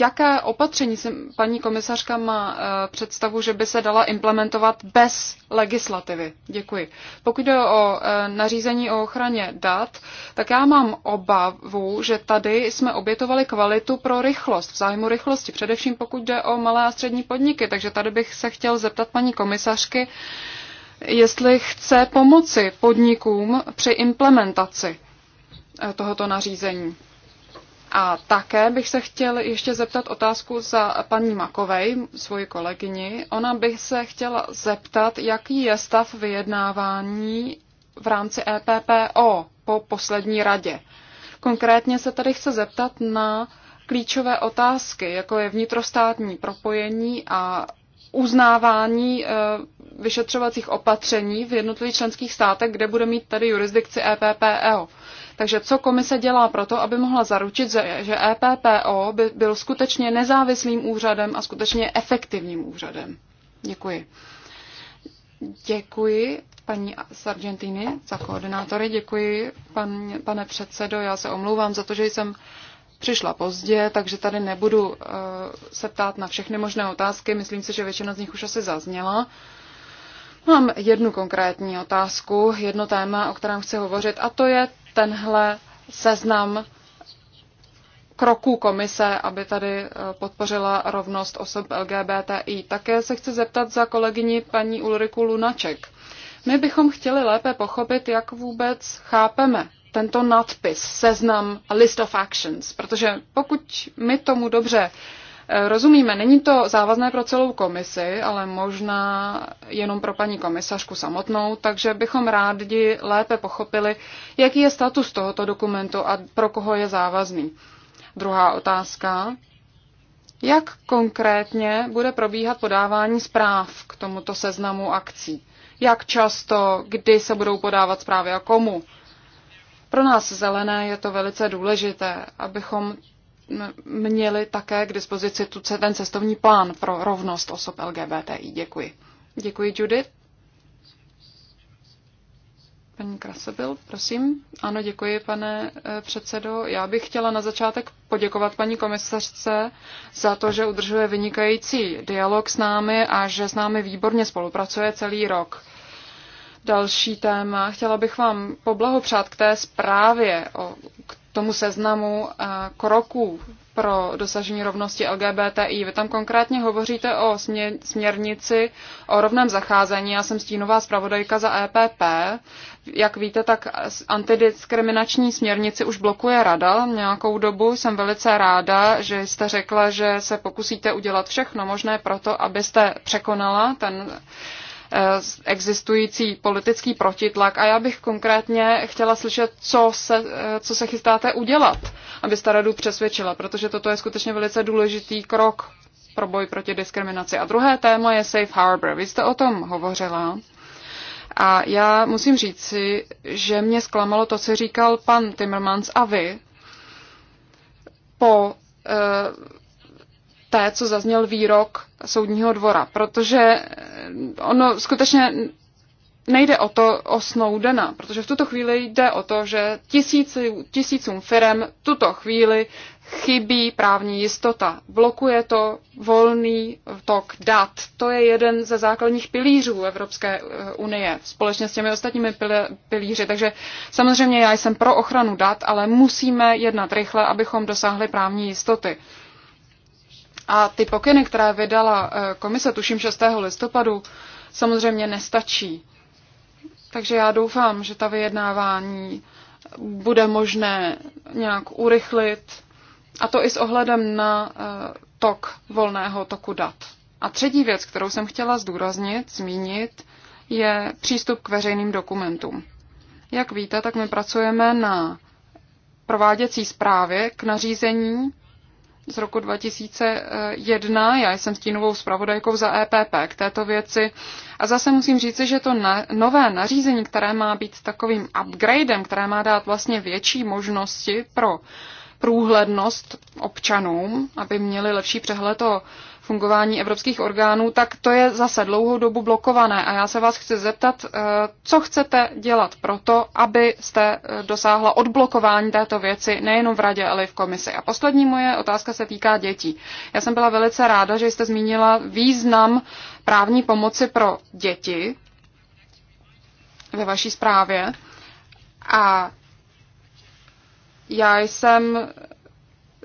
jaké opatření si paní komisařka má eh, představu, že by se dala implementovat bez legislativy? Děkuji. Pokud jde o eh, nařízení o ochraně dat, tak já mám obavu, že tady jsme obětovali kvalitu pro rychlost, v zájmu rychlosti, především pokud jde o malé a střední podniky. Takže tady bych se chtěl zeptat paní komisařky, jestli chce pomoci podnikům při implementaci eh, tohoto nařízení. A také bych se chtěl ještě zeptat otázku za paní Makovej, svoji kolegyni. Ona bych se chtěla zeptat, jaký je stav vyjednávání v rámci EPPO po poslední radě. Konkrétně se tady chce zeptat na klíčové otázky, jako je vnitrostátní propojení a uznávání eh, vyšetřovacích opatření v jednotlivých členských státech, kde bude mít tady jurisdikci EPPO. Takže co komise dělá proto, aby mohla zaručit, že EPPO e by byl skutečně nezávislým úřadem a skutečně efektivním úřadem? Děkuji. Děkuji paní z Argentiny za koordinátory, děkuji pan, pane předsedo, já se omlouvám za to, že jsem přišla pozdě, takže tady nebudu eh, se ptát na všechny možné otázky. Myslím si, že většina z nich už asi zazněla. Mám jednu konkrétní otázku, jedno téma, o kterém chci hovořit, a to je tenhle seznam kroků komise, aby tady eh, podpořila rovnost osob LGBTI. Také se chci zeptat za kolegyni paní Ulriku Lunaček. My bychom chtěli lépe pochopit, jak vůbec chápeme tento nadpis, seznam list of actions, protože pokud my tomu dobře eh, rozumíme, není to závazné pro celou komisi, ale možná jenom pro paní komisařku samotnou, takže bychom rádi lépe pochopili, jaký je status tohoto dokumentu a pro koho je závazný. Druhá otázka. Jak konkrétně bude probíhat podávání zpráv k tomuto seznamu akcí? Jak často, kdy se budou podávat zprávy a komu? Pro nás zelené je to velice důležité, abychom měli také k dispozici tu, ten cestovní plán pro rovnost osob LGBTI. Děkuji. Děkuji, Judith. Paní Krasebil, prosím. Ano, děkuji, pane eh, předsedo. Já bych chtěla na začátek poděkovat paní komisařce za to, že udržuje vynikající dialog s námi a že s námi výborně spolupracuje celý rok další téma. Chtěla bych vám poblahopřát k té zprávě, o, k tomu seznamu eh, kroků pro dosažení rovnosti LGBTI. Vy tam konkrétně hovoříte o směrnici o rovném zacházení. Já jsem stínová zpravodajka za EPP. Jak víte, tak antidiskriminační směrnici už blokuje rada nějakou dobu. Jsem velice ráda, že jste řekla, že se pokusíte udělat všechno možné pro to, abyste překonala ten Eh, existující politický protitlak a já bych konkrétně chtěla slyšet, co se, eh, co se chystáte udělat, abyste radu přesvědčila, protože toto je skutečně velice důležitý krok pro boj proti diskriminaci. A druhé téma je Safe Harbor. Vy jste o tom hovořila. A já musím říci, že mě zklamalo to, co říkal pan Timmermans a vy po uh, té, co zazněl výrok soudního dvora, protože eh, ono skutečně nejde o to o Snowdena, protože v tuto chvíli jde o to, že tisíci, tisícům firem tuto chvíli chybí právní jistota. Blokuje to volný tok dat. To je jeden ze základních pilířů Evropské eh, unie společně s těmi ostatními pilíři. Takže samozřejmě já jsem pro ochranu dat, ale musíme jednat rychle, abychom dosáhli právní jistoty. A ty pokyny, které vydala eh, komise, tuším 6. listopadu, samozřejmě nestačí. Takže já doufám, že ta vyjednávání bude možné nějak urychlit, a to i s ohledem na eh, tok volného toku dat. A třetí věc, kterou jsem chtěla zdůraznit, zmínit, je přístup k veřejným dokumentům. Jak víte, tak my pracujeme na prováděcí zprávě k nařízení z roku 2001. Já jsem stínovou zpravodajkou za EPP k této věci. A zase musím říci, že to na, nové nařízení, které má být takovým upgradem, které má dát vlastně větší možnosti pro průhlednost občanům, aby měli lepší přehled o fungování evropských orgánů, tak to je zase dlouhou dobu blokované. A já se vás chci zeptat, eh, co chcete dělat proto, abyste eh, dosáhla odblokování této věci nejenom v radě, ale i v komisi. A poslední moje otázka se týká dětí. Já jsem byla velice ráda, že jste zmínila význam právní pomoci pro děti ve vaší zprávě. A já jsem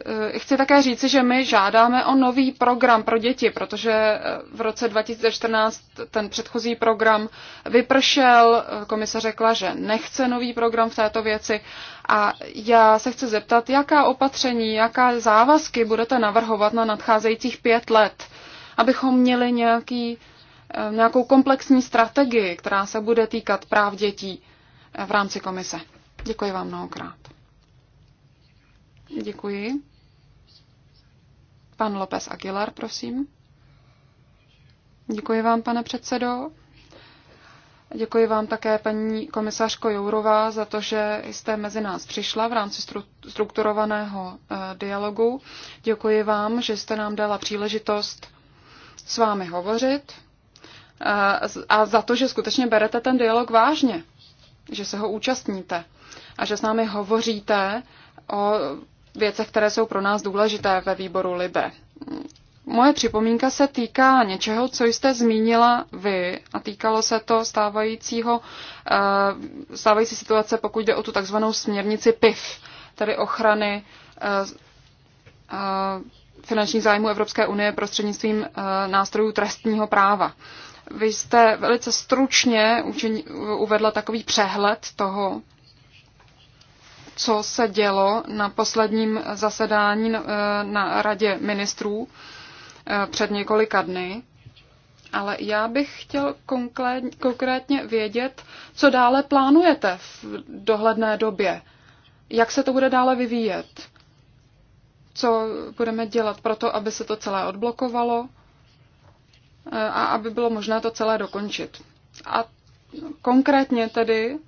Eh, chci také říci, že my žádáme o nový program pro děti, protože eh, v roce 2014 ten předchozí program vypršel, eh, komise řekla, že nechce nový program v této věci a já se chci zeptat, jaká opatření, jaká závazky budete navrhovat na nadcházejících pět let, abychom měli nějaký, nějakou komplexní strategii, která se bude týkat práv dětí v rámci komise. Děkuji vám mnohokrát. Děkuji. Pan López Aguilar, prosím. Děkuji vám, pane předsedo. Děkuji vám také, paní komisařko Jourová, za to, že jste mezi nás přišla v rámci strukturovaného eh, dialogu. Děkuji vám, že jste nám dala příležitost s vámi hovořit eh, a za to, že skutečně berete ten dialog vážně, že se ho účastníte a že s námi hovoříte o věcech, které jsou pro nás důležité ve výboru LIBE. Moje připomínka se týká něčeho, co jste zmínila vy a týkalo se to stávajícího, eh, stávající situace, pokud jde o tu takzvanou směrnici PIF, tedy ochrany eh, eh, finančních zájmů Evropské unie prostřednictvím nástrojů trestního práva. Vy jste velice stručně uvedla takový přehled toho, co se dělo na posledním zasedání eh, na radě ministrů eh, před několika dny, ale já bych chtěl konkrétně vědět, co dále plánujete v dohledné době. Jak se to bude dále vyvíjet? Co budeme dělat pro to, aby se to celé odblokovalo eh, a aby bylo možné to celé dokončit? A konkrétně tedy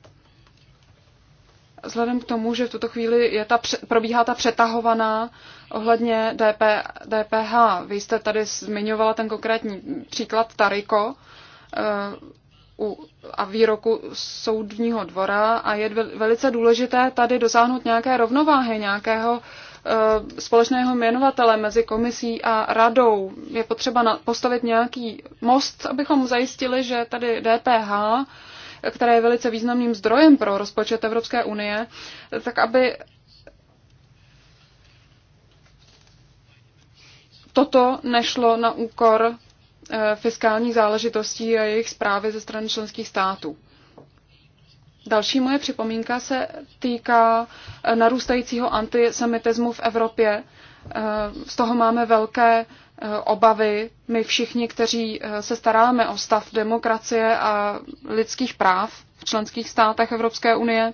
vzhledem k tomu, že v tuto chvíli je ta, probíhá ta přetahovaná ohledně DP, DPH. Vy jste tady zmiňovala ten konkrétní příklad Tariko eh, u, a výroku soudního dvora a je velice důležité tady dosáhnout nějaké rovnováhy, nějakého eh, společného jmenovatele mezi komisí a radou. Je potřeba postavit nějaký most, abychom zajistili, že tady DPH které je velice významným zdrojem pro rozpočet Evropské unie, tak aby toto nešlo na úkor eh, fiskálních záležitostí a jejich zprávy ze strany členských států. Další moje připomínka se týká eh, narůstajícího antisemitismu v Evropě. Eh, z toho máme velké Eh, obavy my všichni, kteří eh, se staráme o stav demokracie a lidských práv v členských státech Evropské unie.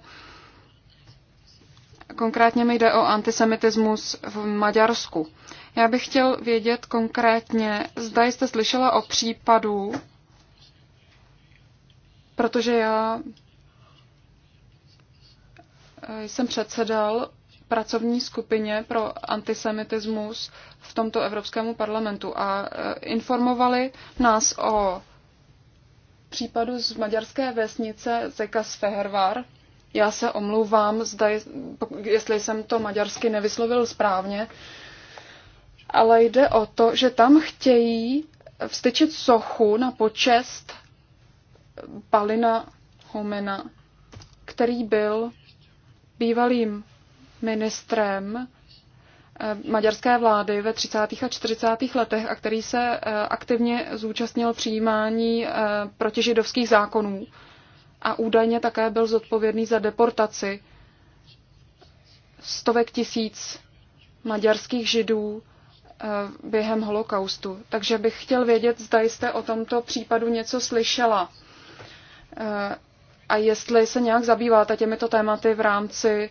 Konkrétně mi jde o antisemitismus v Maďarsku. Já bych chtěl vědět konkrétně, zda jste slyšela o případu, protože já eh, jsem předsedal pracovní skupině pro antisemitismus v tomto Evropskému parlamentu a e, informovali nás o případu z maďarské vesnice Zekas Fehervar. Já se omlouvám, zda, jestli jsem to maďarsky nevyslovil správně, ale jde o to, že tam chtějí vstyčit sochu na počest Balina Homena, který byl bývalým ministrem eh, maďarské vlády ve 30. a 40. letech a který se eh, aktivně zúčastnil přijímání eh, protižidovských zákonů a údajně také byl zodpovědný za deportaci stovek tisíc maďarských židů během holokaustu. Takže bych chtěl vědět, zda jste o tomto případu něco slyšela a jestli se nějak zabýváte těmito tématy v rámci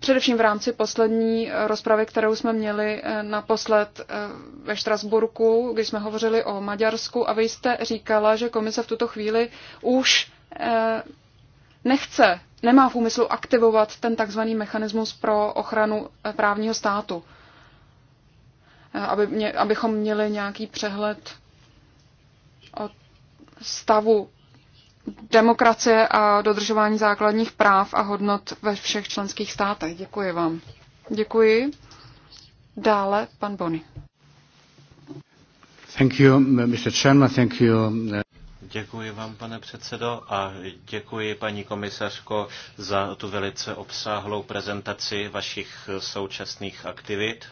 Především v rámci poslední eh, rozpravy, kterou jsme měli eh, naposled eh, ve Štrasburku, když jsme hovořili o Maďarsku a vy jste říkala, že komise v tuto chvíli už nechce, nemá v úmyslu aktivovat ten takzvaný mechanismus pro ochranu právního státu, aby mě, abychom měli nějaký přehled o stavu demokracie a dodržování základních práv a hodnot ve všech členských státech. Děkuji vám. Děkuji. Dále pan Bony. Thank you, Mr. Chairman, thank you. Uh, děkuji vám, pane předsedo, a děkuji, paní komisařko, za tu velice obsáhlou prezentaci vašich současných aktivit.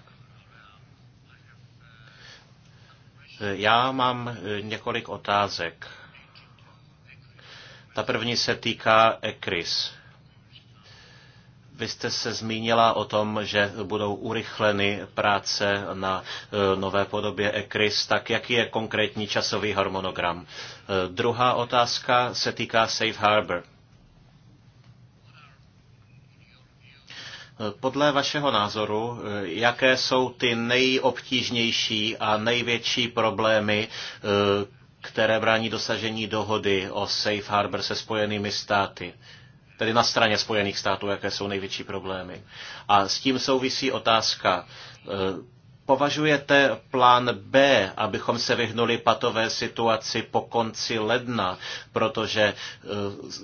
Já mám několik otázek. Ta první se týká ECRIS. Vy jste se zmínila o tom, že budou urychleny práce na e, nové podobě ECRIS, tak jaký je konkrétní časový harmonogram? E, druhá otázka se týká Safe Harbor. E, podle vašeho názoru, jaké jsou ty nejobtížnější a největší problémy, které brání dosažení dohody o safe harbor se spojenými státy tedy na straně Spojených států, jaké jsou největší problémy. A s tím souvisí otázka eh, Považujete plán B, abychom se vyhnuli patové situaci po konci ledna, protože eh,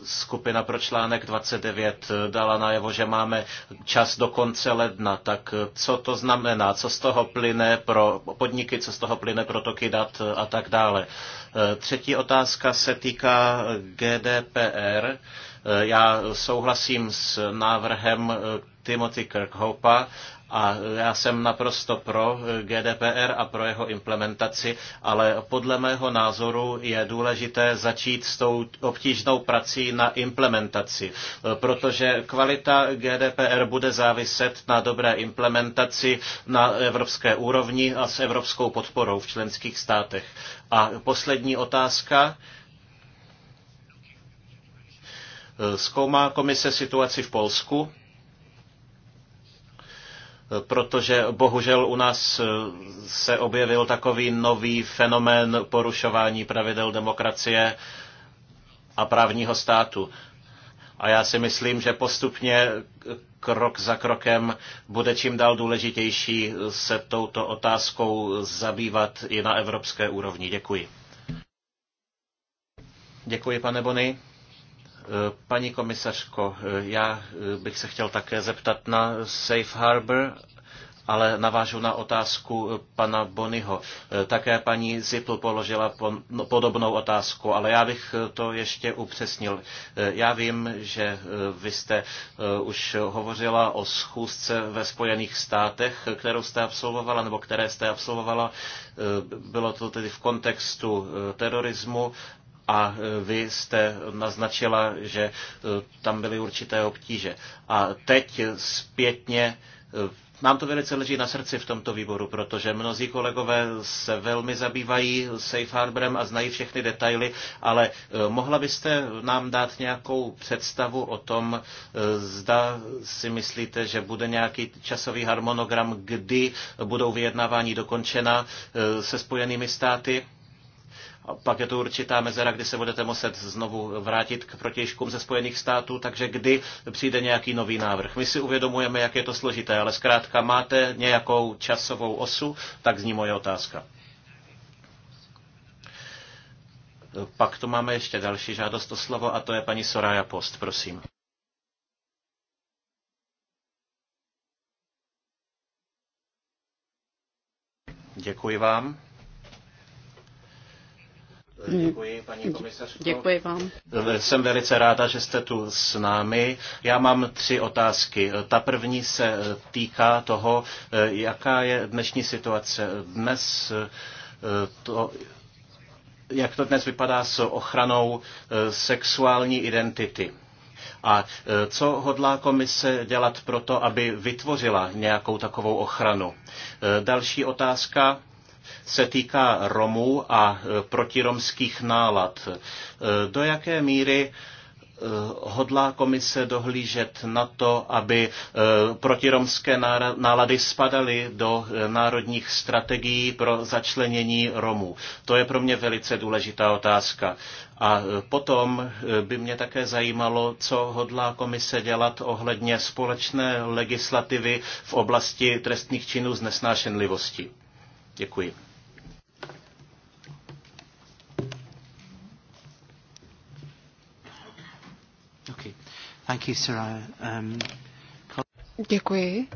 skupina pro článek 29 eh, dala najevo, že máme čas do konce ledna. Tak eh, co to znamená? Co z toho plyne pro podniky, co z toho plyne pro toky dat a tak dále? Třetí otázka se týká GDPR. Já souhlasím s návrhem Timothy Kirkhopa a já jsem naprosto pro GDPR a pro jeho implementaci, ale podle mého názoru je důležité začít s tou obtížnou prací na implementaci, protože kvalita GDPR bude záviset na dobré implementaci na evropské úrovni a s evropskou podporou v členských státech. A poslední otázka. Zkoumá komise situaci v Polsku? protože bohužel u nás eh, se objevil takový nový fenomén porušování pravidel demokracie a právního státu. A já si myslím, že postupně krok za krokem bude čím dál důležitější se touto otázkou zabývat i na evropské úrovni. Děkuji. Děkuji, pane Bony. Paní komisařko, já bych se chtěl také zeptat na Safe Harbor ale navážu na otázku pana Bonyho. Také paní Zipl položila no, podobnou otázku, ale já bych to ještě upřesnil. Já vím, že vy jste eh, už hovořila o schůzce ve Spojených státech, kterou jste absolvovala, nebo které jste absolvovala. Eh, bylo to tedy v kontextu eh, terorismu a e, vy jste naznačila, že e, tam byly určité obtíže. A teď zpětně e, nám to velice leží na srdci v tomto výboru, protože mnozí kolegové se velmi zabývají Safe Harborem a znají všechny detaily, ale mohla byste nám dát nějakou představu o tom, zda si myslíte, že bude nějaký časový harmonogram, kdy budou vyjednávání dokončena se spojenými státy? pak je tu určitá mezera, kdy se budete muset znovu vrátit k protěžkům ze Spojených států, takže kdy přijde nějaký nový návrh. My si uvědomujeme, jak je to složité, ale zkrátka máte nějakou časovou osu, tak zní moje otázka. Pak tu máme ještě další žádost o slovo a to je paní Soraya Post, prosím. Děkuji vám. Děkuji, paní komisařko. Děkuji vám. Jsem velice ráda, že jste tu s námi. Já mám tři otázky. Ta první se týká toho, jaká je dnešní situace. Dnes to, jak to dnes vypadá s ochranou sexuální identity. A co hodlá komise dělat pro to, aby vytvořila nějakou takovou ochranu? Další otázka se týká Romů a e, protiromských nálad. E, do jaké míry e, hodlá komise dohlížet na to, aby protiromské nálady spadaly do národních strategií pro začlenění Romů? To je pro mě velice důležitá otázka. A potom by mě také zajímalo, co hodlá komise dělat ohledně společné legislativy v oblasti trestných činů z nesnášenlivosti. Děkuji. Um, Děkuji.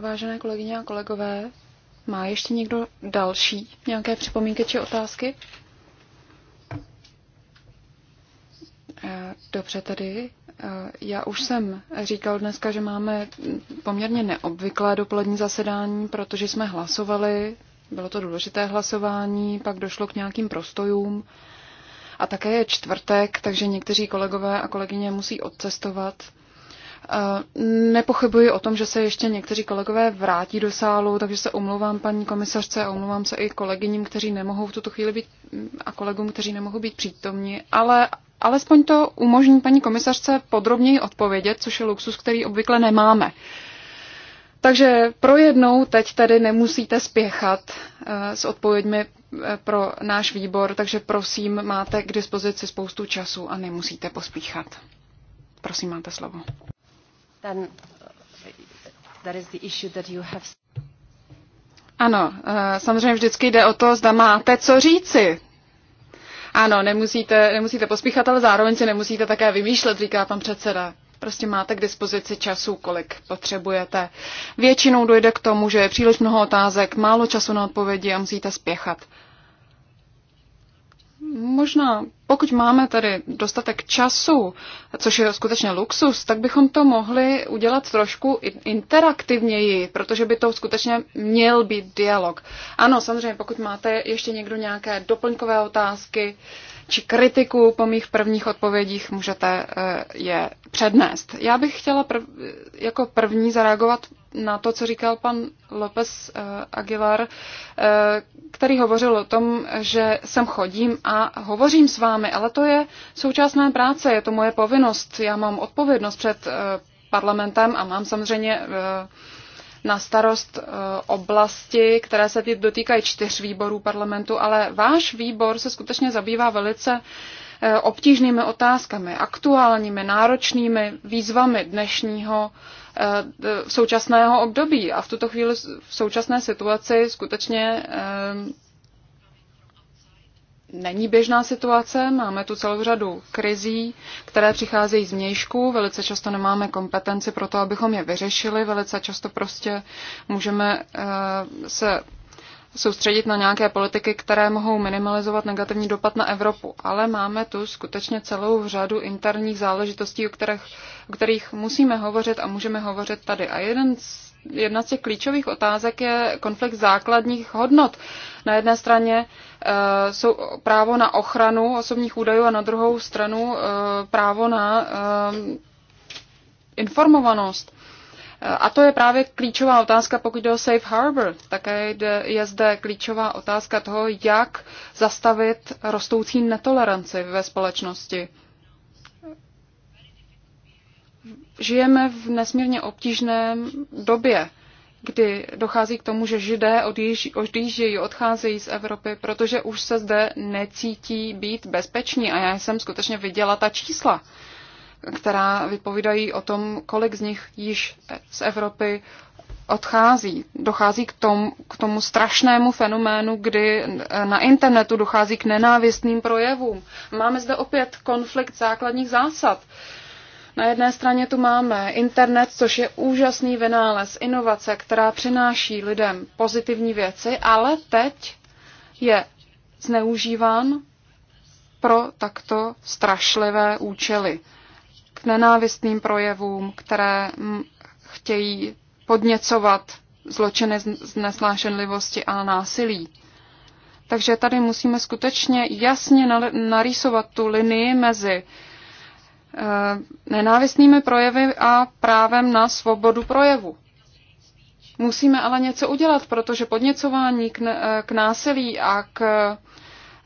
Vážené kolegyně a kolegové, má ještě někdo další nějaké připomínky či otázky? Eh, dobře tedy. Eh, já už jsem říkal dneska, že máme poměrně neobvyklé dopolední zasedání, protože jsme hlasovali bylo to důležité hlasování, pak došlo k nějakým prostojům. A také je čtvrtek, takže někteří kolegové a kolegyně musí odcestovat. Eh, nepochybuji o tom, že se ještě někteří kolegové vrátí do sálu, takže se omlouvám paní komisařce a omlouvám se i kolegyním, kteří nemohou v tuto chvíli být a kolegům, kteří nemohou být přítomni, ale alespoň to umožní paní komisařce podrobněji odpovědět, což je luxus, který obvykle nemáme takže pro jednou teď tedy nemusíte spěchat eh, s odpověďmi eh, pro náš výbor, takže prosím, máte k dispozici spoustu času a nemusíte pospíchat. Prosím, máte slovo. Then, uh, that is the issue that you have... Ano, eh, samozřejmě vždycky jde o to, zda máte co říci. Ano, nemusíte, nemusíte pospíchat, ale zároveň si nemusíte také vymýšlet, říká pan předseda. Prostě máte k dispozici času, kolik potřebujete. Většinou dojde k tomu, že je příliš mnoho otázek, málo času na odpovědi a musíte spěchat. Možná, pokud máme tady dostatek času, což je skutečně luxus, tak bychom to mohli udělat trošku interaktivněji, protože by to skutečně měl být dialog. Ano, samozřejmě, pokud máte ještě někdo nějaké doplňkové otázky, uh, či kritiku po mých prvních odpovědích můžete eh, je přednést. Já bych chtěla prv, jako první zareagovat na to, co říkal pan López eh, Aguilar, eh, který hovořil o tom, že sem chodím a hovořím s vámi, ale to je součást mé práce, je to moje povinnost. Já mám odpovědnost před parlamentem a mám samozřejmě na starost eh, oblasti, které se dotýkají čtyř výborů parlamentu, ale váš výbor se skutečně zabývá velice eh, obtížnými otázkami, aktuálními, náročnými výzvami dnešního eh, současného období. A v tuto chvíli v současné situaci skutečně není běžná situace, máme tu celou řadu krizí, které přicházejí z mějšku, velice často nemáme kompetenci pro to, abychom je vyřešili, velice často prostě můžeme eh, se soustředit na nějaké politiky, které mohou minimalizovat negativní dopad na Evropu. Ale máme tu skutečně celou řadu interních záležitostí, o kterých, o kterých musíme hovořit a můžeme hovořit tady. A jeden z jedna z těch klíčových otázek je konflikt základních hodnot. Na jedné straně eh, jsou právo na ochranu osobních údajů a na druhou stranu eh, právo na eh, informovanost. A to je právě klíčová otázka, pokud jde o Safe Harbor. Také je zde klíčová otázka toho, jak zastavit rostoucí netoleranci ve společnosti žijeme v nesmírně obtížném době, kdy dochází k tomu, že židé odjíždějí, odcházejí z Evropy, protože už se zde necítí být bezpeční. A já jsem skutečně viděla ta čísla, která vypovídají o tom, kolik z nich již z Evropy odchází. Dochází k, tom, k tomu strašnému fenoménu, kdy na internetu dochází k nenávistným projevům. Máme zde opět konflikt základních zásad. Uh, na jedné straně tu máme internet, což je úžasný vynález, inovace, která přináší lidem pozitivní věci, ale teď je zneužíván pro takto strašlivé účely k nenávistným projevům, které mm, chtějí podněcovat zločiny z neslášenlivosti a násilí. Takže tady musíme skutečně jasně narýsovat tu linii mezi uh, Eh, nenávistnými projevy a právem na svobodu projevu. Musíme ale něco udělat, protože podněcování k, eh, k násilí a k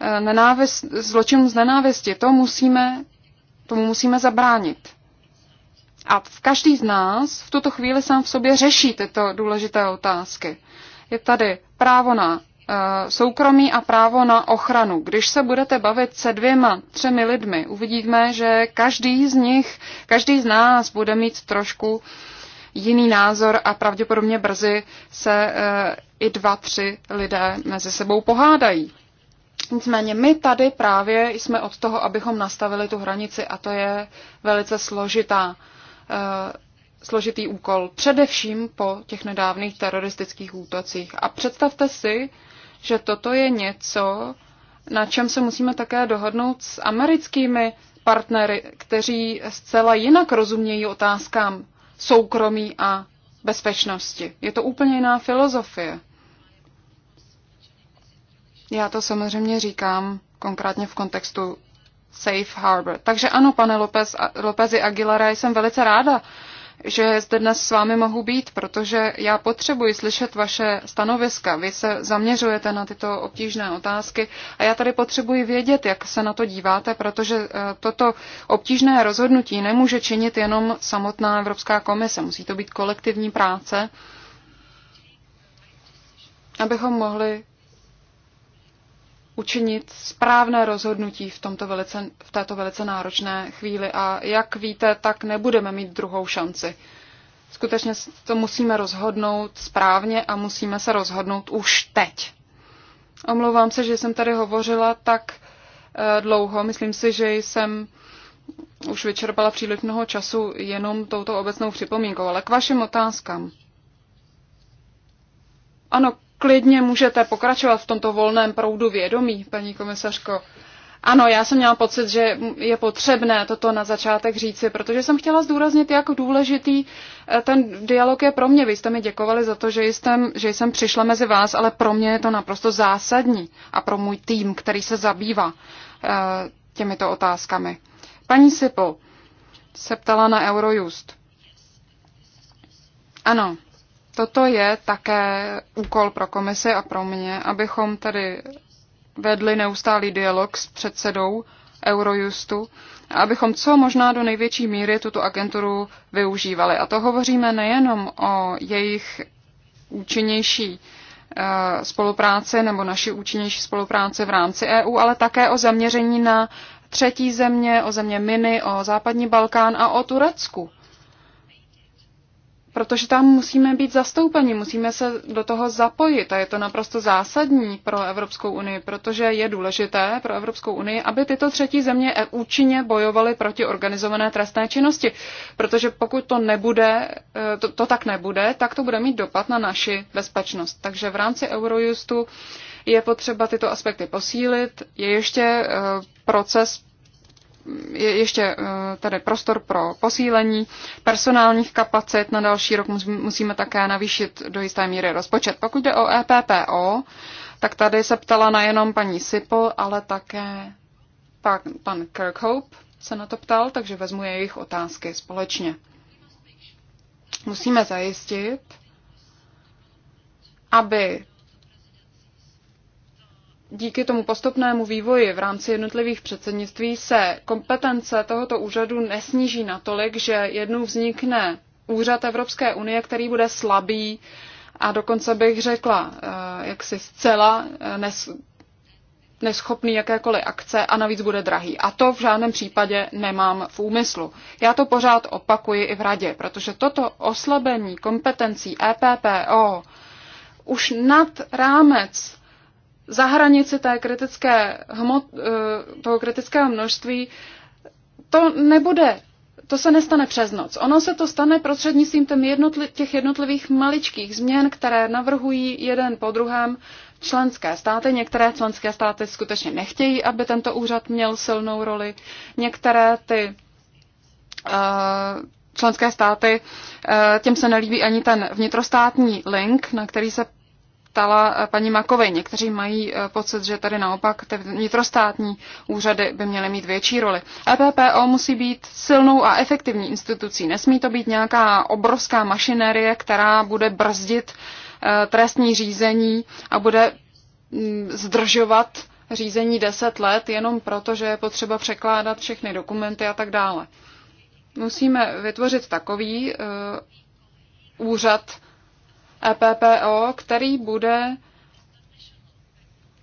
eh, nenávist, z nenávisti, to musíme, tomu musíme zabránit. A v každý z nás v tuto chvíli sám v sobě řeší tyto důležité otázky. Je tady právo na Eh, soukromí a právo na ochranu. Když se budete bavit se dvěma, třemi lidmi, uvidíme, že každý z nich, každý z nás bude mít trošku jiný názor a pravděpodobně brzy se eh, i dva, tři lidé mezi sebou pohádají. Nicméně my tady právě jsme od toho, abychom nastavili tu hranici a to je velice složitá, eh, složitý úkol, především po těch nedávných teroristických útocích. A představte si, že toto je něco, na čem se musíme také dohodnout s americkými partnery, kteří zcela jinak rozumějí otázkám soukromí a bezpečnosti. Je to úplně jiná filozofie. Já to samozřejmě říkám konkrétně v kontextu Safe Harbor. Takže ano, pane Lopez, Lopezi Aguilera, jsem velice ráda, že zde dnes s vámi mohu být, protože já potřebuji slyšet vaše stanoviska. Vy se zaměřujete na tyto obtížné otázky a já tady potřebuji vědět, jak se na to díváte, protože eh, toto obtížné rozhodnutí nemůže činit jenom samotná Evropská komise. Musí to být kolektivní práce, abychom mohli učinit správné rozhodnutí v, tomto velice, v této velice náročné chvíli a jak víte, tak nebudeme mít druhou šanci. Skutečně to musíme rozhodnout správně a musíme se rozhodnout už teď. Omlouvám se, že jsem tady hovořila tak eh, dlouho. Myslím si, že jsem už vyčerpala příliš mnoho času jenom touto obecnou připomínkou, ale k vašim otázkám. Ano, klidně můžete pokračovat v tomto volném proudu vědomí, paní komisařko. Ano, já jsem měla pocit, že je potřebné toto na začátek říci, protože jsem chtěla zdůraznit, jak důležitý eh, ten dialog je pro mě. Vy jste mi děkovali za to, že jsem, že jsem přišla mezi vás, ale pro mě je to naprosto zásadní a pro můj tým, který se zabývá eh, těmito otázkami. Paní Sipol se ptala na Eurojust. Ano, Toto je také úkol pro komisi a pro mě, abychom tedy vedli neustálý dialog s předsedou Eurojustu, a abychom co možná do největší míry tuto agenturu využívali. A to hovoříme nejenom o jejich účinnější eh, spolupráci nebo naši účinnější spolupráci v rámci EU, ale také o zaměření na třetí země, o země Miny, o západní Balkán a o Turecku protože tam musíme být zastoupeni, musíme se do toho zapojit a je to naprosto zásadní pro Evropskou unii, protože je důležité pro Evropskou unii, aby tyto třetí země e- účinně bojovaly proti organizované trestné činnosti, protože pokud to nebude, e, to, to tak nebude, tak to bude mít dopad na naši bezpečnost. Takže v rámci Eurojustu je potřeba tyto aspekty posílit. Je ještě e, proces je ještě eh, tady prostor pro posílení personálních kapacit. Na další rok musíme také navýšit do jisté míry rozpočet. Pokud jde o EPPO, tak tady se ptala nejenom paní Sipl, ale také pan, pan Kirkhope se na to ptal, takže vezmu jejich otázky společně. Musíme zajistit, aby díky tomu postupnému vývoji v rámci jednotlivých předsednictví se kompetence tohoto úřadu nesníží natolik, že jednou vznikne úřad Evropské unie, který bude slabý a dokonce bych řekla, eh, jak si zcela eh, nes, neschopný jakékoliv akce a navíc bude drahý. A to v žádném případě nemám v úmyslu. Já to pořád opakuji i v radě, protože toto oslabení kompetencí EPPO už nad rámec za hranici té kritické hmot, eh, toho kritického množství, to nebude, to se nestane přes noc. Ono se to stane prostřednictvím jednotli, těch jednotlivých maličkých změn, které navrhují jeden po druhém členské státy. Některé členské státy skutečně nechtějí, aby tento úřad měl silnou roli. Některé ty uh, členské státy, eh, těm se nelíbí ani ten vnitrostátní link, na který se ptala eh, paní Makové. Někteří mají eh, pocit, že tady naopak ty vnitrostátní úřady by měly mít větší roli. EPPO musí být silnou a efektivní institucí. Nesmí to být nějaká obrovská mašinerie, která bude brzdit eh, trestní řízení a bude mm, zdržovat řízení 10 let jenom proto, že je potřeba překládat všechny dokumenty a tak dále. Musíme vytvořit takový úřad, EPPO, který bude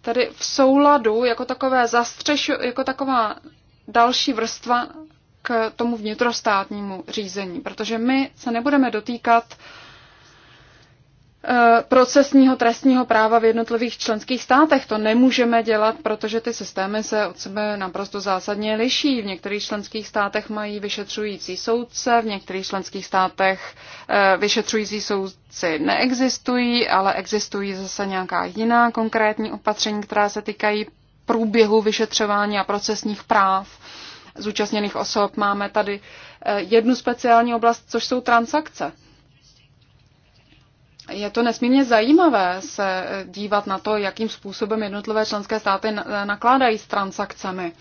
tedy v souladu jako, takové zastřešu, jako taková další vrstva k tomu vnitrostátnímu řízení, protože my se nebudeme dotýkat uh, Eh, procesního trestního práva v jednotlivých členských státech. To nemůžeme dělat, protože ty systémy se od sebe naprosto zásadně liší. V některých členských státech mají vyšetřující soudce, v některých členských státech eh, vyšetřující soudci neexistují, ale existují zase nějaká jiná konkrétní opatření, která se týkají průběhu vyšetřování a procesních práv zúčastněných osob. Máme tady eh, jednu speciální oblast, což jsou transakce je to nesmírně zajímavé se dívat na to, jakým způsobem jednotlivé členské státy nakládají s transakcemi.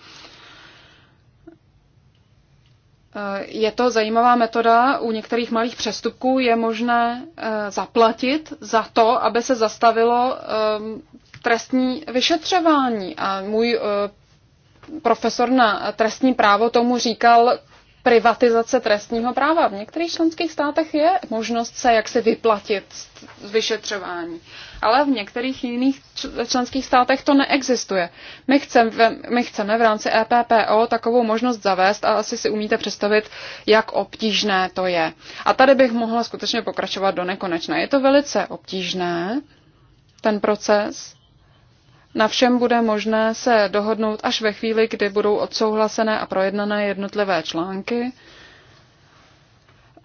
Eh, je to zajímavá metoda. U některých malých přestupků je možné eh, zaplatit za to, aby se zastavilo ehm, trestní vyšetřování. A můj eh, profesor na trestní právo tomu říkal privatizace trestního práva. V některých členských státech je možnost se jaksi vyplatit z vyšetřování, ale v některých jiných členských státech to neexistuje. My chceme, my chceme v rámci EPPO takovou možnost zavést a asi si umíte představit, jak obtížné to je. A tady bych mohla skutečně pokračovat do nekonečna. Je to velice obtížné, ten proces, na všem bude možné se dohodnout až ve chvíli, kdy budou odsouhlasené a projednané jednotlivé články.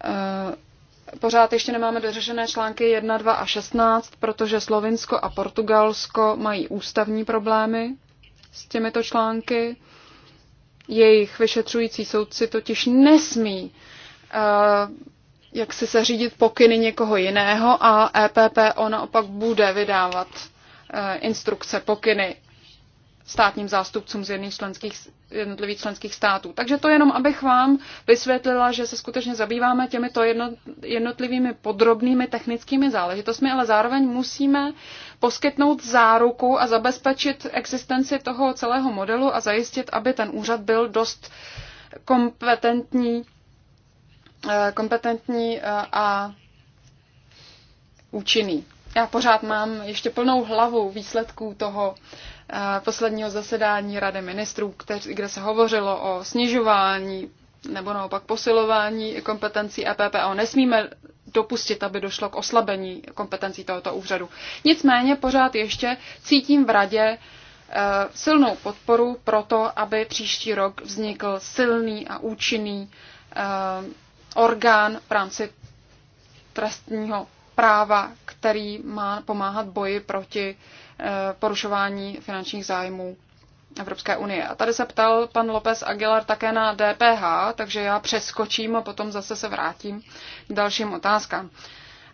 Eh, pořád ještě nemáme dořešené články 1, 2 a 16, protože Slovinsko a Portugalsko mají ústavní problémy s těmito články. Jejich vyšetřující soudci totiž nesmí eh, jak si seřídit pokyny někoho jiného a EPPO naopak bude vydávat Eh, instrukce, pokyny státním zástupcům z jedných členských, jednotlivých členských států. Takže to jenom, abych vám vysvětlila, že se skutečně zabýváme těmito jednotlivými podrobnými technickými záležitostmi, ale zároveň musíme poskytnout záruku a zabezpečit existenci toho celého modelu a zajistit, aby ten úřad byl dost kompetentní, eh, kompetentní eh, a účinný já pořád mám ještě plnou hlavu výsledků toho eh, posledního zasedání Rady ministrů, kde se hovořilo o snižování nebo naopak posilování kompetencí EPPO. Nesmíme dopustit, aby došlo k oslabení kompetencí tohoto úřadu. Nicméně pořád ještě cítím v radě eh, silnou podporu pro to, aby příští rok vznikl silný a účinný eh, orgán v rámci trestního práva, který má pomáhat boji proti eh, porušování finančních zájmů Evropské unie. A tady se ptal pan López Aguilar také na DPH, takže já přeskočím a potom zase se vrátím k dalším otázkám.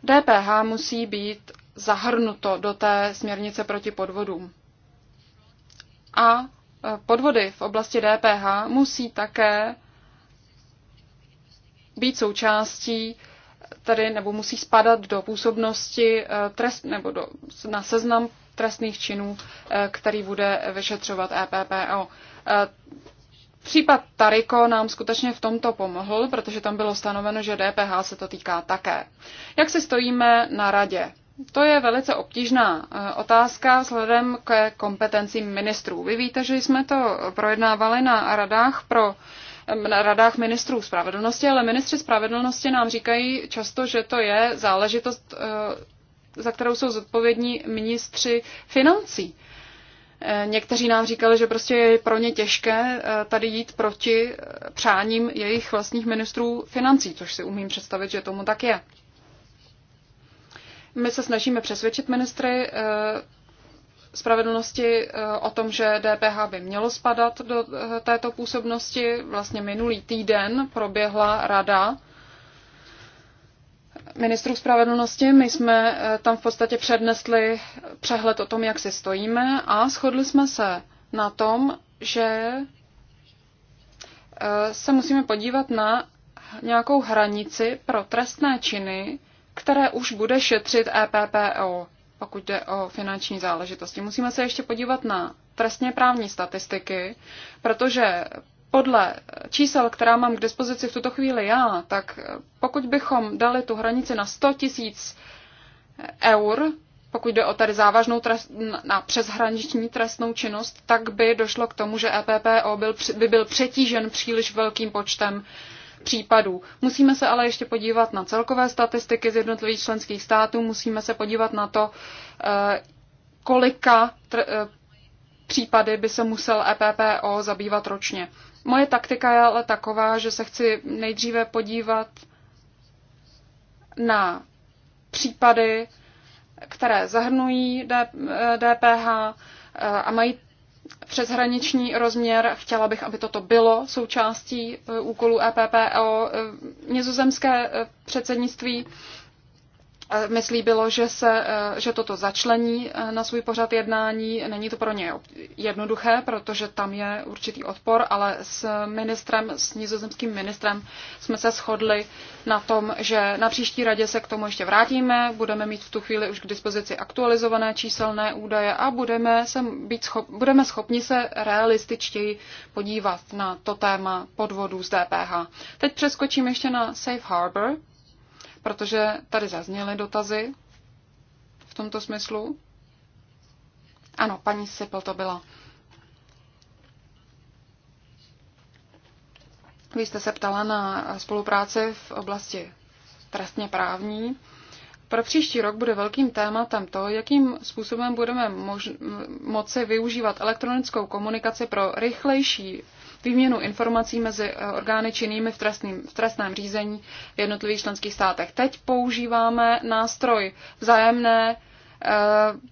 DPH musí být zahrnuto do té směrnice proti podvodům. A eh, podvody v oblasti DPH musí také být součástí tedy nebo musí spadat do působnosti eh, trest, nebo do, na seznam trestných činů, eh, který bude vyšetřovat EPPO. Eh, případ Tariko nám skutečně v tomto pomohl, protože tam bylo stanoveno, že DPH se to týká také. Jak si stojíme na radě? To je velice obtížná otázka vzhledem ke kompetencím ministrů. Vy víte, že jsme to projednávali na radách pro na radách ministrů spravedlnosti, ale ministři spravedlnosti nám říkají často, že to je záležitost, e, za kterou jsou zodpovědní ministři financí. E, někteří nám říkali, že prostě je pro ně těžké e, tady jít proti přáním jejich vlastních ministrů financí, což si umím představit, že tomu tak je. My se snažíme přesvědčit ministry spravedlnosti eh, o tom, že DPH by mělo spadat do eh, této působnosti. Vlastně minulý týden proběhla rada ministrů spravedlnosti. My jsme eh, tam v podstatě přednesli přehled o tom, jak si stojíme a shodli jsme se na tom, že se musíme podívat na nějakou hranici pro trestné činy, které už bude šetřit EPPO pokud jde o finanční záležitosti. Musíme se ještě podívat na trestně právní statistiky, protože podle čísel, která mám k dispozici v tuto chvíli já, tak pokud bychom dali tu hranici na 100 tisíc eur, pokud jde o tady závažnou trest, na přeshraniční trestnou činnost, tak by došlo k tomu, že EPPO byl, by byl přetížen příliš velkým počtem případů. Musíme se ale ještě podívat na celkové statistiky z jednotlivých členských států, musíme se podívat na to, eh, kolika eh, případy by se musel EPPO zabývat ročně. Moje taktika je ale taková, že se chci nejdříve podívat na případy, které zahrnují DPH eh, a mají přeshraniční rozměr. Chtěla bych, aby toto bylo součástí e, úkolů EPPO. E, nizozemské e, předsednictví mi slíbilo, že, se, eh, že toto začlení eh, na svůj pořad jednání. Není to pro ně jednoduché, protože tam je určitý odpor, ale s ministrem, s nizozemským ministrem jsme se shodli na tom, že na příští radě se k tomu ještě vrátíme, budeme mít v tu chvíli už k dispozici aktualizované číselné údaje a budeme, se být schop, budeme schopni se realističtěji podívat na to téma podvodů z DPH. Teď přeskočím ještě na Safe Harbor, protože tady zazněly dotazy v tomto smyslu. Ano, paní Sipl to byla. Vy jste se ptala na spolupráci v oblasti trestně právní. Pro příští rok bude velkým tématem to, jakým způsobem budeme mož- moci využívat elektronickou komunikaci pro rychlejší výměnu informací mezi eh, orgány činnými v, trestným, v trestném řízení v jednotlivých členských státech. Teď používáme nástroj vzájemné eh,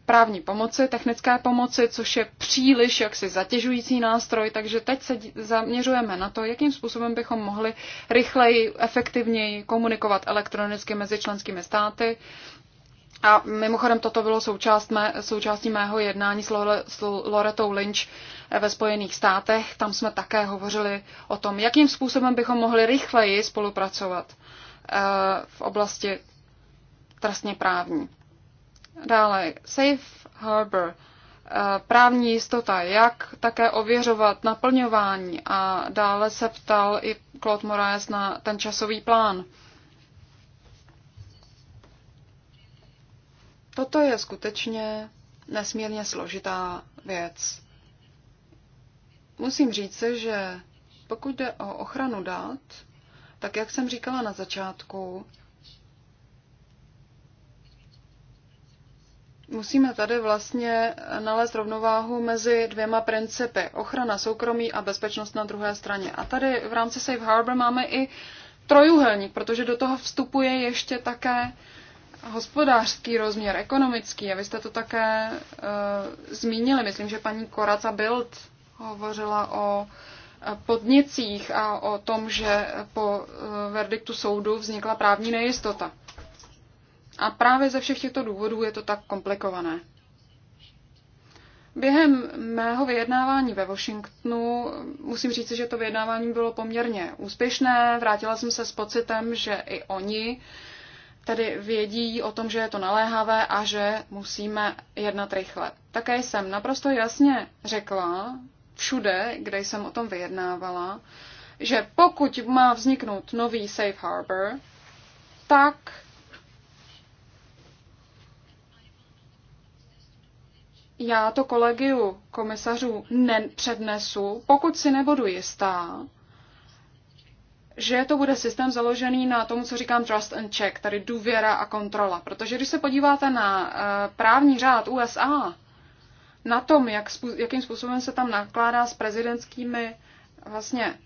právní pomoci, technické pomoci, což je příliš jaksi zatěžující nástroj, takže teď se zaměřujeme na to, jakým způsobem bychom mohli rychleji, efektivněji komunikovat elektronicky mezi členskými státy, a mimochodem toto bylo součást mé, součástí mého jednání s, Lore, s Loretou Lynch eh, ve Spojených státech. Tam jsme také hovořili o tom, jakým způsobem bychom mohli rychleji spolupracovat eh, v oblasti trestně právní. Dále, Safe Harbor, eh, právní jistota, jak také ověřovat naplňování a dále se ptal i Claude Moraes na ten časový plán. Toto je skutečně nesmírně složitá věc. Musím říct, že pokud jde o ochranu dat, tak jak jsem říkala na začátku, musíme tady vlastně nalézt rovnováhu mezi dvěma principy. Ochrana soukromí a bezpečnost na druhé straně. A tady v rámci Safe Harbor máme i trojuhelník, protože do toho vstupuje ještě také hospodářský rozměr, ekonomický, a vy jste to také uh, zmínili, myslím, že paní Koraca Bild hovořila o eh, podnicích a o tom, že po eh, verdiktu soudu vznikla právní nejistota. A právě ze všech těchto důvodů je to tak komplikované. Během mého vyjednávání ve Washingtonu musím říct, že to vyjednávání bylo poměrně úspěšné. Vrátila jsem se s pocitem, že i oni uh, tedy vědí o tom, že je to naléhavé a že musíme jednat rychle. Také jsem naprosto jasně řekla všude, kde jsem o tom vyjednávala, že pokud má vzniknout nový safe harbor, tak já to kolegiu komisařů nepřednesu, pokud si nebudu jistá, že to bude systém založený na tomu, co říkám trust and check, tedy důvěra a kontrola. Protože když se podíváte na eh, právní řád USA, na tom, jak, jakým způsobem se tam nakládá s prezidentskými vlastně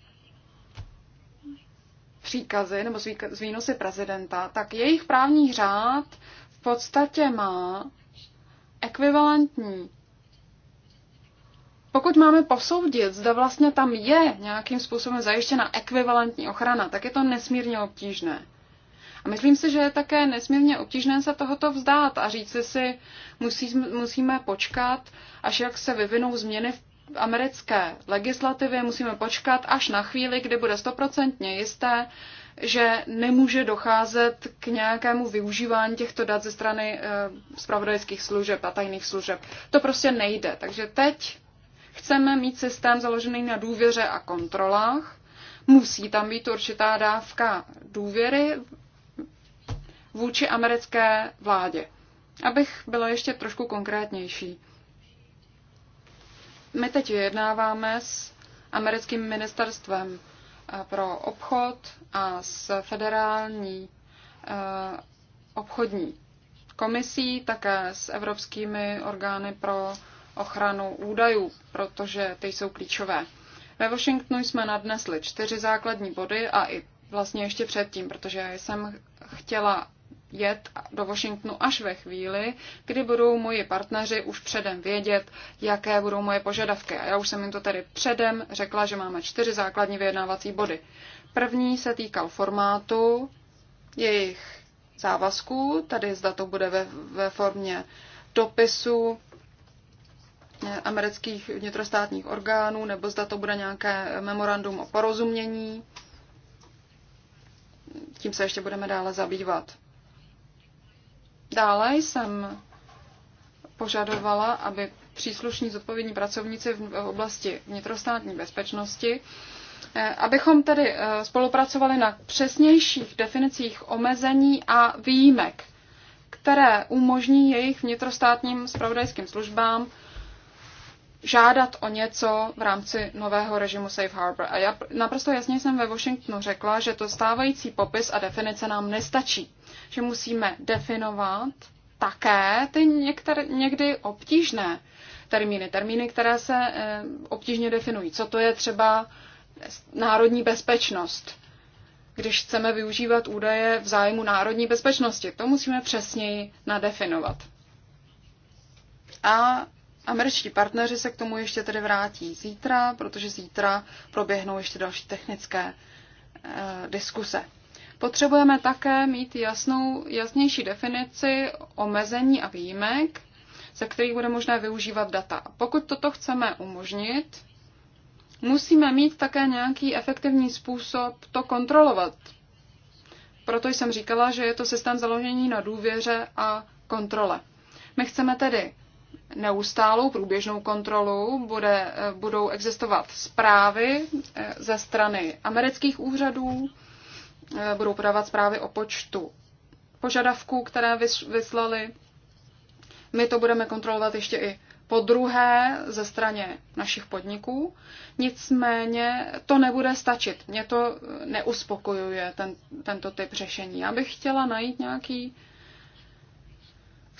příkazy nebo s výnosy prezidenta, tak jejich právní řád v podstatě má ekvivalentní pokud máme posoudit, zda vlastně tam je nějakým způsobem zajištěna ekvivalentní ochrana, tak je to nesmírně obtížné. A myslím si, že je také nesmírně obtížné se tohoto vzdát a říct si, musí, musíme počkat, až jak se vyvinou změny v americké legislativě, musíme počkat až na chvíli, kdy bude stoprocentně jisté, že nemůže docházet k nějakému využívání těchto dat ze strany e, eh, spravodajských služeb a tajných služeb. To prostě nejde. Takže teď Chceme mít systém založený na důvěře a kontrolách. Musí tam být určitá dávka důvěry vůči americké vládě. Abych byla ještě trošku konkrétnější. My teď vyjednáváme s americkým ministerstvem eh, pro obchod a s federální eh, obchodní komisí, také s evropskými orgány pro ochranu údajů, protože ty jsou klíčové. Ve Washingtonu jsme nadnesli čtyři základní body a i vlastně ještě předtím, protože jsem chtěla jet do Washingtonu až ve chvíli, kdy budou moji partneři už předem vědět, jaké budou moje požadavky. A já už jsem jim to tedy předem řekla, že máme čtyři základní vyjednávací body. První se týkal formátu jejich závazků, tady zda to bude ve, ve formě dopisu amerických vnitrostátních orgánů, nebo zda to bude nějaké memorandum o porozumění. Tím se ještě budeme dále zabývat. Dále jsem požadovala, aby příslušní zodpovědní pracovníci v oblasti vnitrostátní bezpečnosti, eh, abychom tedy eh, spolupracovali na přesnějších definicích omezení a výjimek, které umožní jejich vnitrostátním spravodajským službám žádat o něco v rámci nového režimu Safe Harbor. A já naprosto jasně jsem ve Washingtonu řekla, že to stávající popis a definice nám nestačí. Že musíme definovat také ty některé, někdy obtížné termíny. Termíny, které se e, obtížně definují. Co to je třeba národní bezpečnost? Když chceme využívat údaje v zájmu národní bezpečnosti, to musíme přesněji nadefinovat. A Američtí partneři se k tomu ještě tedy vrátí zítra, protože zítra proběhnou ještě další technické e, diskuse. Potřebujeme také mít jasnou, jasnější definici omezení a výjimek, ze kterých bude možné využívat data. Pokud toto chceme umožnit, musíme mít také nějaký efektivní způsob to kontrolovat. Proto jsem říkala, že je to systém založený na důvěře a kontrole. My chceme tedy neustálou průběžnou kontrolu. Bude, eh, budou existovat zprávy eh, ze strany amerických úřadů, eh, budou podávat zprávy o počtu požadavků, které vyslali. My to budeme kontrolovat ještě i po druhé ze straně našich podniků. Nicméně to nebude stačit. Mě to neuspokojuje, ten, tento typ řešení. Já bych chtěla najít nějaký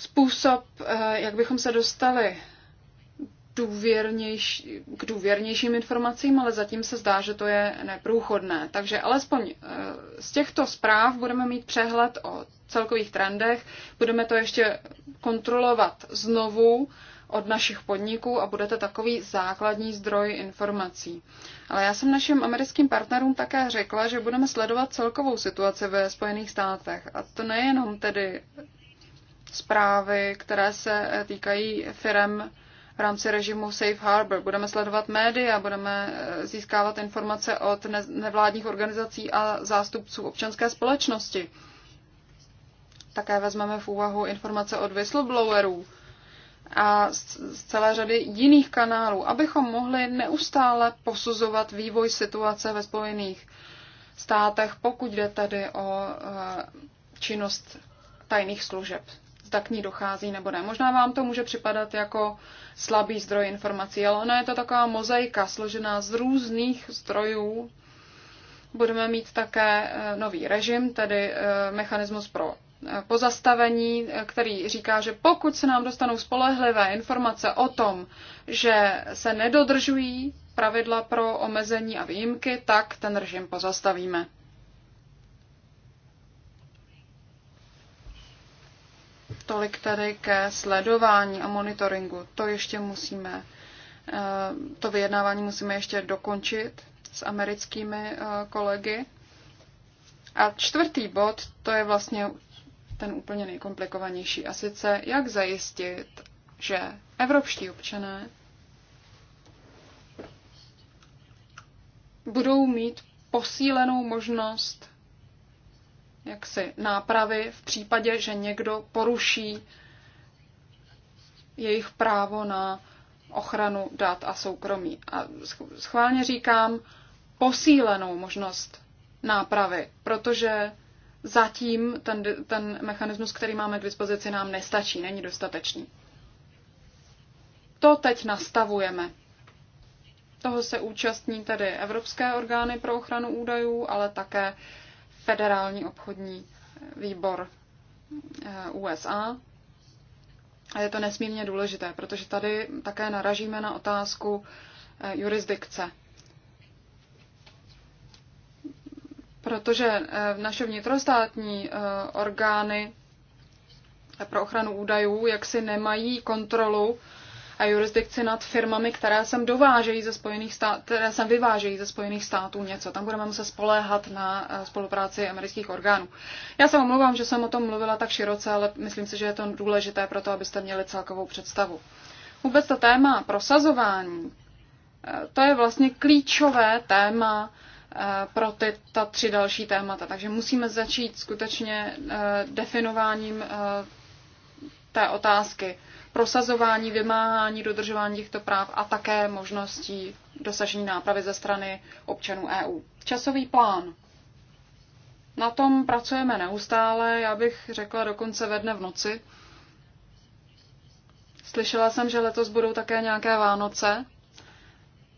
Způsob, eh, jak bychom se dostali k důvěrnějším informacím, ale zatím se zdá, že to je neprůchodné. Takže alespoň eh, z těchto zpráv budeme mít přehled o celkových trendech, budeme to ještě kontrolovat znovu od našich podniků a budete takový základní zdroj informací. Ale já jsem našim americkým partnerům také řekla, že budeme sledovat celkovou situaci ve Spojených státech. A to nejenom tedy zprávy, které se týkají firm v rámci režimu Safe Harbor. Budeme sledovat média, budeme eh, získávat informace od nevládních organizací a zástupců občanské společnosti. Také vezmeme v úvahu informace od whistleblowerů a z celé řady jiných kanálů, abychom mohli neustále posuzovat vývoj situace ve Spojených státech, pokud jde tedy o eh, činnost tajných služeb zda k ní dochází nebo ne. Možná vám to může připadat jako slabý zdroj informací, ale ona je to taková mozaika složená z různých zdrojů. Budeme mít také eh, nový režim, tedy eh, mechanismus pro eh, pozastavení, který říká, že pokud se nám dostanou spolehlivé informace o tom, že se nedodržují pravidla pro omezení a výjimky, tak ten režim pozastavíme. Tolik tedy ke sledování a monitoringu. To ještě musíme, eh, to vyjednávání musíme ještě dokončit s americkými eh, kolegy. A čtvrtý bod, to je vlastně ten úplně nejkomplikovanější. A sice, jak zajistit, že evropští občané budou mít posílenou možnost jaksi nápravy v případě, že někdo poruší jejich právo na ochranu dat a soukromí. A schválně říkám posílenou možnost nápravy, protože zatím ten, ten mechanismus, který máme k dispozici, nám nestačí, není dostatečný. To teď nastavujeme. Toho se účastní tedy evropské orgány pro ochranu údajů, ale také federální obchodní výbor eh, USA. A je to nesmírně důležité, protože tady také naražíme na otázku eh, jurisdikce. Protože eh, naše vnitrostátní orgány pro ochranu údajů jaksi nemají kontrolu a jurisdikci nad firmami, které sem dovážejí ze Spojených států, které sem vyvážejí ze Spojených států něco. Tam budeme muset spoléhat na eh, spolupráci amerických orgánů. Já se omlouvám, že jsem o tom mluvila tak široce, ale myslím si, že je to důležité pro to, abyste měli celkovou představu. Vůbec to téma prosazování, eh, to je vlastně klíčové téma eh, pro ty, ta tři další témata. Takže musíme začít skutečně definováním té otázky prosazování, vymáhání, dodržování těchto práv a také možností dosažení nápravy ze strany občanů EU. Časový plán. Na tom pracujeme neustále, já bych řekla dokonce ve dne v noci. Slyšela jsem, že letos budou také nějaké Vánoce,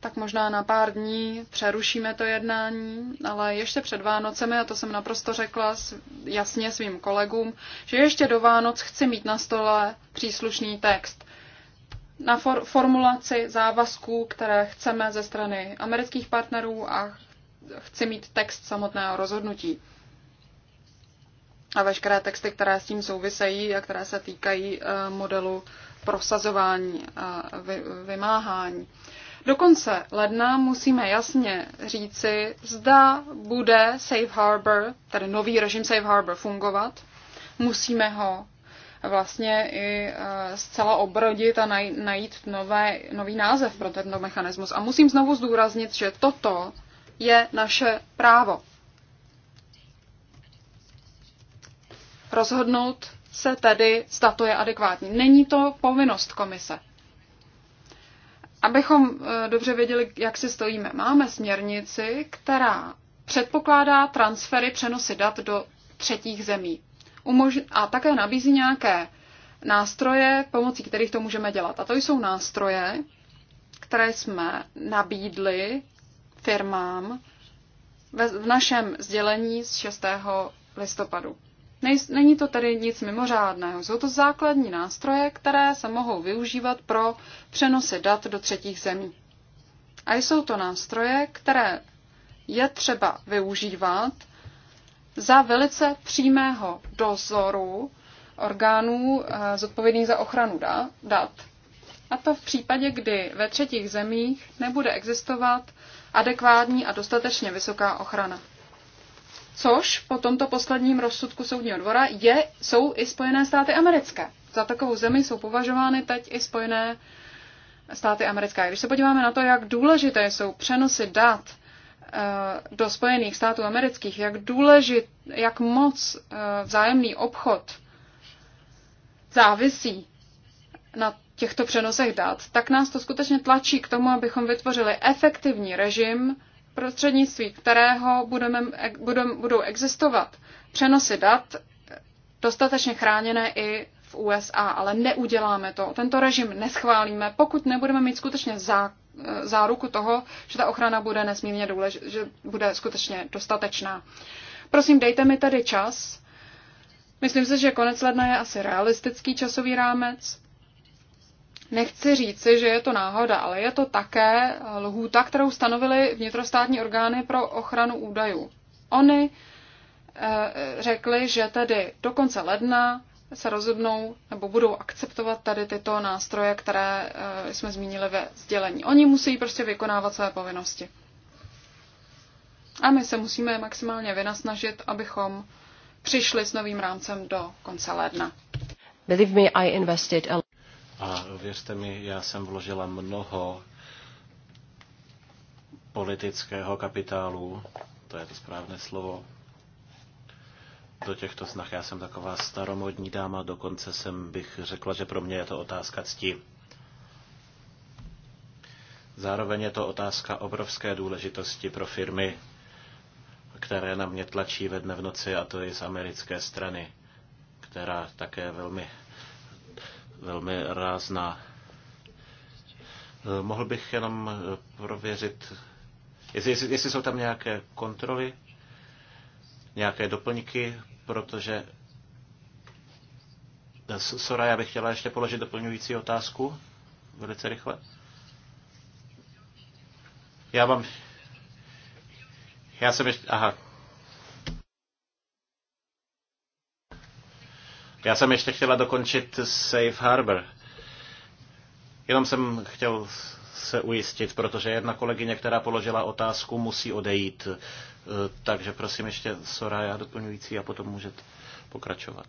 tak možná na pár dní přerušíme to jednání, ale ještě před Vánocemi, a to jsem naprosto řekla jasně svým kolegům, že ještě do Vánoc chci mít na stole příslušný text na for- formulaci závazků, které chceme ze strany amerických partnerů a chci mít text samotného rozhodnutí. A veškeré texty, které s tím souvisejí a které se týkají eh, modelu prosazování a eh, vymáhání. Do konce ledna musíme jasně říci, zda bude Safe Harbor, tedy nový režim Safe Harbor fungovat. Musíme ho vlastně i eh, zcela obrodit a najít nové, nový název pro tento mechanismus. A musím znovu zdůraznit, že toto je naše právo. Rozhodnout se tedy, zda to je adekvátní. Není to povinnost komise. Abychom eh, dobře věděli, jak si stojíme, máme směrnici, která předpokládá transfery, přenosy dat do třetích zemí. a také nabízí nějaké nástroje, pomocí kterých to můžeme dělat. A to jsou nástroje, které jsme nabídli firmám v našem sdělení z 6. listopadu. Není to tedy nic mimořádného. Jsou to základní nástroje, které se mohou využívat pro přenosy dat do třetích zemí. A jsou to nástroje, které je třeba využívat za velice přímého dozoru orgánů eh, zodpovědných za ochranu dat. A to v případě, kdy ve třetích zemích nebude existovat adekvátní a dostatečně vysoká ochrana což po tomto posledním rozsudku soudního dvora je, jsou i Spojené státy americké. Za takovou zemi jsou považovány teď i Spojené státy americké. Když se podíváme na to, jak důležité jsou přenosy dat eh, do Spojených států amerických, jak důležit, jak moc eh, vzájemný obchod závisí na těchto přenosech dat, tak nás to skutečně tlačí k tomu, abychom vytvořili efektivní režim prostřednictví kterého budeme, budem, budou existovat přenosy dat dostatečně chráněné i v USA, ale neuděláme to. Tento režim neschválíme, pokud nebudeme mít skutečně zá, záruku toho, že ta ochrana bude nesmírně důležitá, že bude skutečně dostatečná. Prosím, dejte mi tady čas. Myslím si, že konec ledna je asi realistický časový rámec nechci říci, že je to náhoda, ale je to také lhůta, kterou stanovily vnitrostátní orgány pro ochranu údajů. Oni eh, řekli, že tedy do konce ledna se rozhodnou nebo budou akceptovat tady tyto nástroje, které eh, jsme zmínili ve sdělení. Oni musí prostě vykonávat své povinnosti. A my se musíme maximálně vynasnažit, abychom přišli s novým rámcem do konce ledna. Believe me, I invested a a věřte mi, já jsem vložila mnoho politického kapitálu, to je to správné slovo, do těchto snah. Já jsem taková staromodní dáma, dokonce jsem bych řekla, že pro mě je to otázka cti. Zároveň je to otázka obrovské důležitosti pro firmy, které na mě tlačí ve dne v noci, a to i z americké strany, která také velmi velmi rázná. Eh, mohl bych jenom eh, prověřit, jestli, jestli, jestli jsou tam nějaké kontroly, nějaké doplňky, protože eh, Sora, já bych chtěla ještě položit doplňující otázku velice rychle. Já mám... Já jsem ještě... Aha, Já jsem ještě chtěla dokončit Safe Harbor. Jenom jsem chtěl se ujistit, protože jedna kolegyně, která položila otázku, musí odejít. E, takže prosím ještě Soraya doplňující a potom můžete pokračovat.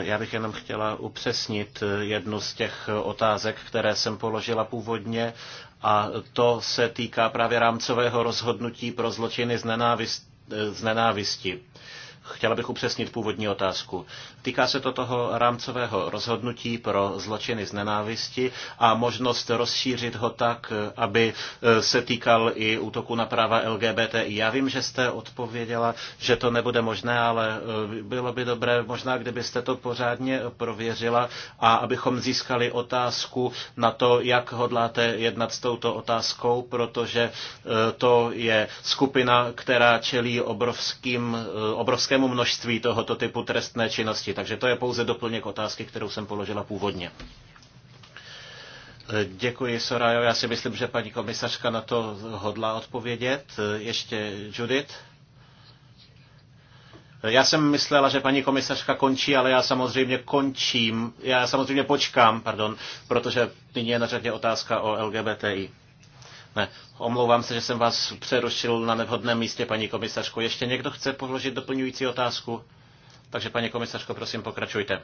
E, já bych jenom chtěla upřesnit e, jednu z těch otázek, které jsem položila původně, a to se týká právě rámcového rozhodnutí pro zločiny z, nenávist, z nenávisti. Chtěla bych upřesnit původní otázku. Týká se to toho rámcového rozhodnutí pro zločiny z nenávisti a možnost rozšířit ho tak, aby e, se týkal i útoku na práva LGBT. Já vím, že jste odpověděla, že to nebude možné, ale e, bylo by dobré možná, kdybyste to pořádně prověřila a abychom získali otázku na to, jak hodláte jednat s touto otázkou, protože e, to je skupina, která čelí obrovským, obrovským obrovskému množství tohoto typu trestné činnosti. Takže to je pouze doplněk otázky, kterou jsem položila původně. E, děkuji, Sorajo. Já si myslím, že paní komisařka na to hodlá odpovědět. E, ještě Judith. E, já jsem myslela, že paní komisařka končí, ale já samozřejmě končím, já samozřejmě počkám, pardon, protože nyní je na řadě otázka o LGBTI. Ne, omlouvám se, že jsem vás přerušil na nevhodném místě, paní komisařko. Ještě někdo chce položit doplňující otázku? Takže, paní komisařko, prosím, pokračujte.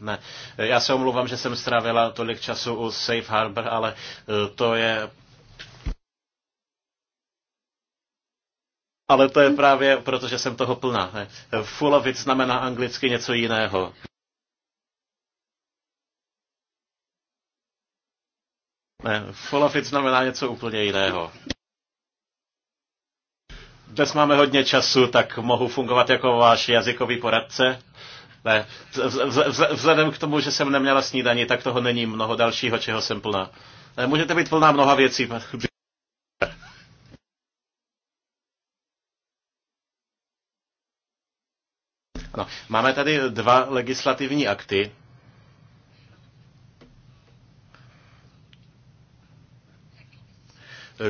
Ne. Já se omlouvám, že jsem strávila tolik času u Safe Harbor, ale eh, to je Ale to je právě proto, že jsem toho plná. Full of it znamená anglicky něco jiného. Ne, of it znamená něco úplně jiného. Dnes máme hodně času, tak mohu fungovat jako váš jazykový poradce. Ne, vzhledem k tomu, že jsem neměla snídaní, tak toho není mnoho dalšího, čeho jsem plná. Ne, můžete být plná mnoha věcí. No, máme tady dva legislativní akty,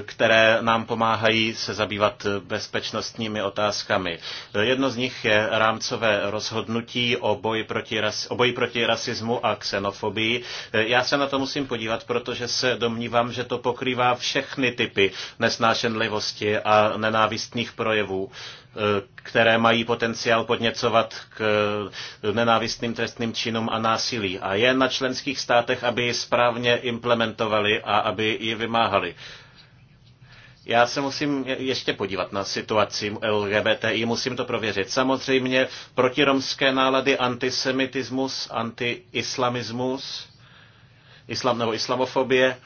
které nám pomáhají se zabývat bezpečnostními otázkami. Jedno z nich je rámcové rozhodnutí o boji proti, ras, o boji proti rasismu a xenofobii. Já se na to musím podívat, protože se domnívám, že to pokrývá všechny typy nesnášenlivosti a nenávistných projevů které mají potenciál podněcovat k nenávistným trestným činům a násilí. A je na členských státech, aby ji správně implementovali a aby ji vymáhali. Já se musím ještě podívat na situaci LGBTI, musím to prověřit. Samozřejmě protiromské nálady, antisemitismus, antiislamismus, islam nebo islamofobie,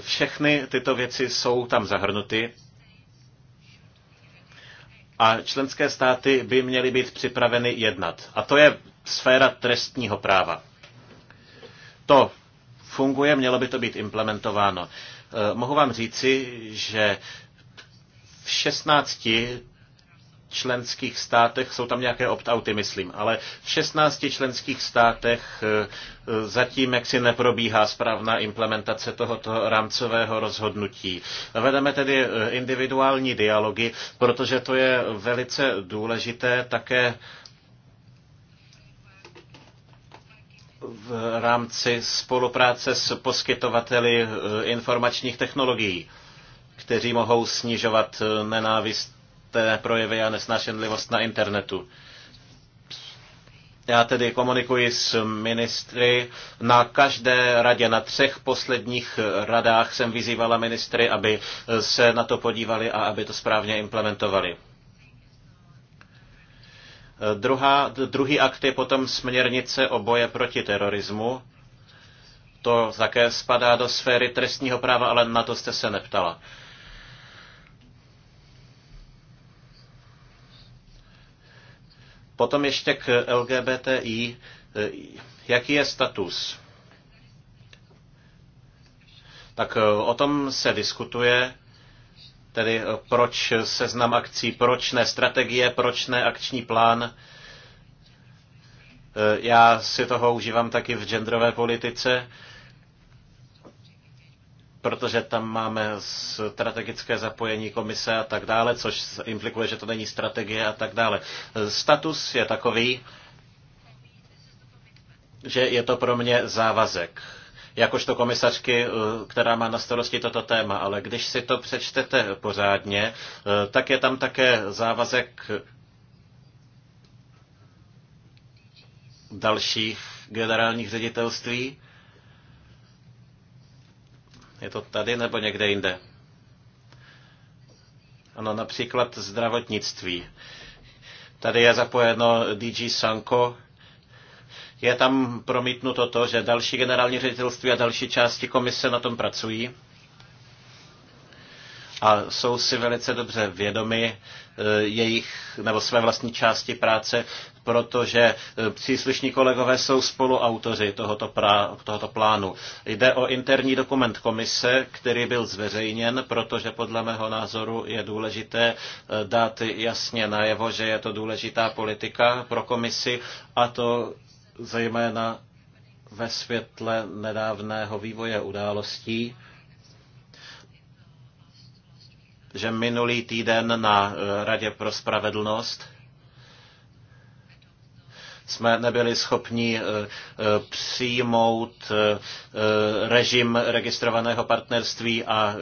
všechny tyto věci jsou tam zahrnuty. A členské státy by měly být připraveny jednat. A to je sféra trestního práva. To funguje, mělo by to být implementováno. Eh, mohu vám říci, že v 16 členských státech, jsou tam nějaké opt-outy, myslím, ale v 16 členských státech eh, zatím jaksi neprobíhá správná implementace tohoto rámcového rozhodnutí. Vedeme tedy eh, individuální dialogy, protože to je velice důležité také v rámci spolupráce s poskytovateli eh, informačních technologií, kteří mohou snižovat eh, nenávistné projevy a nesnášenlivost na internetu. Já tedy komunikuji s ministry. Na každé radě, na třech posledních radách jsem vyzývala ministry, aby eh, se na to podívali a aby to správně implementovali. Druhá, druhý akt je potom směrnice o boje proti terorismu. To také spadá do sféry trestního práva, ale na to jste se neptala. Potom ještě k LGBTI. Jaký je status? Tak o tom se diskutuje. Tedy eh, proč seznam akcí, proč ne strategie, proč ne akční plán. Eh, já si toho užívám taky v genderové politice, protože tam máme strategické zapojení komise a tak dále, což implikuje, že to není strategie a tak dále. Eh, status je takový, že je to pro mě závazek jakožto komisařky, eh, která má na starosti toto téma, ale když si to přečtete pořádně, eh, tak je tam také závazek dalších generálních ředitelství. Je to tady nebo někde jinde? Ano, například zdravotnictví. Tady je zapojeno DG Sanko, je tam promítnuto to, že další generální ředitelství a další části komise na tom pracují a jsou si velice dobře vědomi e, jejich nebo své vlastní části práce, protože e, příslušní kolegové jsou spoluautoři tohoto, pra, tohoto plánu. Jde o interní dokument komise, který byl zveřejněn, protože podle mého názoru je důležité e, dát jasně najevo, že je to důležitá politika pro komisi a to zejména ve světle nedávného vývoje událostí, že minulý týden na Radě pro spravedlnost jsme nebyli schopni eh, eh, přijmout eh, režim registrovaného partnerství a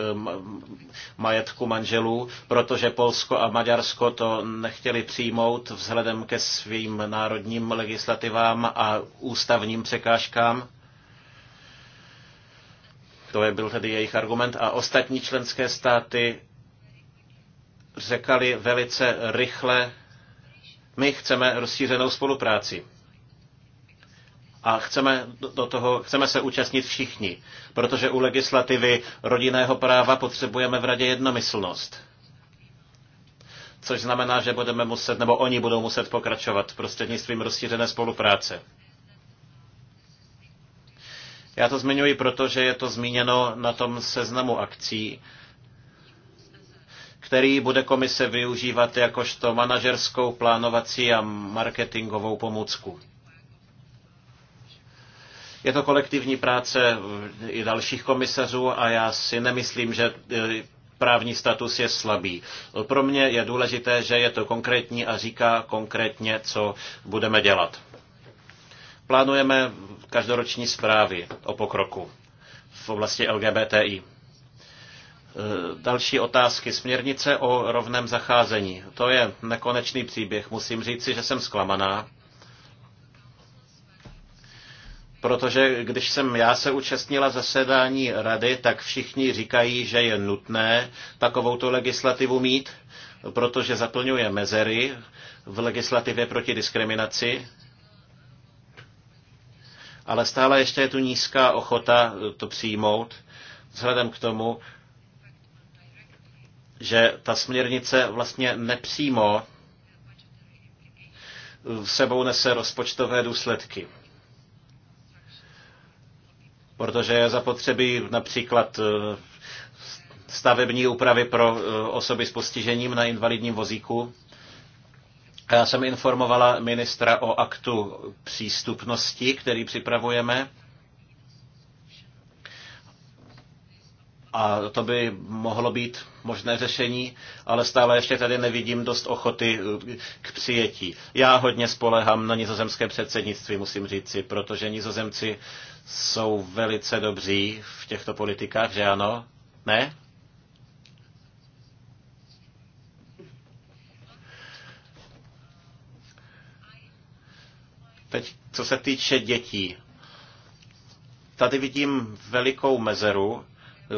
majetku manželů, protože Polsko a Maďarsko to nechtěli přijmout vzhledem ke svým národním legislativám a ústavním překážkám. To je byl tedy jejich argument. A ostatní členské státy řekali velice rychle, my chceme rozšířenou spolupráci. A chceme, do toho, chceme se účastnit všichni, protože u legislativy rodinného práva potřebujeme v radě jednomyslnost. Což znamená, že budeme muset, nebo oni budou muset pokračovat prostřednictvím rozšířené spolupráce. Já to zmiňuji proto, že je to zmíněno na tom seznamu akcí, který bude komise využívat jakožto manažerskou, plánovací a marketingovou pomůcku. Je to kolektivní práce i dalších komisařů a já si nemyslím, že eh, právní status je slabý. Pro mě je důležité, že je to konkrétní a říká konkrétně, co budeme dělat. Plánujeme každoroční zprávy o pokroku v oblasti LGBTI. Eh, další otázky. Směrnice o rovném zacházení. To je nekonečný příběh. Musím říci, že jsem zklamaná. Protože když jsem já se účastnila zasedání rady, tak všichni říkají, že je nutné takovouto legislativu mít, protože zaplňuje mezery v legislativě proti diskriminaci. Ale stále ještě je tu nízká ochota to přijmout, vzhledem k tomu, že ta směrnice vlastně nepřímo sebou nese rozpočtové důsledky. Protože je zapotřebí například eh, stavební úpravy pro eh, osoby s postižením na invalidním vozíku. Já jsem informovala ministra o aktu přístupnosti, který připravujeme a to by mohlo být možné řešení, ale stále ještě tady nevidím dost ochoty eh, k přijetí. Já hodně spolehám na nizozemské předsednictví, musím říci, protože nizozemci jsou velice dobří v těchto politikách, že ano? Ne? Teď, co se týče dětí, tady vidím velikou mezeru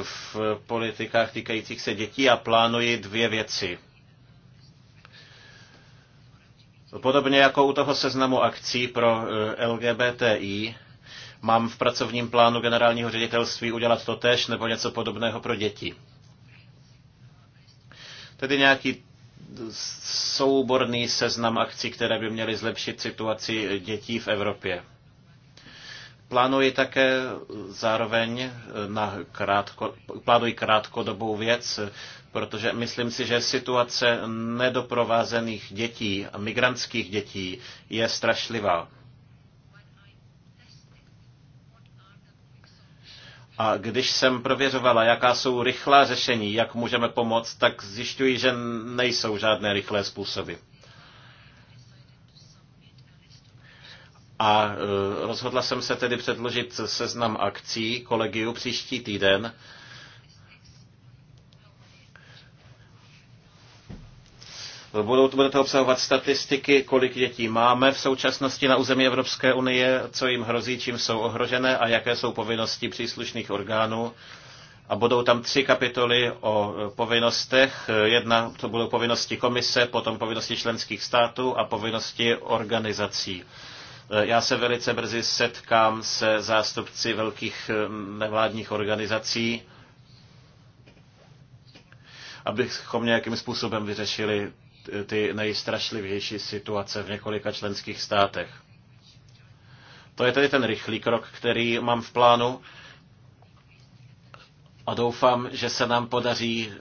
v politikách týkajících se dětí a plánuji dvě věci. Podobně jako u toho seznamu akcí pro eh, LGBTI, mám v pracovním plánu generálního ředitelství udělat to tež nebo něco podobného pro děti. Tedy nějaký souborný seznam akcí, které by měly zlepšit situaci dětí v Evropě. Plánuji také zároveň na krátko, plánuji krátkodobou věc, protože myslím si, že situace nedoprovázených dětí, migrantských dětí, je strašlivá. A když jsem prověřovala, jaká jsou rychlá řešení, jak můžeme pomoct, tak zjišťuji, že nejsou žádné rychlé způsoby. A e, rozhodla jsem se tedy předložit seznam akcí kolegiu příští týden. Budou, bude to obsahovat statistiky, kolik dětí máme v současnosti na území Evropské unie, co jim hrozí, čím jsou ohrožené a jaké jsou povinnosti příslušných orgánů. A budou tam tři kapitoly o e, povinnostech. Jedna to budou povinnosti komise, potom povinnosti členských států a povinnosti organizací. Eh, já se velice brzy setkám se zástupci velkých eh, nevládních organizací, abychom nějakým způsobem vyřešili ty nejstrašlivější situace v několika členských státech. To je tedy ten rychlý krok, který mám v plánu a doufám, že se nám podaří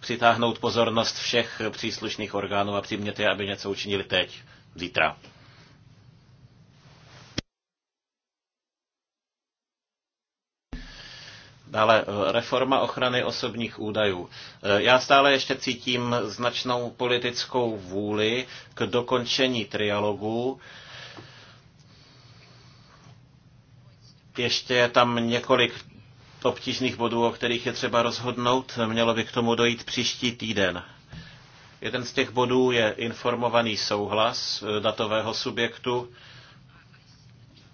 přitáhnout pozornost všech příslušných orgánů a přimět je, aby něco učinili teď, zítra. Dále eh, reforma ochrany osobních údajů. Eh, já stále ještě cítím značnou politickou vůli k dokončení trialogu. Ještě je tam několik obtížných bodů, o kterých je třeba rozhodnout. Mělo by k tomu dojít příští týden. Jeden z těch bodů je informovaný souhlas eh, datového subjektu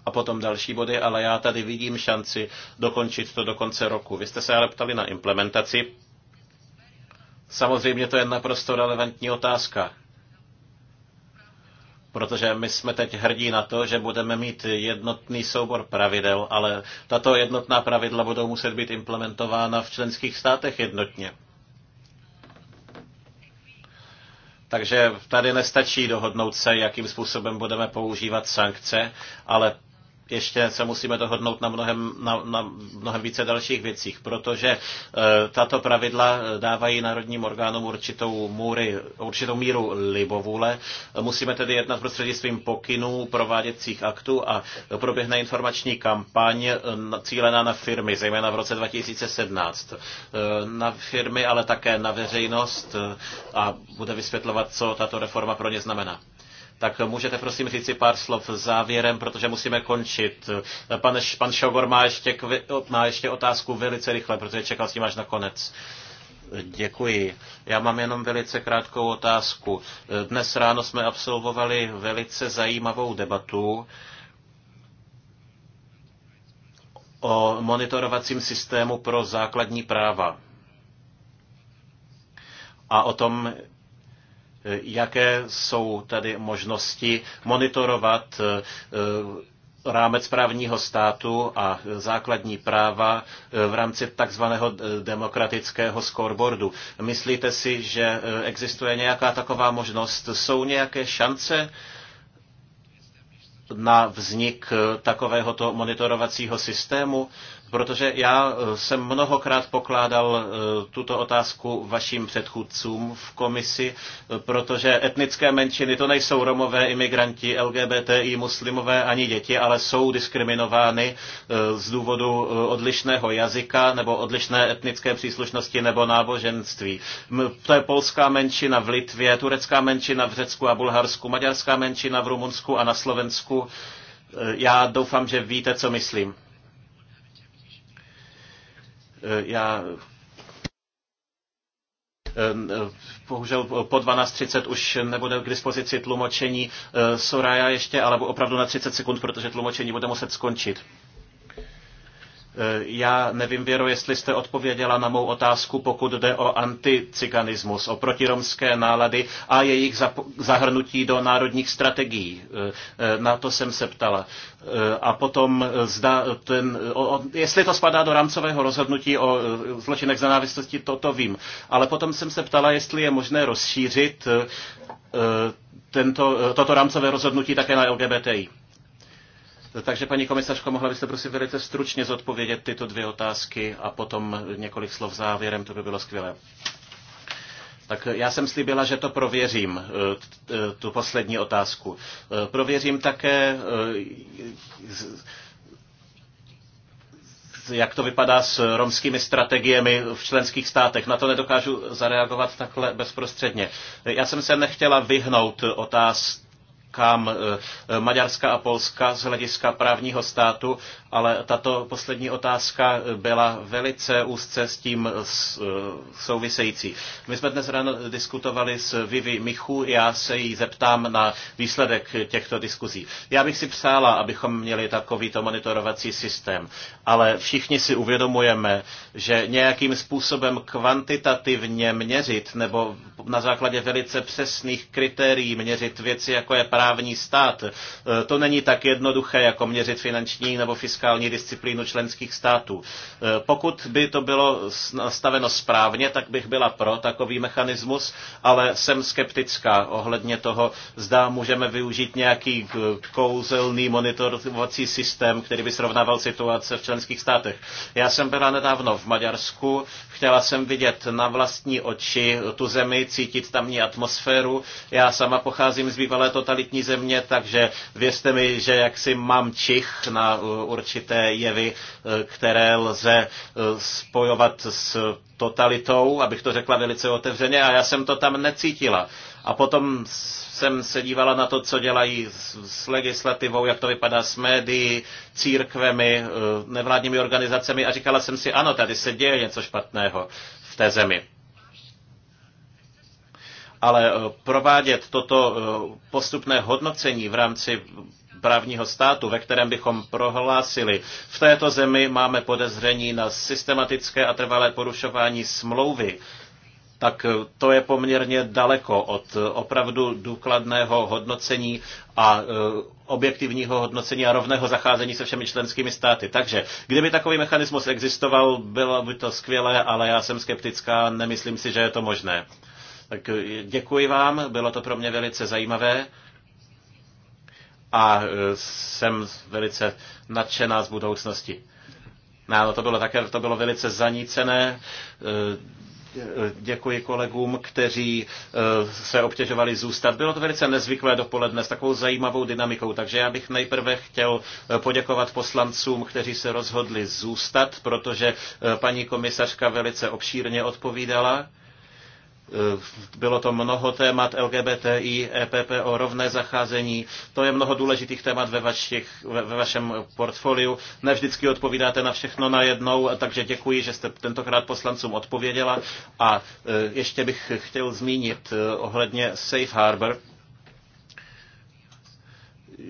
a potom další body, ale já tady vidím šanci dokončit to do konce roku. Vy jste se ale ptali na implementaci. Samozřejmě to je naprosto relevantní otázka. Protože my jsme teď hrdí na to, že budeme mít jednotný soubor pravidel, ale tato jednotná pravidla budou muset být implementována v členských státech jednotně. Takže tady nestačí dohodnout se, jakým způsobem budeme používat sankce, ale ještě se musíme dohodnout na mnohem, na, na mnohem více dalších věcích, protože eh, tato pravidla eh, dávají národním orgánům určitou, můry, určitou míru libovůle. Musíme tedy jednat prostřednictvím pokynů, prováděcích aktů a proběhne informační kampaň eh, cílená na firmy, zejména v roce 2017. Na firmy, ale také na veřejnost a bude vysvětlovat, co tato reforma pro ně znamená. Tak můžete prosím říct si pár slov závěrem, protože musíme končit. Pan, pan Šogor má ještě, má ještě otázku velice rychle, protože čekal s tím až na konec. Děkuji. Já mám jenom velice krátkou otázku. Dnes ráno jsme absolvovali velice zajímavou debatu o monitorovacím systému pro základní práva a o tom, Eh, jaké jsou tady možnosti monitorovat eh, eh, rámec právního státu a základní práva v rámci takzvaného demokratického scoreboardu. Myslíte si, že existuje nějaká taková možnost? Jsou nějaké šance na vznik takovéhoto monitorovacího systému? Protože já eh, jsem mnohokrát pokládal eh, tuto otázku vašim předchůdcům v komisi, eh, protože etnické menšiny to nejsou romové, imigranti, LGBTI, muslimové ani děti, ale jsou diskriminovány z důvodu odlišného jazyka nebo odlišné etnické příslušnosti nebo náboženství. To je polská menšina v Litvě, turecká menšina v Řecku a Bulharsku, maďarská menšina v Rumunsku a na Slovensku. Já doufám, že víte, co myslím. Eh, já eh, Bohužel po 12.30 už nebude k dispozici tlumočení eh, Soraya ještě, ale opravdu na 30 sekund, protože tlumočení bude muset skončit. Já nevím, Věro, jestli jste odpověděla na mou otázku, pokud jde o anticiganismus, o protiromské nálady a jejich zahrnutí do národních strategií. E, e, na to jsem se ptala. E, a potom, zda ten, o, o, jestli to spadá do rámcového rozhodnutí o zločinech za nenávistosti, to, to vím. Ale potom jsem se ptala, jestli je možné rozšířit tento, toto rámcové rozhodnutí také na LGBTI. Takže paní komisařko, mohla byste prosím velice stručně zodpovědět tyto dvě otázky a potom několik slov závěrem, to by bylo skvělé. Tak já jsem slíbila, že to prověřím, eh, eh, tu poslední otázku. Eh, prověřím také, jak to vypadá s romskými strategiemi v členských státech. Na to nedokážu zareagovat takhle bezprostředně. Já jsem se nechtěla vyhnout otázce výjimkám eh, eh, Maďarska a Polska z hlediska právního státu ale tato poslední otázka byla velice úzce s tím eh, související. My jsme dnes ráno diskutovali s Vivi Michu, já se jí zeptám na výsledek těchto diskuzí. Já bych si přála, abychom měli takovýto monitorovací systém, ale všichni si uvědomujeme, že nějakým způsobem kvantitativně měřit nebo na základě velice přesných kritérií měřit věci, jako je právní stát, eh, to není tak jednoduché, jako měřit finanční nebo fiskální fiskální disciplínu členských států. E, pokud by to bylo nastaveno správně, tak bych byla pro takový mechanismus, ale jsem skeptická ohledně toho, zda můžeme využít nějaký e, kouzelný monitorovací systém, který by srovnával situace v členských státech. Já jsem byla nedávno v Maďarsku, chtěla jsem vidět na vlastní oči tu zemi, cítit tamní atmosféru. Já sama pocházím z bývalé totalitní země, takže věřte mi, že jaksi mám čich na e, určitě určité jevy, eh, které lze eh, spojovat s totalitou, abych to řekla velice otevřeně, a já jsem to tam necítila. A potom jsem se dívala na to, co dělají s legislativou, jak to vypadá s médií, církvemi, eh, nevládními organizacemi a říkala jsem si, ano, tady se děje něco špatného v té zemi ale provádět toto postupné hodnocení v rámci právního státu, ve kterém bychom prohlásili, v této zemi máme podezření na systematické a trvalé porušování smlouvy, tak to je poměrně daleko od opravdu důkladného hodnocení a e, objektivního hodnocení a rovného zacházení se všemi členskými státy. Takže kdyby takový mechanismus existoval, bylo by to skvělé, ale já jsem skeptická, nemyslím si, že je to možné. Tak e, děkuji vám, bylo to pro mě velice zajímavé a e, jsem velice nadšená z budoucnosti. No, to bylo také, to bylo velice zanícené. E, e, děkuji kolegům, kteří se obtěžovali zůstat. Bylo to velice nezvyklé dopoledne s takovou zajímavou dynamikou, takže já bych nejprve chtěl poděkovat poslancům, kteří se rozhodli zůstat, protože paní komisařka velice obšírně odpovídala Eh, bylo to mnoho témat LGBTI, EPP o rovné zacházení. To je mnoho důležitých témat ve, vašich, ve vašem portfoliu. Ne vždycky odpovídáte na všechno najednou, takže děkuji, že jste tentokrát poslancům odpověděla. A eh, ještě bych chtěl zmínit eh, ohledně Safe Harbor,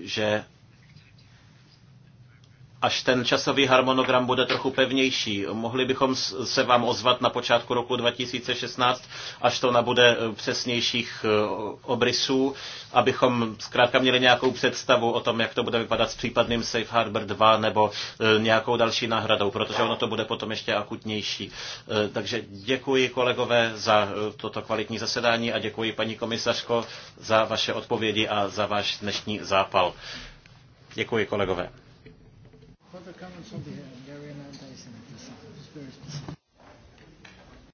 že až ten časový harmonogram bude trochu pevnější. Mohli bychom se vám ozvat na počátku roku 2016, až to nabude e, přesnějších e, obrysů, abychom zkrátka měli nějakou představu o tom, jak to bude vypadat s případným Safe Harbor 2 nebo e, nějakou další náhradou, protože ono to bude potom ještě akutnější. Takže děkuji kolegové za toto kvalitní zasedání a děkuji paní komisařko za vaše odpovědi a za váš dnešní zápal. Děkuji kolegové comments on the